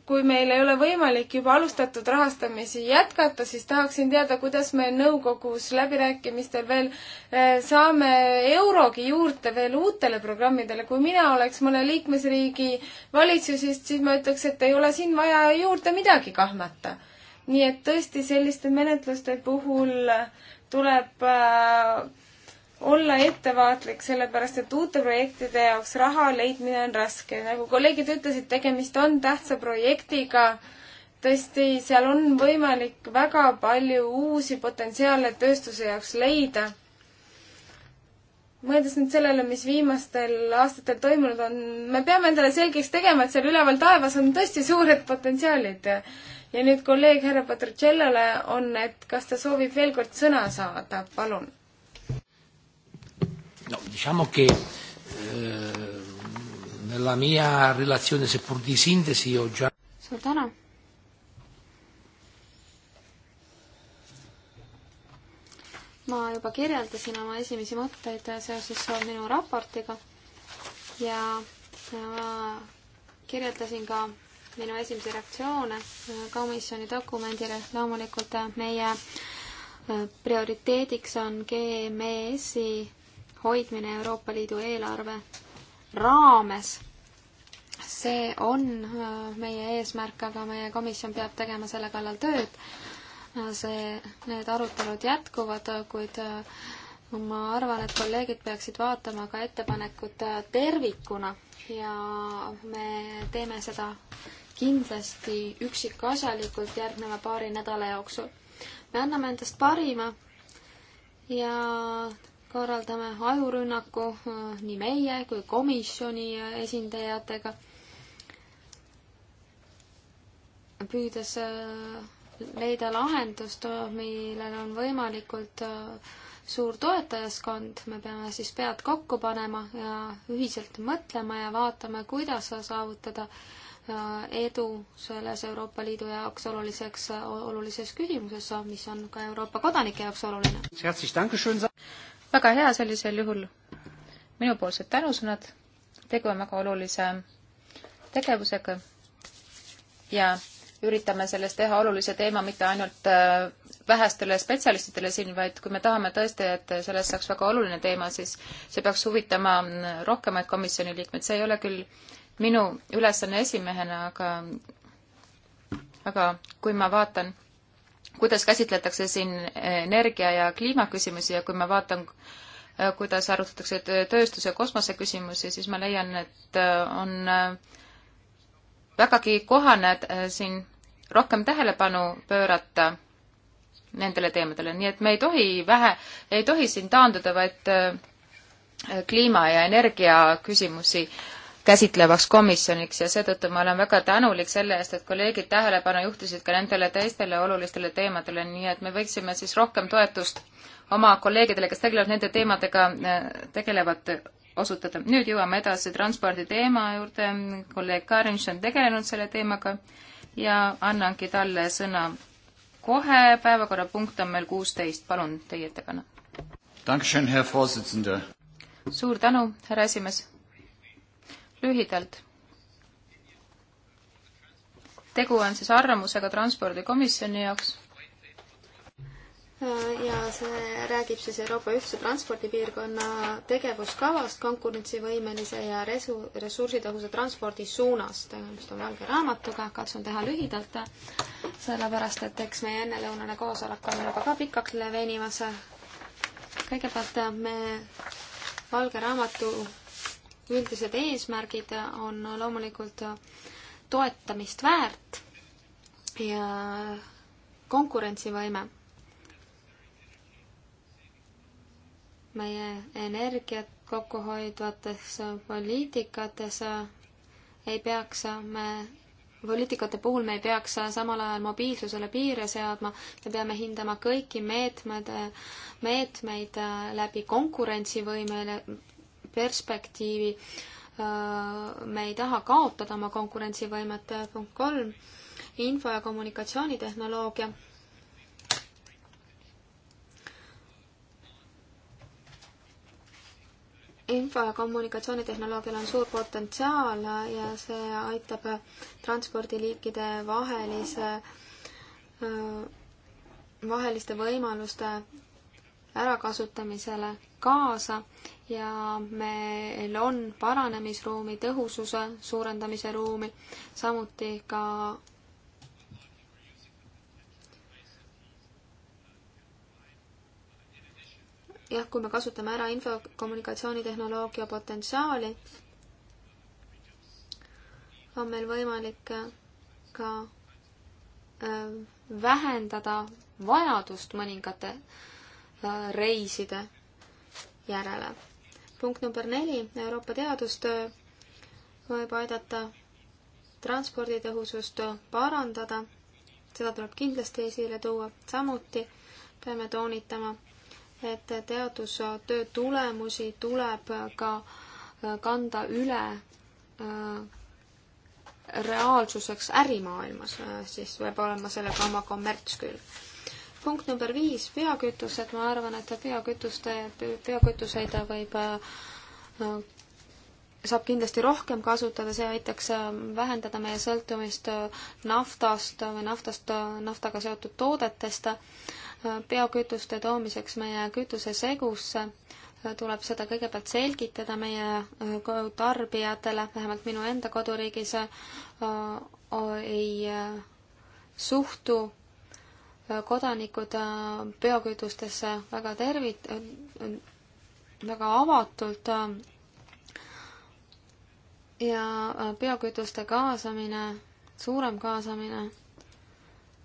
kui meil ei ole võimalik juba alustatud rahastamisi jätkata, siis tahaksin teada, kuidas me nõukogus läbirääkimistel veel eh, saame eurogi juurde veel uutele programmidele. kui mina oleks mõne liikmesriigi valitsusest, siis ma ütleks, et ei ole siin vaja juurde midagi kahmata. nii et tõesti selliste menetluste puhul tuleb äh, olla ettevaatlik, sellepärast et uute projektide jaoks raha leidmine on raske. nagu kolleegid ütlesid, tegemist on tähtsa projektiga. tõesti, seal on võimalik väga palju uusi potentsiaale tööstuse jaoks leida. mõeldes nüüd sellele, mis viimastel aastatel toimunud on, me peame endale selgeks tegema, et seal üleval taevas on tõesti suured potentsiaalid. ja nüüd kolleeg härra Patricellole on, et kas ta soovib veel kord sõna saada, palun No, diciamo che eh, nella mia relazione, seppur di sintesi, ho già... Suur tänu! ma juba kirjeldasin oma esimesi mõtteid seoses minu raportiga ja ma kirjeldasin ka minu esimesi reaktsioone komisjoni dokumendile. loomulikult meie prioriteediks on GMS-i e hoidmine Euroopa Liidu eelarve raames. see on äh, meie eesmärk, aga meie komisjon peab tegema selle kallal tööd. Äh, see, need arutelud jätkuvad, kuid äh, ma arvan, et kolleegid peaksid vaatama ka ettepanekut tervikuna ja me teeme seda kindlasti üksikasjalikult järgneva paari nädala jooksul. me anname endast parima ja korraldame ajurünnaku äh, nii meie kui komisjoni esindajatega, püüdes äh, leida lahendust, millel on võimalikult äh, suur toetajaskond, me peame siis pead kokku panema ja ühiselt mõtlema ja vaatama, kuidas saavutada edu selles Euroopa Liidu jaoks oluliseks, olulises küsimuses, mis on ka Euroopa kodanike jaoks oluline väga hea sellisel juhul. minupoolsed tänusõnad, tegu on väga olulise tegevusega ja üritame sellest teha olulise teema mitte ainult äh, vähestele spetsialistidele siin, vaid kui me tahame tõesti, et sellest saaks väga oluline teema, siis see peaks huvitama mm, rohkemaid komisjoni liikmeid, see ei ole küll minu ülesanne esimehena, aga aga kui ma vaatan kuidas käsitletakse siin eh, energia- ja kliimaküsimusi ja kui ma vaatan, eh, kuidas arutatakse tööstus- ja kosmoseküsimusi, siis ma leian, et eh, on vägagi kohane siin rohkem tähelepanu pöörata nendele teemadele, nii et me ei tohi vähe, ei tohi siin taanduda vaid kliima- ja energiaküsimusi äh, käsitlevaks komisjoniks ja seetõttu ma olen väga tänulik selle eest, et kolleegid tähelepanu juhtisid ka nendele teistele olulistele teemadele, nii et me võiksime siis rohkem toetust oma kolleegidele, kes tegelevad nende teemadega, äh, tegelevad osutada. nüüd jõuame edasi transpordi teema juurde, kolleeg Karinš on tegelenud selle teemaga ja annangi talle sõna kohe, päevakorrapunkt on meil kuusteist, palun, teie ettekanne. suur tänu, härra esimees lühidalt. tegu on siis arvamusega Transpordikomisjoni jaoks. Äh, ja see räägib siis Euroopa Ühtse Transpordipiirkonna tegevuskavast konkurentsivõimelise ja resu-, ressursitõhusa transpordi suunas. tegemist on valge raamatuga, katsun teha lühidalt, sellepärast et eks meie ennelõunane koosolek on juba ka pikaks venimas. kõigepealt me valge raamatu üldised eesmärgid on loomulikult toetamist väärt ja konkurentsivõime. meie energiat kokku hoidvates poliitikates ei peaks me poliitikate puhul me ei peaks samal ajal mobiilsusele piire seadma, me peame hindama kõiki meetmed, meetmeid läbi konkurentsivõimele, perspektiivi. Äh, me ei taha kaotada oma konkurentsivõimet. Äh, punkt kolm, info- ja kommunikatsioonitehnoloogia. info- ja kommunikatsioonitehnoloogial on suur potentsiaal äh, ja see aitab transpordiliikide vahelise, vaheliste võimaluste ärakasutamisele kaasa ja meil on paranemisruumi, tõhususe suurendamise ruumi, samuti ka jah, kui me kasutame ära infokommunikatsioonitehnoloogia potentsiaali, on meil võimalik ka äh, vähendada vajadust mõningate äh, reiside järele. punkt number neli, Euroopa teadustöö võib aidata transporditõhusust parandada, seda tuleb kindlasti esile tuua, samuti peame toonitama, et teadustöö tulemusi tuleb ka äh, kanda üle äh, reaalsuseks ärimaailmas, äh, siis peab olema sellega oma kommertskülg punkt number viis, biokütused, ma arvan, et biokütuste, biokütuseid võib, äh, saab kindlasti rohkem kasutada, see aitaks äh, vähendada meie sõltumist äh, naftast või naftast, naftaga seotud toodetest. biokütuste toomiseks meie kütusesegusse tuleb seda kõigepealt selgitada meie tarbijatele, vähemalt minu enda koduriigis ei suhtu kodanikud biokütustesse äh, väga tervit-, äh, väga avatult äh, ja biokütuste kaasamine, suurem kaasamine,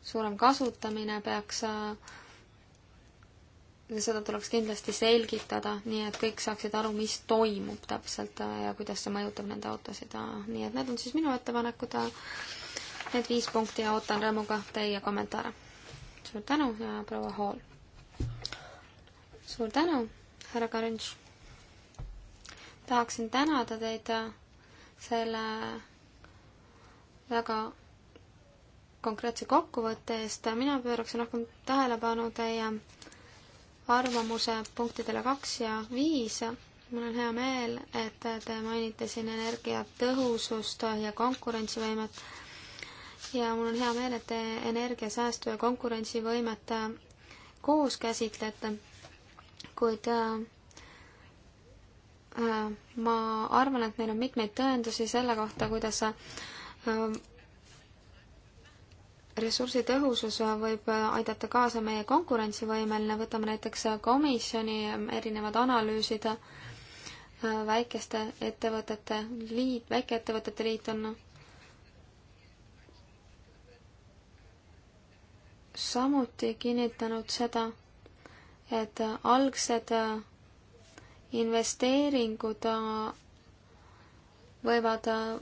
suurem kasutamine peaks seda tuleks kindlasti selgitada, nii et kõik saaksid aru, mis toimub täpselt ja kuidas see mõjutab nende autosid. nii et need on siis minu ettepanekud, need viis punkti ja ootan rõõmuga teie kommentaare suur tänu ja proua Hall. suur tänu, härra Karinš. tahaksin tänada teid äh, selle väga konkreetse kokkuvõtte eest. mina pööraksin rohkem tähelepanu teie arvamuse punktidele kaks ja viis. mul on hea meel, et te mainite siin energiatõhusust ja konkurentsivõimet ja mul on hea meel, et te energiasäästu ja konkurentsivõimet äh, koos käsitlete, kuid äh, äh, ma arvan, et meil on mitmeid tõendusi selle kohta, kuidas ressursitõhusus võib aidata kaasa meie konkurentsivõimeline, võtame näiteks komisjoni erinevad analüüsid, väikeste ettevõtete liit, väikeettevõtete liit on samuti kinnitanud seda, et algsed äh, investeeringud äh, võivad äh,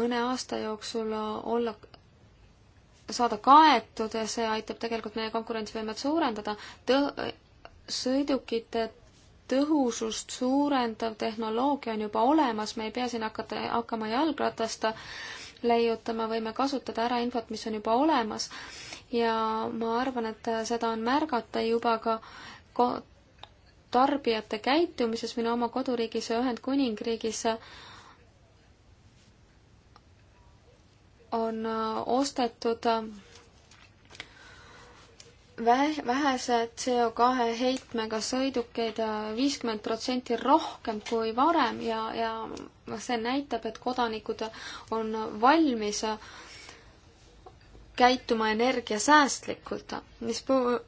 mõne aasta jooksul olla, saada kaetud ja see aitab tegelikult meie konkurentsivõimet suurendada. Tõ-, sõidukite tõhusust suurendav tehnoloogia on juba olemas, me ei pea siin hakata, hakkama jalgratast leiutama, võime kasutada ära infot, mis on juba olemas ja ma arvan, et seda on märgata juba ka tarbijate käitumises minu oma koduriigis ja Ühendkuningriigis on äh, ostetud äh, vä-, vähese CO2 heitmega sõidukeid äh, viiskümmend protsenti rohkem kui varem ja, ja see näitab, et kodanikud on valmis käituma energiasäästlikult. mis puu-,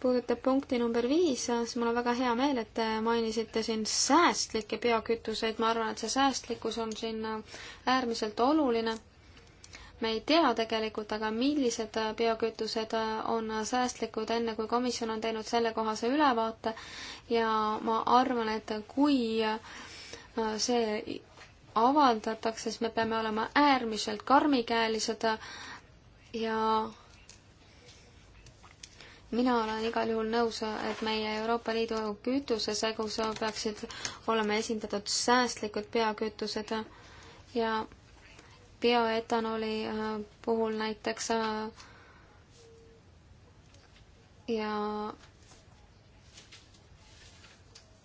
puudutab punkti number viis, siis mul on väga hea meel, et te mainisite siin säästlikke biokütuseid, ma arvan, et see säästlikkus on siin äh, äärmiselt oluline me ei tea tegelikult aga, millised äh, biokütused äh, on äh, säästlikud, enne kui komisjon on teinud sellekohase ülevaate ja ma arvan, et kui see avaldatakse, siis me peame olema äärmiselt karmikäelised ja mina olen igal juhul nõus, et meie Euroopa Liidu kütusesegus peaksid olema esindatud säästlikud biokütused ja bioetanooli äh, puhul näiteks äh, ja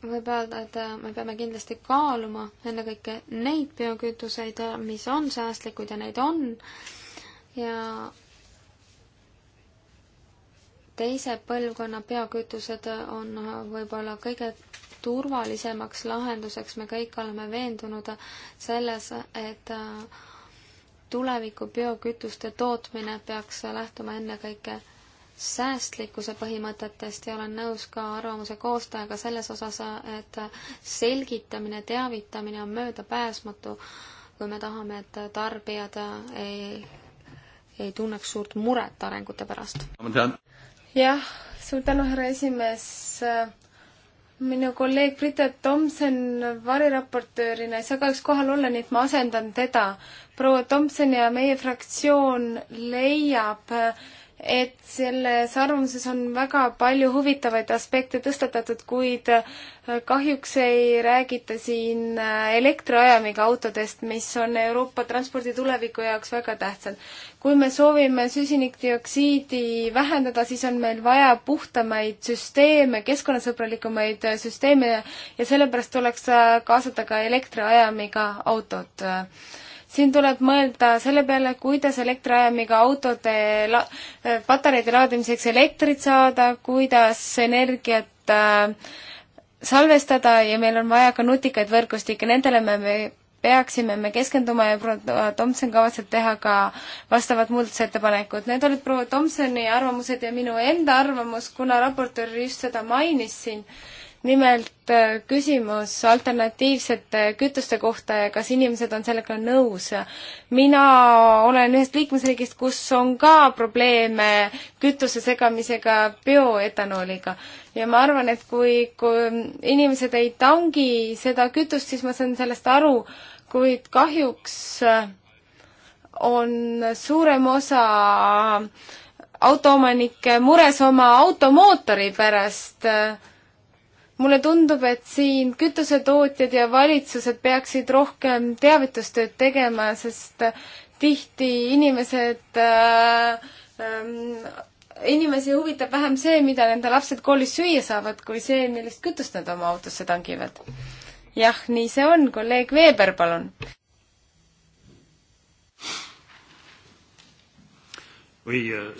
võib öelda, et äh, me peame kindlasti kaaluma ennekõike neid biokütuseid, mis on säästlikud ja neid on ja teise põlvkonna biokütused on võib-olla kõige turvalisemaks lahenduseks, me kõik oleme veendunud selles, et tuleviku biokütuste tootmine peaks lähtuma ennekõike säästlikkuse põhimõtetest ja olen nõus ka arvamuse koostajaga selles osas, et selgitamine, teavitamine on möödapääsmatu, kui me tahame, et tarbijad ei, ei tunneks suurt muret arengute pärast. jah, suur tänu, härra esimees minu kolleeg Brita Tomson variraportöörina ei saa kahjuks kohal olla, nii et ma asendan teda. proua Tomson ja meie fraktsioon leiab, et selles arvamuses on väga palju huvitavaid aspekte tõstatatud, kuid äh, kahjuks ei räägita siin äh, elektriajamiga autodest, mis on Euroopa transpordi tuleviku jaoks väga tähtsad. kui me soovime süsinikdioksiidi vähendada, siis on meil vaja puhtamaid süsteeme, keskkonnasõbralikumaid äh, süsteeme ja sellepärast tuleks kaasata ka elektriajamiga autod siin tuleb mõelda selle peale, kuidas elektriajamiga autode la-, patareide laadimiseks elektrit saada, kuidas energiat äh, salvestada ja meil on vaja ka nutikaid võrgustikke, nendele me, me peaksime me keskenduma ja proua Tomson kavatseb teha ka vastavad muudatusettepanekud. Need olid proua Tomsoni arvamused ja minu enda arvamus, kuna raportöör just seda mainis siin äh, nimelt äh, küsimus alternatiivsete kütuste kohta ja kas inimesed on sellega nõus. mina olen ühest liikmesriigist, kus on ka probleeme kütuse segamisega bioetanooliga ja ma arvan, et kui, kui inimesed ei tangi seda kütust, siis ma saan sellest aru, kuid kahjuks äh, on suurem osa autoomanike mures oma automootori pärast äh, mulle tundub, et siin kütusetootjad ja valitsused peaksid rohkem teavitustööd tegema, sest tihti inimesed äh, ähm, inimesi huvitab vähem see, mida nende lapsed koolis süüa saavad, kui see, millist kütust nad oma autosse tangivad. jah, nii see on, kolleeg Veeber, palun. Oui, euh,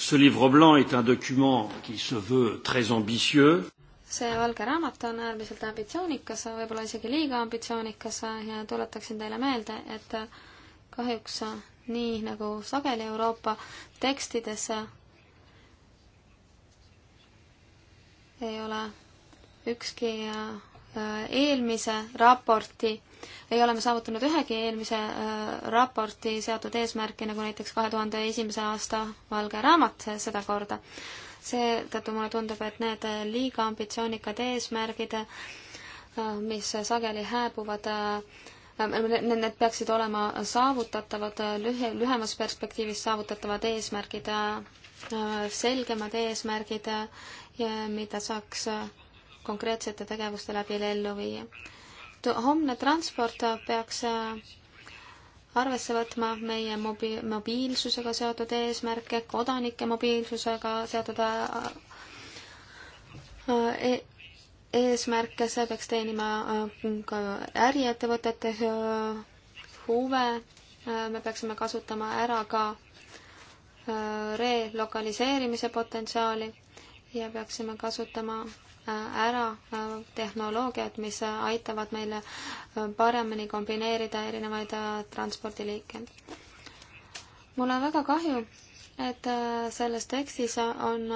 ce livre blanc est un document qui se veut très ambitieux see valge raamat on äärmiselt ambitsioonikas, võib-olla isegi liiga ambitsioonikas ja tuletaksin teile meelde, et kahjuks nii nagu sageli Euroopa tekstides ei ole ükski äh, eelmise raporti, ei ole me saavutanud ühegi eelmise äh, raporti seatud eesmärki, nagu näiteks kahe tuhande esimese aasta valge raamat sedakorda seetõttu mulle tundub, et need liiga ambitsioonikad eesmärgid, äh, mis sageli hääbuvad äh, äh, Need peaksid olema saavutatavad, lühe, lühemas perspektiivis saavutatavad eesmärgid, selgemad eesmärgid, mida saaks konkreetsete tegevuste läbi ellu viia. homne transport peaks arvesse võtma meie mobi mobiilsusega seotud eesmärke, kodanike mobiilsusega seotud äh, e eesmärke, see peaks teenima äh, ka äriettevõtete äh, huve, me peaksime kasutama ära ka relokaliseerimise potentsiaali ja peaksime kasutama ära äh, tehnoloogiad, mis aitavad meile äh, paremini kombineerida erinevaid äh, transpordiliike. mul on väga kahju, et selles tekstis on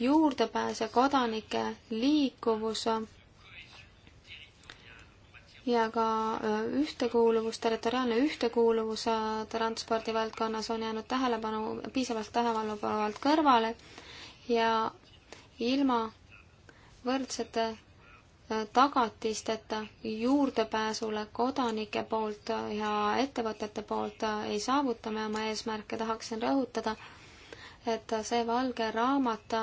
juurdepääs ja kodanike liikuvus ja ka ühtekuuluvus, territoriaalne ühtekuuluvus transpordivaldkonnas on jäänud tähelepanu, piisavalt tähelepanu alt kõrvale ja ilma võrdsete äh, tagatisteta juurdepääsule kodanike poolt äh, ja ettevõtete poolt äh, ei saavuta me oma eesmärke, tahaksin rõhutada, et see valge raamat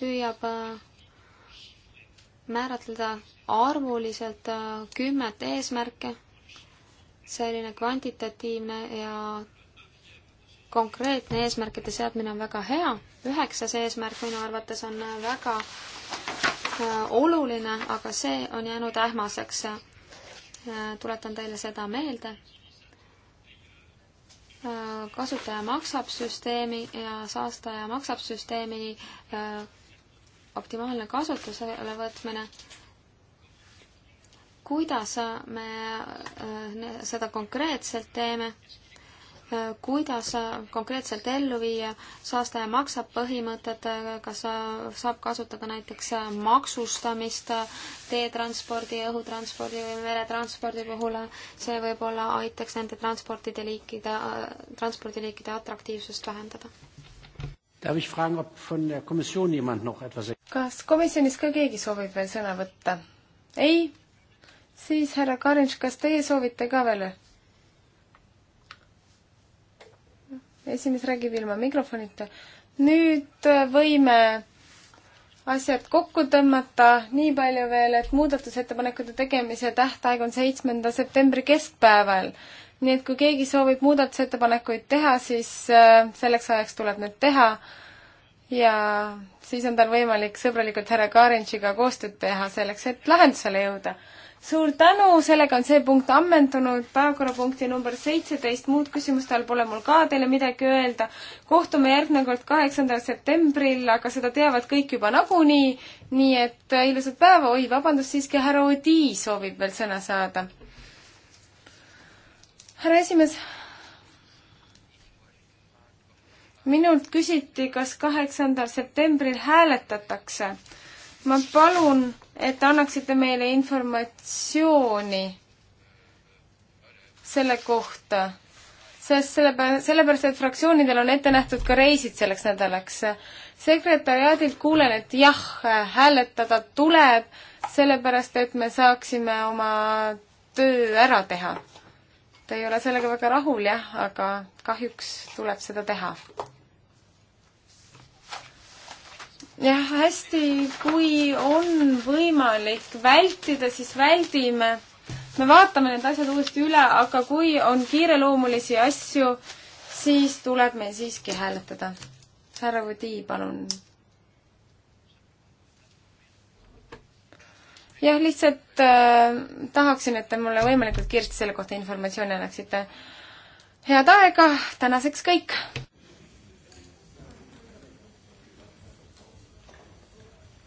püüab määratleda arvuliselt kümmet eesmärke, selline kvantitatiivne ja konkreetne eesmärkide seadmine on väga hea, üheksas eesmärk minu arvates on väga äh, oluline, aga see on jäänud ähmaseks. Äh, tuletan teile seda meelde. Äh, kasutaja maksab süsteemi ja saastaja maksab süsteemi optimaalne kasutusele võtmine kuidas me seda konkreetselt teeme, kuidas konkreetselt ellu viia saastaja maksab põhimõtet, kas saab kasutada näiteks maksustamist teetranspordi, õhutranspordi või meretranspordi puhul, see võib-olla aitaks nende transportide liikide, transpordiliikide atraktiivsust vähendada. kas komisjonis ka keegi soovib veel sõna võtta? ei? siis härra Karinš, kas teie soovite ka veel? esimees räägib ilma mikrofonita. nüüd äh, võime asjad kokku tõmmata, nii palju veel, et muudatusettepanekute tegemise tähtaeg on seitsmenda septembri keskpäeval. nii et kui keegi soovib muudatusettepanekuid teha, siis äh, selleks ajaks tuleb need teha ja siis on tal võimalik sõbralikult härra Karinšiga koostööd teha selleks, et lahendusele jõuda suur tänu, sellega on see punkt ammendunud, päevakorrapunkti number seitseteist, muud küsimust all pole mul ka teile midagi öelda. kohtume järgmine kord kaheksandal septembril, aga seda teavad kõik juba nagunii, nii et äh, ilusat päeva, oi vabandust, siiski härra Odi soovib veel sõna saada. härra esimees minult küsiti, kas kaheksandal septembril hääletatakse. ma palun et annaksite meile informatsiooni selle kohta, sest sellepärast, sellepärast, et fraktsioonidel on ette nähtud ka reisid selleks nädalaks. sekretäriaadilt kuulen, et jah, hääletada tuleb, sellepärast et me saaksime oma töö ära teha. Te ei ole sellega väga rahul jah, aga kahjuks tuleb seda teha jah, hästi, kui on võimalik vältida, siis väldime. me vaatame need asjad uuesti üle, aga kui on kiireloomulisi asju, siis tuleb meil siiski hääletada. härra Vudi, palun. jah, lihtsalt äh, tahaksin, et te mulle võimalikult kiiresti selle kohta informatsiooni annaksite. head aega, tänaseks kõik!